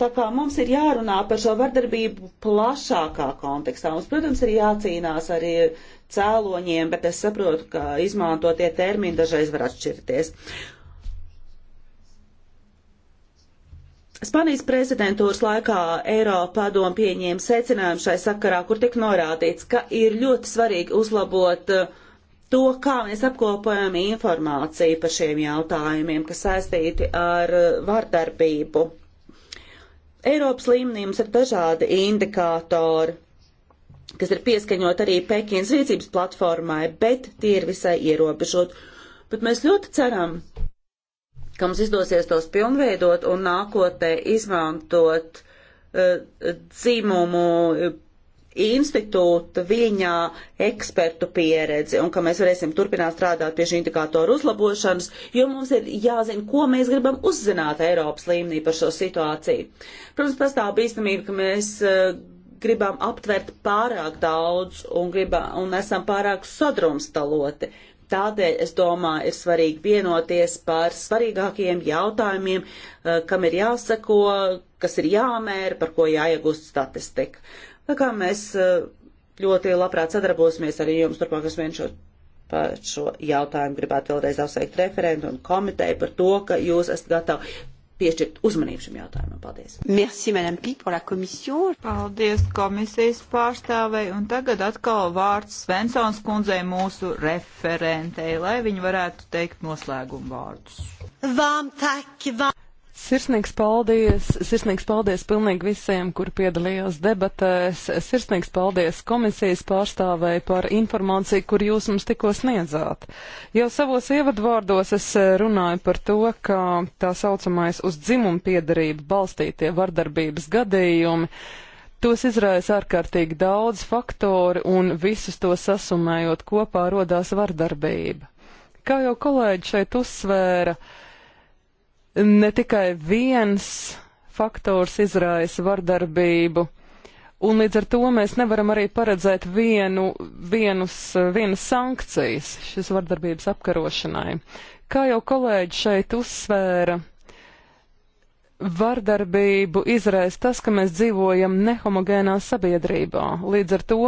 Tā kā mums ir jārunā par šo vardarbību plašākā kontekstā, mums, protams, ir jācīnās arī uh, cēloņiem, bet es saprotu, ka izmantotie termini dažreiz var atšķirties. Spanijas prezidentūras laikā Eiropa padomu pieņēma secinājumu šai sakarā, kur tik norādīts, ka ir ļoti svarīgi uzlabot uh, to, kā mēs apkopojam informāciju par šiem jautājumiem, kas saistīti ar uh, vardarbību. Eiropas līmenī mums ir dažādi indikātori kas ir pieskaņot arī Pekinas rīcības platformai, bet tie ir visai ierobežot. Bet mēs ļoti ceram, ka mums izdosies tos pilnveidot un nākotnē izmantot uh, dzimumu eh, institūta viņā ekspertu pieredzi un ka mēs varēsim turpināt strādāt pie šī indikātoru uzlabošanas, jo mums ir jāzina, ko mēs gribam uzzināt Eiropas līmenī par šo situāciju. Protams, pastāv bīstamība, ka mēs eh, gribam aptvert pārāk daudz un, gribam, un esam pārāk sadrumstaloti. Tādēļ, es domāju, ir svarīgi vienoties par svarīgākajiem jautājumiem, eh, kam ir jāsako, kas ir jāmēra, par ko jāiegūst statistika. Tā kā mēs eh, ļoti labprāt sadarbosimies ar jums turpmākajos mēnešos par šo jautājumu. Gribētu vēlreiz apsveikt referentu un komiteju par to, ka jūs esat gatavi piešķirt uzmanību šim jautājumam. Paldies! Merci, Madame Pi, par la komisiju. Paldies komisijas pārstāvei, un tagad atkal vārds Svensons kundzei mūsu referentei, lai viņi varētu teikt noslēgumu vārdus. Vām tak, vām. Sirsnīgs paldies, sirsnīgs paldies pilnīgi visiem, kur piedalījās debatēs. Sirsnīgs paldies komisijas pārstāvēji par informāciju, kur jūs mums tikko sniedzāt. Jau savos ievadvārdos es eh, runāju par to, ka tā saucamais uz dzimumu piedarību balstītie vardarbības gadījumi. Tos izraisa ārkārtīgi daudz faktori un visus tos sasumējot kopā rodās vardarbība. Kā jau kolēģi šeit uzsvēra, uh, ne tikai viens faktors izraisa vardarbību, un līdz ar to mēs nevaram arī paredzēt vienu, vienus, vienas sankcijas šis vardarbības apkarošanai. Kā jau kolēģi šeit uzsvēra, vardarbību izraisa tas, ka mēs dzīvojam nehomogēnā sabiedrībā. Līdz ar to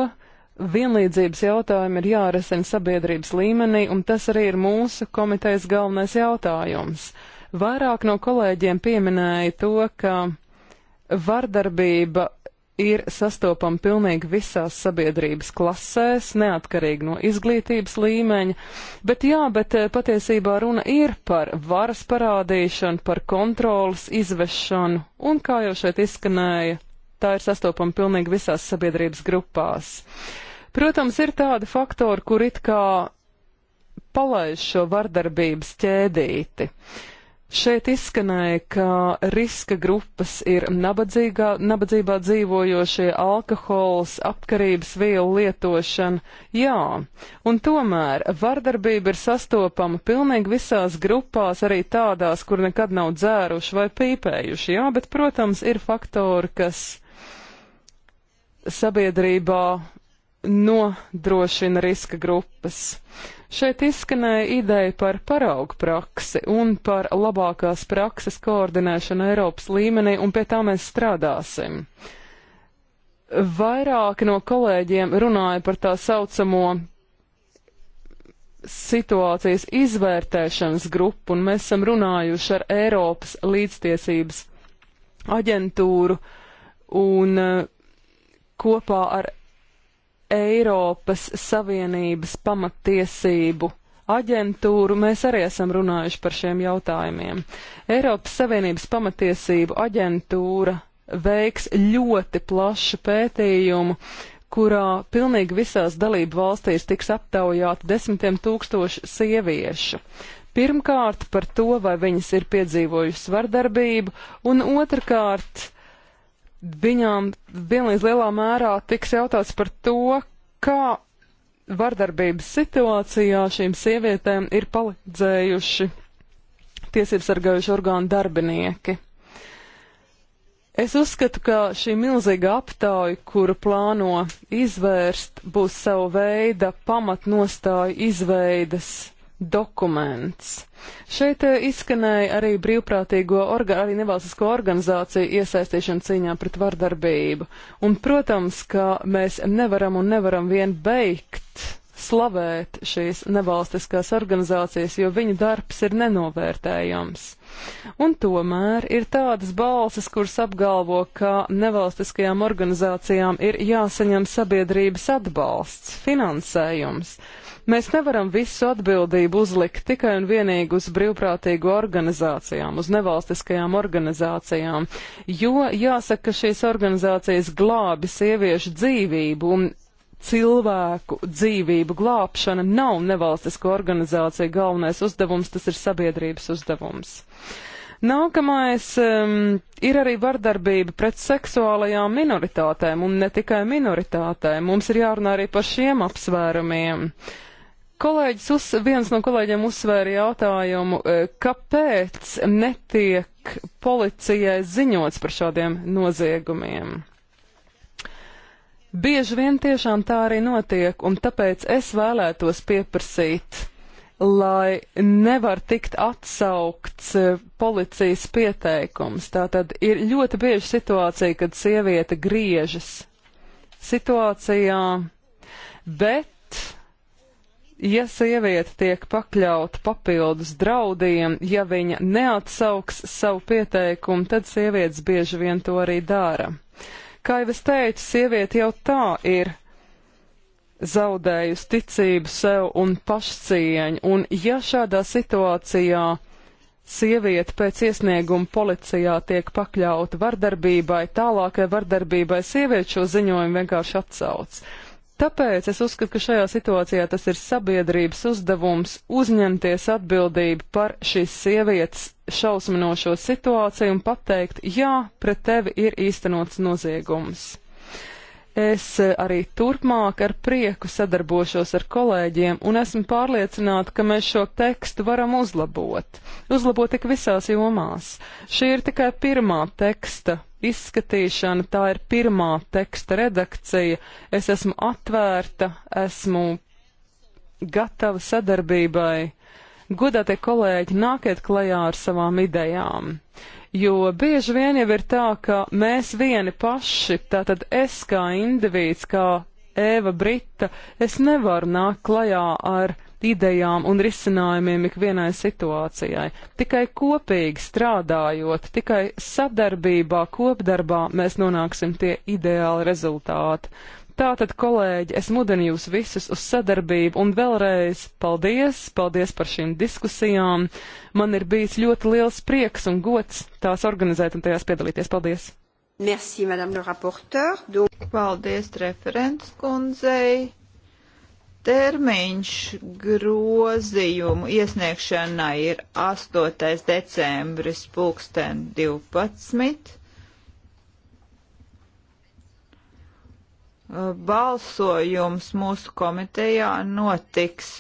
vienlīdzības jautājumi ir jārisina sabiedrības līmenī, un tas arī ir mūsu komitejas galvenais jautājums. Uh, Vairāk no kolēģiem pieminēja to, ka vardarbība ir sastopama pilnīgi visās sabiedrības klasēs, neatkarīgi no izglītības līmeņa, bet jā, bet eh, patiesībā runa ir par varas parādīšanu, par kontrolas izvešanu, un kā jau šeit izskanēja, tā ir sastopama pilnīgi visās sabiedrības grupās. Protams, ir tādi faktori, kur it kā palaiž šo vardarbības ķēdīti. Uh, Šeit izskanēja, ka riska grupas ir nabadzīgā, nabadzībā dzīvojošie, alkohols, apkarības vielu lietošana. Jā, un tomēr vardarbība ir sastopama pilnīgi visās grupās, arī tādās, kur nekad nav dzēruši vai pīpējuši. Jā, bet, protams, ir faktori, kas sabiedrībā nodrošina riska grupas. Šeit izskanēja ideja par paraugu praksi un par labākās prakses koordinēšanu Eiropas līmenī, un pie tā mēs strādāsim. Vairāki no kolēģiem runāja par tā saucamo situācijas izvērtēšanas grupu, un mēs esam runājuši ar Eiropas līdztiesības aģentūru un eh, kopā ar Eiropas Savienības pamattiesību aģentūru, mēs arī esam runājuši par šiem jautājumiem. Eiropas Savienības pamatiesību aģentūra veiks ļoti plašu pētījumu, kurā pilnīgi visās dalību valstīs tiks aptaujāti desmitiem tūkstoši sieviešu. Pirmkārt par to, vai viņas ir piedzīvojušas vardarbību, un otrkārt viņām vienlīdz lielā mērā tiks jautāts par to, kā vardarbības situācijā šīm sievietēm ir palīdzējuši tiesību sargājuši orgānu darbinieki. Es uzskatu, ka šī milzīga aptauja, kuru plāno izvērst, būs savu veidu pamatnostāju izveidas dokuments. Šeit eh, izskanēja arī brīvprātīgo, orga, arī nevalstisko organizāciju iesaistīšana cīņā pret vardarbību. Un, protams, ka mēs nevaram un nevaram vien beigt slavēt šīs nevalstiskās organizācijas, jo viņu darbs ir nenovērtējams. Un tomēr ir tādas balsis, kuras apgalvo, ka nevalstiskajām organizācijām ir jāsaņem sabiedrības atbalsts, finansējums. Mēs nevaram visu atbildību uzlikt tikai un vienīgi uz brīvprātīgu organizācijām, uz nevalstiskajām organizācijām, jo jāsaka, ka šīs organizācijas glābi sieviešu dzīvību un cilvēku dzīvību glābšana nav nevalstisko organizāciju galvenais uzdevums, tas ir sabiedrības uzdevums. Nākamais um, ir arī vardarbība pret seksuālajām minoritātēm un ne tikai minoritātēm. Mums ir jārunā arī par šiem apsvērumiem. Uh, Kolēģis uz, viens no kolēģiem uzsvēra jautājumu, e, kāpēc netiek policijai ziņots par šādiem noziegumiem. Bieži vien tiešām tā arī notiek, un tāpēc es vēlētos pieprasīt, lai nevar tikt atsaukts e, policijas pieteikums. Tātad ir ļoti bieži situācija, kad sieviete griežas situācijā, bet Ja sieviete tiek pakļauta papildus draudiem, ja viņa neatsauks savu pieteikumu, tad sievietes bieži vien to arī dara. Kā jau es teicu, sieviete jau tā ir zaudējusi ticību sev un pašcieņu, un ja šādā situācijā sieviete pēc iesnieguma policijā tiek pakļauta vardarbībai, tālākai vardarbībai, sieviete šo ziņojumu vienkārši atsauc. Tāpēc es uzskatu, ka šajā situācijā tas ir sabiedrības uzdevums uzņemties atbildību par šīs sievietes šausminošo situāciju un pateikt, jā, pret tevi ir īstenots noziegums. Es eh, arī turpmāk ar prieku sadarbošos ar kolēģiem un esmu pārliecināta, ka mēs šo tekstu varam uzlabot. Uzlabot tik visās jomās. Šī ir tikai pirmā teksta izskatīšana, tā ir pirmā teksta redakcija. Es esmu atvērta, esmu gatava sadarbībai. Godātie kolēģi, nākiet klajā ar savām idejām. Jo bieži vien jau ir tā, ka mēs vieni paši, tātad es kā indivīds, kā Ēva Brita, es nevaru nākt klajā ar idejām un risinājumiem ikvienai situācijai. Tikai kopīgi strādājot, tikai sadarbībā, kopdarbā mēs nonāksim tie ideāli rezultāti. Tātad, kolēģi, es mudinu jūs visus uz sadarbību un vēlreiz paldies, paldies par šīm diskusijām. Man ir bijis ļoti liels prieks un gods tās organizēt un tajās piedalīties. Paldies! Merci, madame le rapporteur. Donc... Paldies referents kundzei. Termiņš grozījumu iesniegšanai ir 8. decembris pulksten 12. Balsojums mūsu komitejā notiks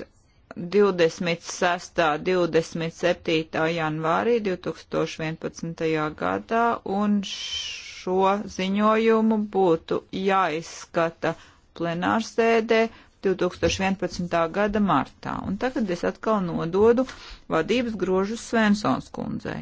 26. 27. janvārī 2011. gadā un šo ziņojumu būtu jāizskata plenārsēdē. Ja 2011. gada martā. Un tagad es atkal nododu vadības grožus Svensons kundzei.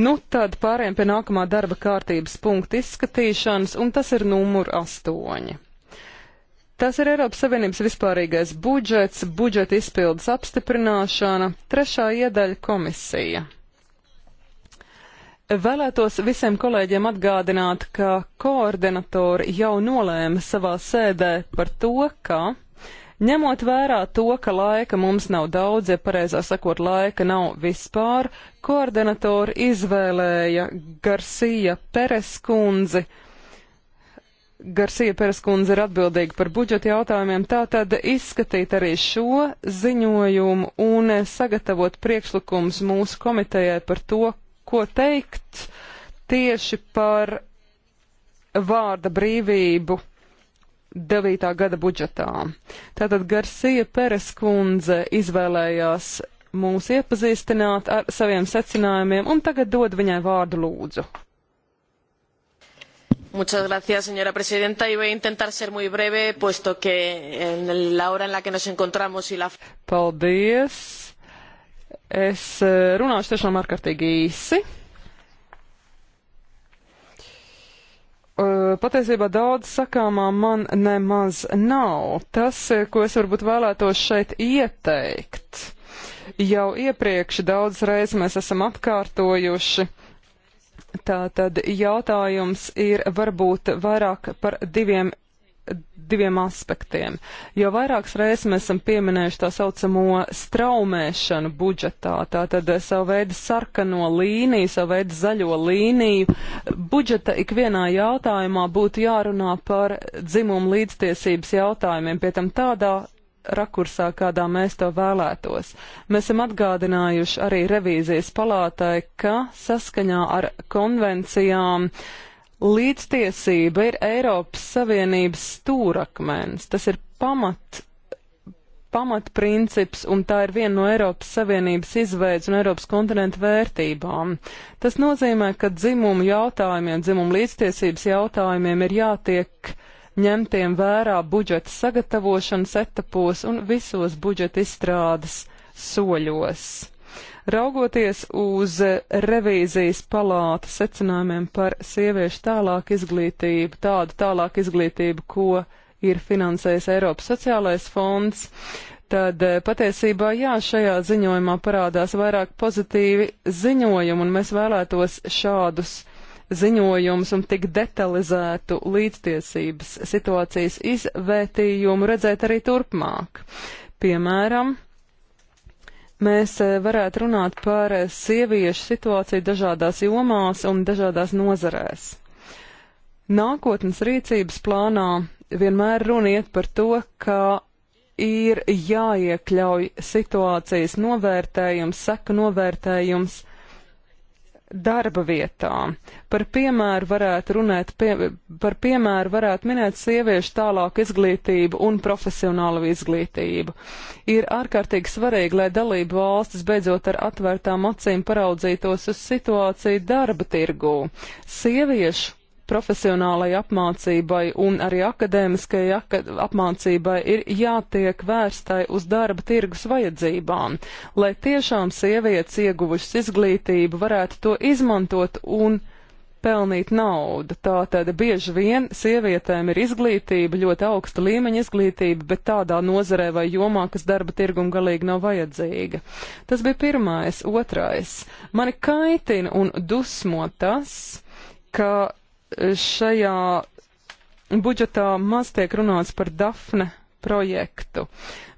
Nu tad pāriem pie nākamā darba kārtības punkta izskatīšanas, un tas ir numur astoņi. Tas ir Eiropas Savienības vispārīgais budžets, budžeta izpildes apstiprināšana, trešā iedaļa komisija. Vēlētos visiem kolēģiem atgādināt, ka koordinatori jau nolēma savā sēdē par to, ka Ņemot vērā to, ka laika mums nav daudz, ja pareizā sakot, laika nav vispār, koordinatori izvēlēja Garcia Pereskundzi. Garcia Pereskundze ir atbildīga par budžeta jautājumiem, tātad izskatīt arī šo ziņojumu un sagatavot priekšlikumus mūsu komitejai par to, ko teikt tieši par vārda brīvību 2009. gada budžetā. Tātad Garcia Peres kundze izvēlējās mūs iepazīstināt ar saviem secinājumiem, un tagad dod viņai vārdu lūdzu. Muchas gracias, señora presidenta, y voy a intentar ser muy breve, puesto que en la hora en la que nos encontramos y la. Paldies! Es eh, runāšu tiešām ārkārtīgi īsi patiesībā daudz sakāmā man nemaz nav. Tas, ko es varbūt vēlētos šeit ieteikt, jau iepriekš daudz reiz mēs esam apkārtojuši. Tā tad jautājums ir varbūt vairāk par diviem diviem aspektiem. Jo vairākas reizes mēs esam pieminējuši tā saucamo straumēšanu budžetā, tātad savu veidu sarkano līniju, savu veidu zaļo līniju. Budžeta ikvienā jautājumā būtu jārunā par dzimumu līdztiesības jautājumiem, pie tam tādā rakursā, kādā mēs to vēlētos. Mēs esam atgādinājuši arī revīzijas palātai, ka saskaņā ar konvencijām uh, Līdztiesība ir Eiropas Savienības stūrakmens, tas ir pamat, pamatprincips, un tā ir viena no Eiropas Savienības izveids un Eiropas kontinenta vērtībām. Tas nozīmē, ka dzimumu jautājumiem, dzimumu līdztiesības jautājumiem ir jātiek ņemtiem vērā budžeta sagatavošanas etapos un visos budžeta izstrādes soļos. Raugoties uz revīzijas palāta secinājumiem par sieviešu tālāk izglītību, tādu tālāk izglītību, ko ir finansējis Eiropas sociālais fonds, tad eh, patiesībā jā, šajā ziņojumā parādās vairāk pozitīvi ziņojumi, un mēs vēlētos šādus ziņojumus un tik detalizētu līdztiesības situācijas izvērtījumu redzēt arī turpmāk. Piemēram, mēs eh, varētu runāt par sieviešu situāciju dažādās jomās un dažādās nozarēs. Nākotnes rīcības plānā vienmēr runiet par to, ka ir jāiekļauj situācijas novērtējums, seku novērtējums darba vietām. Par piemēru varētu runāt, pie, par piemēru varētu minēt sieviešu tālāku izglītību un profesionālu izglītību. Ir ārkārtīgi svarīgi, lai dalību valstis beidzot ar atvērtām acīm paraudzītos uz situāciju darba tirgū. Sieviešu profesionālai apmācībai un arī akadēmiskajai apmācībai ir jātiek vērstai uz darba tirgus vajadzībām, lai tiešām sievietes ieguvušas izglītību varētu to izmantot un pelnīt naudu. Tātad bieži vien sievietēm ir izglītība, ļoti augsta līmeņa izglītība, bet tādā nozarē vai jomā, kas darba tirgum galīgi nav vajadzīga. Tas bija pirmais. Otrais. Mani kaitina un dusmo tas, ka šajā budžetā maz tiek runāts par Dafne projektu.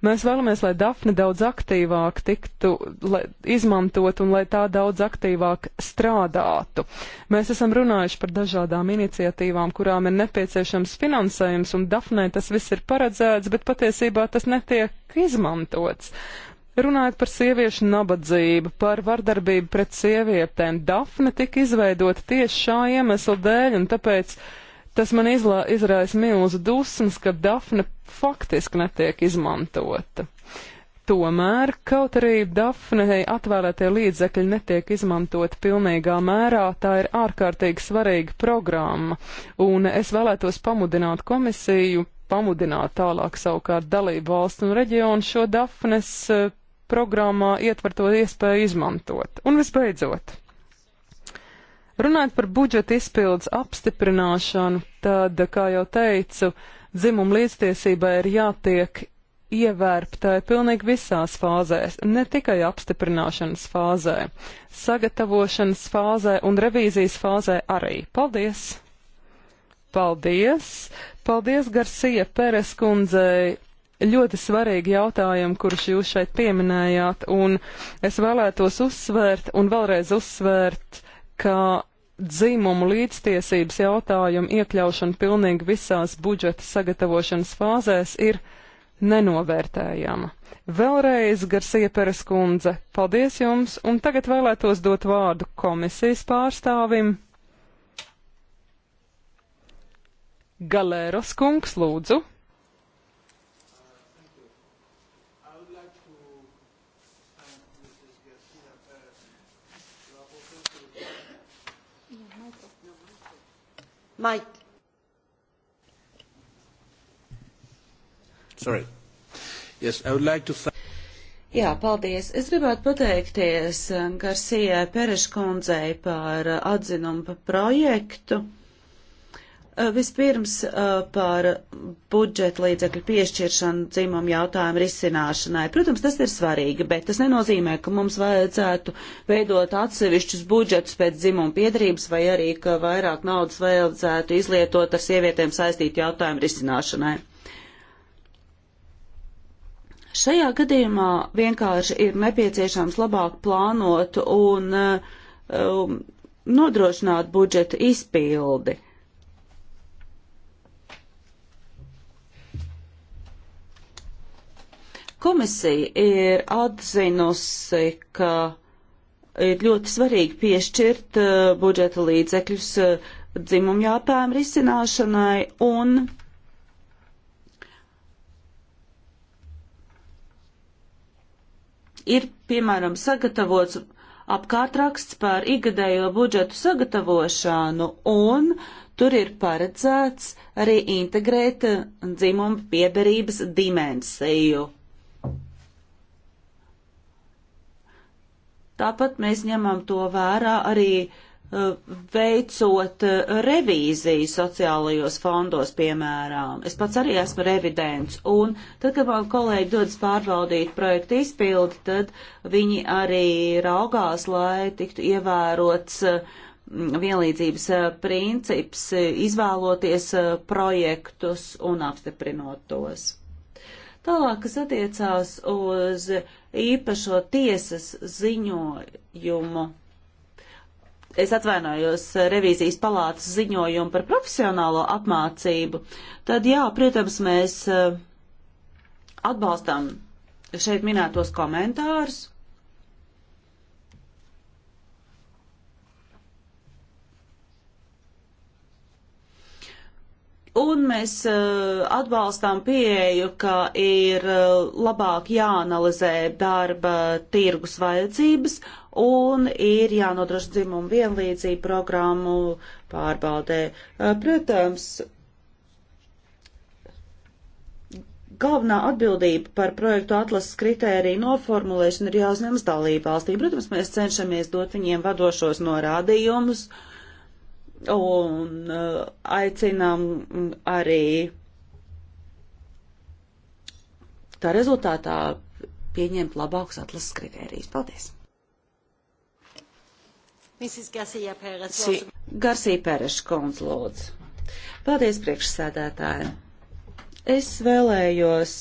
Mēs vēlamies, lai Dafne daudz aktīvāk tiktu lai, izmantot un lai tā daudz aktīvāk strādātu. Mēs esam runājuši par dažādām iniciatīvām, kurām ir nepieciešams finansējums, un Dafnei tas viss ir paredzēts, bet patiesībā tas netiek izmantots. Runājot par sieviešu nabadzību, par vardarbību pret sievietēm, Dafne tika izveidota tieši šā iemesla dēļ, un tāpēc tas man izlā, izraisa milzu dusmas, ka Dafne faktiski netiek izmantota. Tomēr, kaut arī Dafnei atvēlētie līdzekļi netiek izmantoti pilnīgā mērā, tā ir ārkārtīgi svarīga programma, un es vēlētos pamudināt komisiju, pamudināt tālāk savukārt dalību valstu un reģionu šo Dafnes eh, programmā ietverto iespēju izmantot. Un visbeidzot, runājot par budžeta izpildes apstiprināšanu, tad, kā jau teicu, dzimumu līdztiesībai ir jātiek ievērptai pilnīgi visās fāzēs, ne tikai apstiprināšanas fāzē, sagatavošanas fāzē un revīzijas fāzē arī. Paldies! Paldies! Paldies Garcija Peres kundzei ļoti svarīgi jautājumi, kurus jūs šeit pieminējāt, un es vēlētos uzsvērt un vēlreiz uzsvērt, ka dzimumu līdztiesības jautājumu iekļaušana pilnīgi visās budžeta sagatavošanas fāzēs ir nenovērtējama. Vēlreiz, Garcija Pereskundze, paldies jums, un tagad vēlētos dot vārdu komisijas pārstāvim. Galēros kungs, lūdzu. might. Sorry. Yes, I would like to thank. Jā, paldies. Es gribētu pateikties um, Garcija Pereškundzei par uh, atzinumu par projektu. Uh, vispirms uh, par budžeta līdzekļu piešķiršanu dzimumu jautājumu risināšanai. Protams, tas ir svarīgi, bet tas nenozīmē, ka mums vajadzētu veidot atsevišķus budžetus pēc dzimuma piedarības vai arī, ka vairāk naudas vajadzētu izlietot ar sievietēm saistītu jautājumu risināšanai. Šajā gadījumā vienkārši ir nepieciešams labāk plānot un uh, um, nodrošināt budžeta izpildi. Uh, Komisija ir atzinusi, ka ir ļoti svarīgi piešķirt uh, budžeta līdzekļus uh, dzimumu jautājumu risināšanai un ir, piemēram, sagatavots apkārtraksts par ikgadējo budžetu sagatavošanu, un tur ir paredzēts arī integrēt uh, dzimumu piedarības dimensiju Tāpat mēs ņemam to vērā arī e, veicot e, revīziju sociālajos fondos, piemēram. Es pats arī esmu revidents, un tad, kad man kolēģi dodas pārbaudīt projektu izpildi, tad viņi arī raugās, lai tiktu ievērots e, vienlīdzības princips, izvēloties projektus un apstiprinot tos. Tālāk, kas attiecās uz īpašo tiesas ziņojumu. Es atvainojos revīzijas palātas ziņojumu par profesionālo apmācību. Tad jā, protams, mēs eh, atbalstam šeit minētos komentārus. Un mēs uh, atbalstām pieeju, ka ir uh, labāk jāanalizē darba tirgus vajadzības un ir jānodrošina dzimumu vienlīdzību programmu pārbaudē. Uh, protams, galvenā atbildība par projektu atlases kritēriju noformulēšanu ir jāuzņemas dalībvalstīm. Protams, mēs cenšamies dot viņiem vadošos norādījumus. Uh, un eh, aicinām arī tā rezultātā pieņemt labākus atlases kritērijus. Paldies! Garsī Pēreša kundz lūdzu. Paldies priekšsēdētāji. Es vēlējos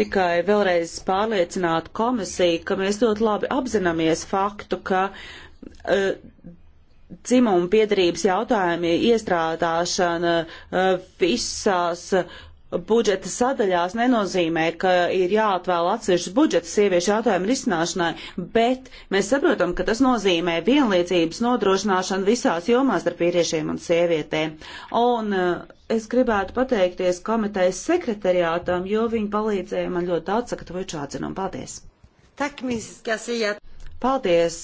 tikai vēlreiz pārliecināt komisiju, ka mēs ļoti labi apzināmies faktu, ka uh, dzimumu piedarības jautājumi iestrādāšana eh, visās eh, budžeta sadaļās nenozīmē, ka ir jāatvēl atsevišķas budžeta sieviešu jautājumu risināšanai, bet mēs saprotam, ka tas nozīmē vienlīdzības nodrošināšanu visās jomās starp vīriešiem un sievietēm. Un eh, es gribētu pateikties komitejas sekretariātam, jo viņi palīdzēja man ļoti daudz sagatavot šo atzinumu. Paldies! Tak, Paldies!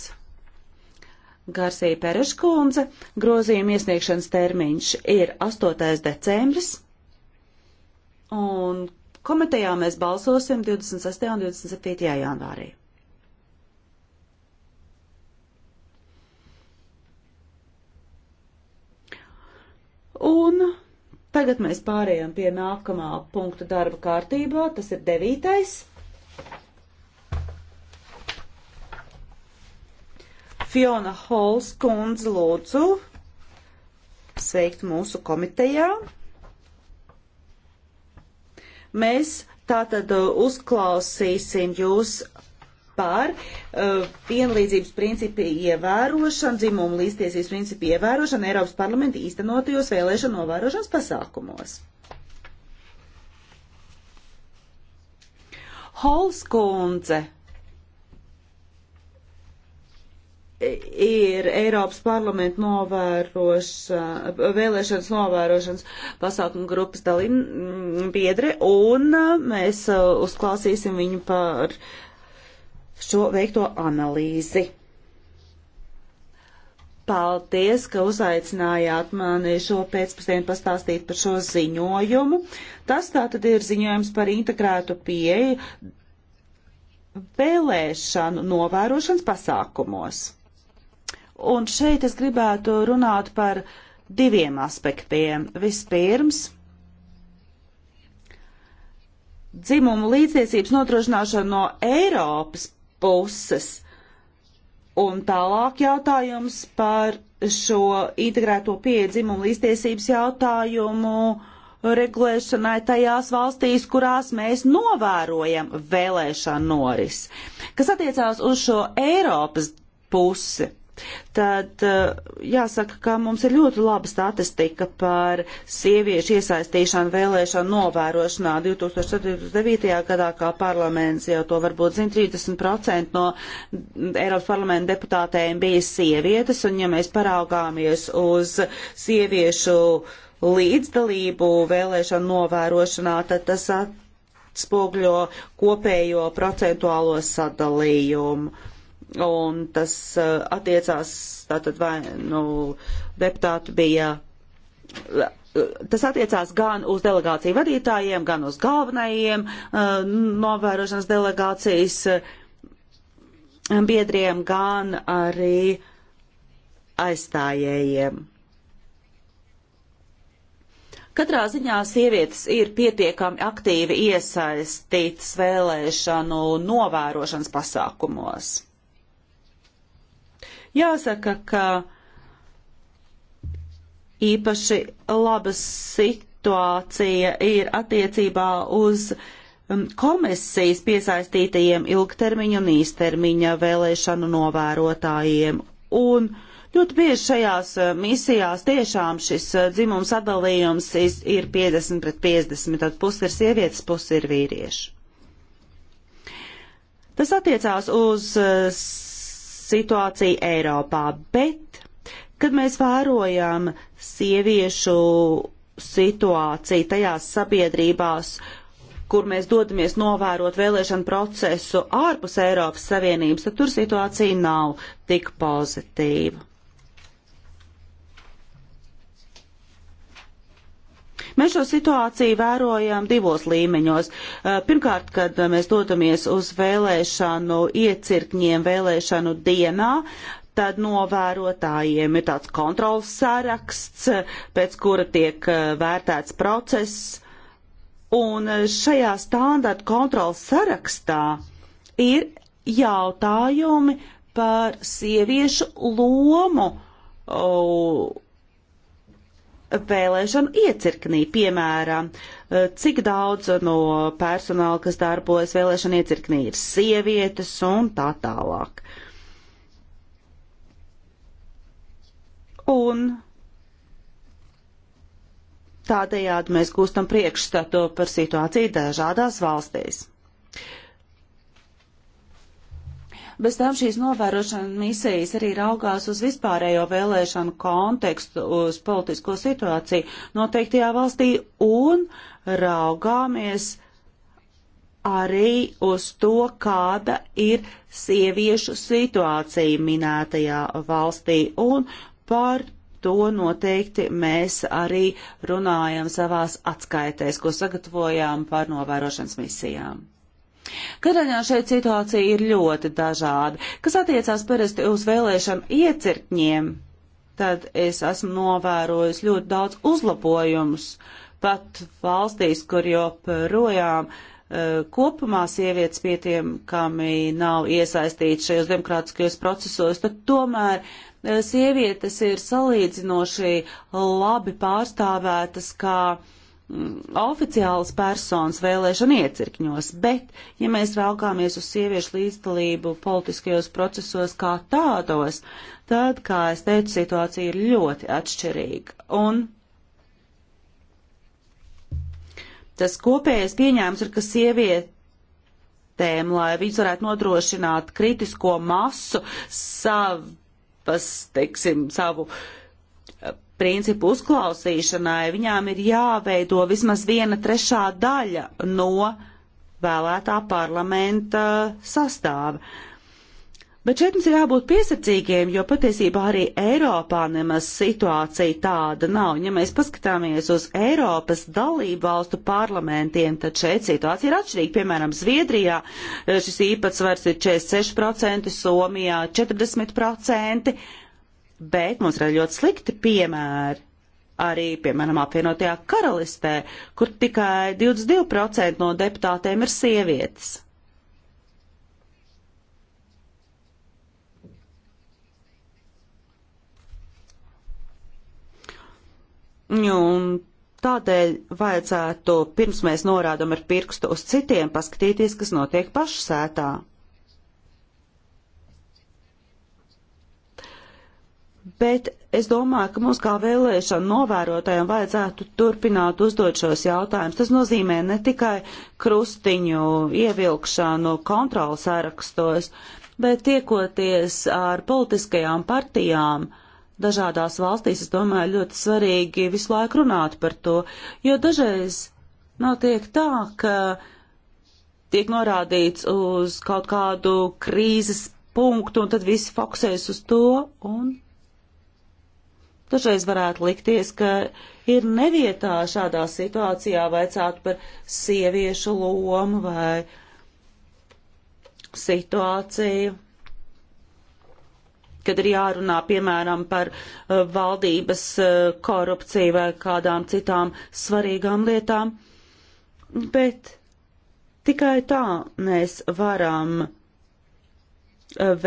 Garsija Pereškundze. Grozījuma iesniegšanas termiņš ir 8. decembris. Un komitejā mēs balsosim 26. un 27. janvārī. Un tagad mēs pārējām pie nākamā punktu darba kārtībā. Tas ir devītais. Fiona Hols kundze lūdzu sveikt mūsu komitejā. Mēs tātad uh, uzklausīsim jūs par uh, vienlīdzības principu ievērošanu, dzimumu līdztiesības principu ievērošanu Eiropas parlamenta īstenotajos vēlēšanu novērošanas pasākumos. Holskundze ir Eiropas parlamenta novēroša, eh, vēlēšanas novērošanas pasākuma grupas dalība mm, biedre, un eh, mēs eh, uzklausīsim viņu par šo veikto analīzi. Paldies, ka uzaicinājāt mani šo pēcpusdienu pastāstīt par šo ziņojumu. Tas tātad ir ziņojums par integrētu pieeju vēlēšanu novērošanas pasākumos. Un šeit es gribētu runāt par diviem aspektiem. Vispirms, dzimumu līdztiesības nodrošināšana no Eiropas puses. Un tālāk jautājums par šo integrēto pieeja dzimumu līdztiesības jautājumu regulēšanai tajās valstīs, kurās mēs novērojam vēlēšanu noris. Kas attiecās uz šo Eiropas pusi, tad e, jāsaka, ka mums ir ļoti laba statistika par sieviešu iesaistīšanu vēlēšanu novērošanā. 2009. gadā, kā parlaments jau to varbūt zina, 30% no Eiropas parlamenta deputātēm bija sievietes, un ja mēs paraugāmies uz sieviešu līdzdalību vēlēšanu novērošanā, tad tas atspogļo kopējo procentuālo sadalījumu un tas uh, attiecās, tātad vai, nu, deputāti bija, uh, tas attiecās gan uz delegāciju vadītājiem, gan uz galvenajiem uh, novērošanas delegācijas biedriem, gan arī aizstājējiem. Katrā ziņā sievietes ir pietiekami aktīvi iesaistītas vēlēšanu novērošanas pasākumos. Jāsaka, ka īpaši laba situācija ir attiecībā uz um, komisijas piesaistītajiem ilgtermiņa un īstermiņa vēlēšanu novērotājiem. Un ļoti bieži šajās uh, misijās tiešām šis uh, dzimums sadalījums ir 50 pret 50, tad pusi ir sievietes, pusi ir vīrieši. Tas attiecās uz uh, situāciju Eiropā, bet, kad mēs vērojam sieviešu situāciju tajās sabiedrībās, kur mēs dodamies novērot vēlēšanu procesu ārpus Eiropas Savienības, tad tur situācija nav tik pozitīva. Mēs šo situāciju vērojam divos līmeņos. Eh, pirmkārt, kad mēs dodamies uz vēlēšanu iecirkņiem vēlēšanu dienā, tad novērotājiem ir tāds kontrols saraksts, pēc kura tiek eh, vērtēts process. Un eh, šajā standarta kontrols sarakstā ir jautājumi par sieviešu lomu. Uh, vēlēšanu iecirknī, piemēram, eh, cik daudz no personāla, kas darbojas vēlēšanu iecirknī, ir sievietes un tā tālāk. Un tādējādi mēs gūstam priekšstatu par situāciju dažādās valstīs. Bez tam šīs novērošana misijas arī raugās uz vispārējo vēlēšanu kontekstu, uz politisko situāciju noteiktajā valstī un raugāmies arī uz to, kāda ir sieviešu situācija minētajā valstī un par to noteikti mēs arī runājam savās atskaitēs, ko sagatavojām par novērošanas misijām. Karaļā šeit situācija ir ļoti dažāda. Kas attiecās parasti uz vēlēšanu iecirkņiem, tad es esmu novērojis ļoti daudz uzlabojumus pat valstīs, kur joprojām eh, kopumā sievietes pietiekami nav iesaistītas šajos demokrātiskajos procesos, tad tomēr eh, sievietes ir salīdzinoši labi pārstāvētas kā uh, Mm, oficiālas personas vēlēšana iecirkņos, bet, ja mēs raugāmies uz sieviešu līdzdalību politiskajos procesos kā tādos, tad, kā es teicu, situācija ir ļoti atšķirīga. Un tas kopējais pieņēmums ir, ka sieviete tēm, lai viņas varētu nodrošināt kritisko masu savas, teiksim, savu uh, principu uzklausīšanai, viņām ir jāveido vismaz viena trešā daļa no vēlētā parlamenta sastāva. Bet šeit mums ir jābūt piesardzīgiem, jo patiesībā arī Eiropā nemaz situācija tāda nav. Ja mēs paskatāmies uz Eiropas dalību valstu parlamentiem, tad šeit situācija ir atšķirīga. Piemēram, Zviedrijā eh, šis īpatsvars ir 46%, Somijā 40% bet mums ir ļoti slikti piemēri. Arī, piemēram, apvienotajā karalistē, kur tikai 22% no deputātēm ir sievietes. Nu, un tādēļ vajadzētu, pirms mēs norādam ar pirkstu uz citiem, paskatīties, kas notiek pašsētā. bet es domāju, ka mums kā vēlēšana novērotājiem vajadzētu turpināt uzdot šos jautājumus. Tas nozīmē ne tikai krustiņu ievilkšanu kontrols sarakstos, bet tiekoties ar politiskajām partijām. Dažādās valstīs, es domāju, ļoti svarīgi visu laiku runāt par to, jo dažreiz notiek tā, ka tiek norādīts uz kaut kādu krīzes punktu, un tad visi fokusēs uz to, un Dažreiz varētu likties, ka ir nevietā šādā situācijā vajadzētu par sieviešu lomu vai situāciju, kad ir jārunā, piemēram, par uh, valdības uh, korupciju vai kādām citām svarīgām lietām. Bet tikai tā mēs varam uh,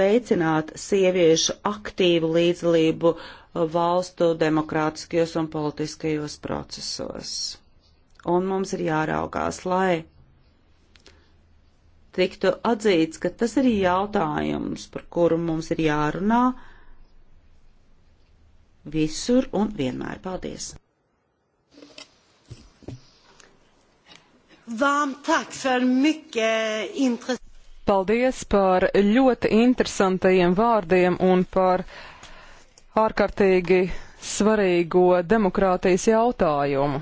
veicināt sieviešu aktīvu līdzdalību uh, valstu demokrātiskajos un politiskajos procesos. Un mums ir jāraugās, lai tiktu atzīts, ka tas ir jautājums, par kuru mums ir jārunā visur un vienmēr. Paldies! Paldies par ļoti interesantajiem vārdiem un par uh, ārkārtīgi svarīgo demokrātijas jautājumu.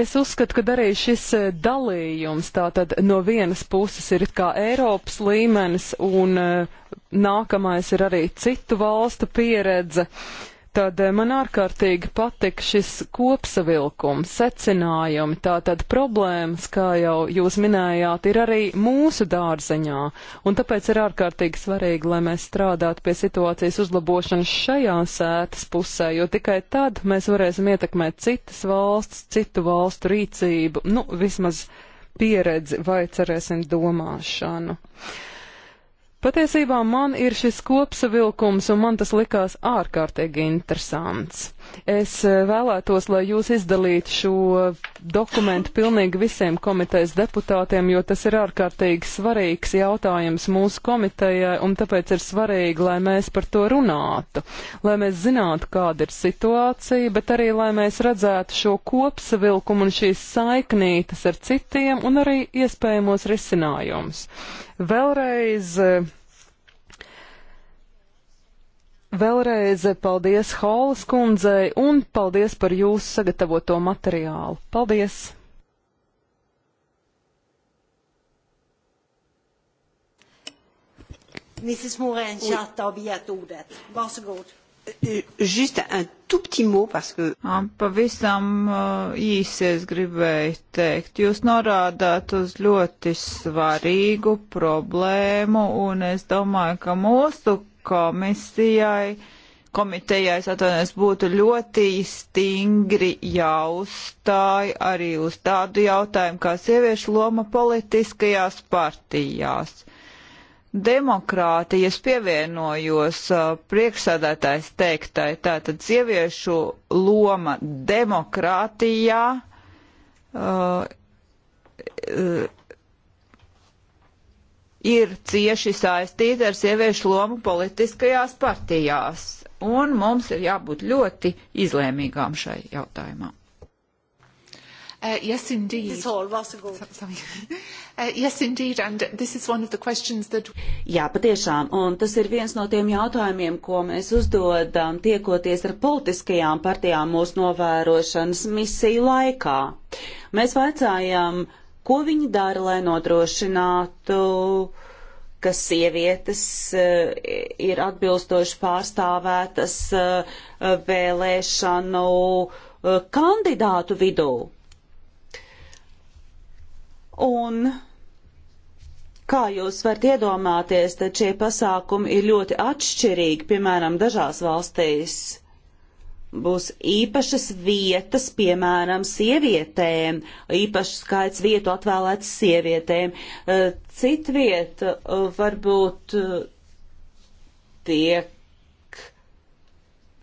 Es uzskatu, ka arī šis eh, dalījums tātad no vienas puses ir kā Eiropas līmenis un eh, nākamais ir arī citu valstu pieredze. Uh, Tad eh, man ārkārtīgi patika šis kopsavilkums, secinājumi, tātad problēmas, kā jau jūs minējāt, ir arī mūsu dārzeņā, un tāpēc ir ārkārtīgi svarīgi, lai mēs strādātu pie situācijas uzlabošanas šajā sētas pusē, jo tikai tad mēs varēsim ietekmēt citas valsts, citu valstu rīcību, nu, vismaz pieredzi vai cerēsim domāšanu. Uh, Patiesībā man ir šis kopsavilkums, un man tas likās ārkārtīgi interesants. Es eh, vēlētos, lai jūs izdalītu šo dokumentu pilnīgi visiem komitejas deputātiem, jo tas ir ārkārtīgi svarīgs jautājums mūsu komitejai, un tāpēc ir svarīgi, lai mēs par to runātu, lai mēs zinātu, kāda ir situācija, bet arī, lai mēs redzētu šo kopsavilkumu un šīs saiknītes ar citiem un arī iespējamos risinājumus. Vēlreiz. Uh, Vēlreiz paldies Holas kundzei un paldies par jūsu sagatavoto materiālu. Paldies! Mrs Morin Chart har begärt ordet. Varsågod. Euh, Just un tout petit mot parce que. Pavisam uh, īsi es gribēju teikt, jūs norādāt uz ļoti svarīgu problēmu un es domāju, ka mūsu komisijai, komitejai, es atvainojos, būtu ļoti stingri jāuzstāj arī uz tādu jautājumu kā sieviešu loma politiskajās partijās demokrātijas pievienojos priekšsādātājs teiktai, tātad sieviešu loma demokrātijā uh, ir cieši saistīta ar sieviešu lomu politiskajās partijās, un mums ir jābūt ļoti izlēmīgām šai jautājumā. Uh, yes, indeed. It's all was ago. Sorry. Uh, yes, indeed, and this is one of the questions that... Jā, patiešām, un tas ir viens no tiem jautājumiem, ko mēs uzdodam tiekoties ar politiskajām partijām mūsu novērošanas misiju laikā. Mēs vaicājam, ko viņi dara, lai nodrošinātu ka sievietes uh, ir atbilstoši pārstāvētas uh, vēlēšanu uh, kandidātu vidū. Un Kā jūs varat iedomāties, tad šie pasākumi ir ļoti atšķirīgi. Piemēram, dažās valstīs būs īpašas vietas, piemēram, sievietēm, īpašs skaits vietu atvēlēts sievietēm. Eh, Citvieta eh, varbūt eh, tiek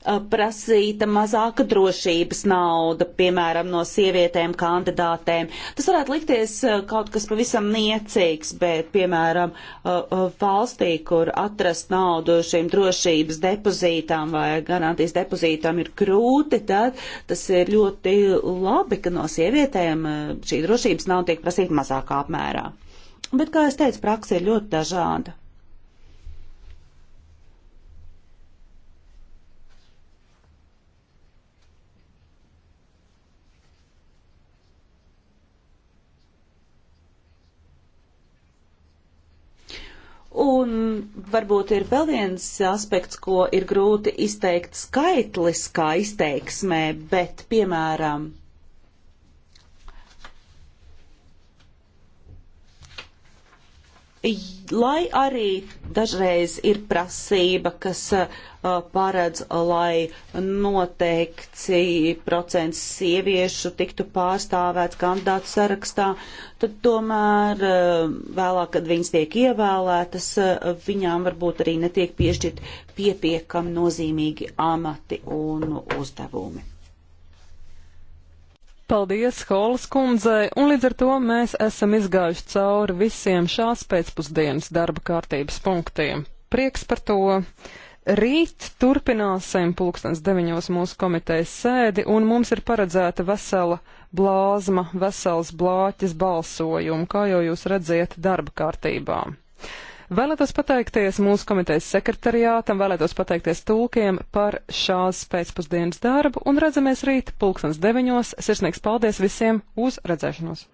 prasīta mazāka drošības nauda, piemēram, no sievietēm kandidātēm. Tas varētu likties kaut kas pavisam niecīgs, bet, piemēram, valstī, kur atrast naudu šīm drošības depozītām vai garantijas depozītām ir grūti, tad tas ir ļoti labi, ka no sievietēm šī drošības nauda tiek prasīta mazākā apmērā. Bet, kā es teicu, praksa ir ļoti dažāda. Un varbūt ir vēl viens aspekts, ko ir grūti izteikt skaitliskā izteiksmē, bet, piemēram, lai arī dažreiz ir prasība, kas uh, paredz, lai noteikti procents sieviešu tiktu pārstāvēts kandidātu sarakstā, tad tomēr uh, vēlāk, kad viņas tiek ievēlētas, uh, viņām varbūt arī netiek piešķirt pietiekami nozīmīgi amati un uzdevumi paldies Holas kundzei, un līdz ar to mēs esam izgājuši cauri visiem šās pēcpusdienas darba kārtības punktiem. Prieks par to! Rīt turpināsim pulkstens deviņos mūsu komitejas sēdi, un mums ir paredzēta vesela blāzma, vesels blāķis balsojumu, kā jau jūs redziet darba kārtībā. Vēlētos pateikties mūsu komitejas sekretariātam, vēlētos pateikties tūkiem par šās pēcpusdienas darbu un redzamies rīt pulkstens deviņos. Sirsnīgs paldies visiem uz redzēšanos!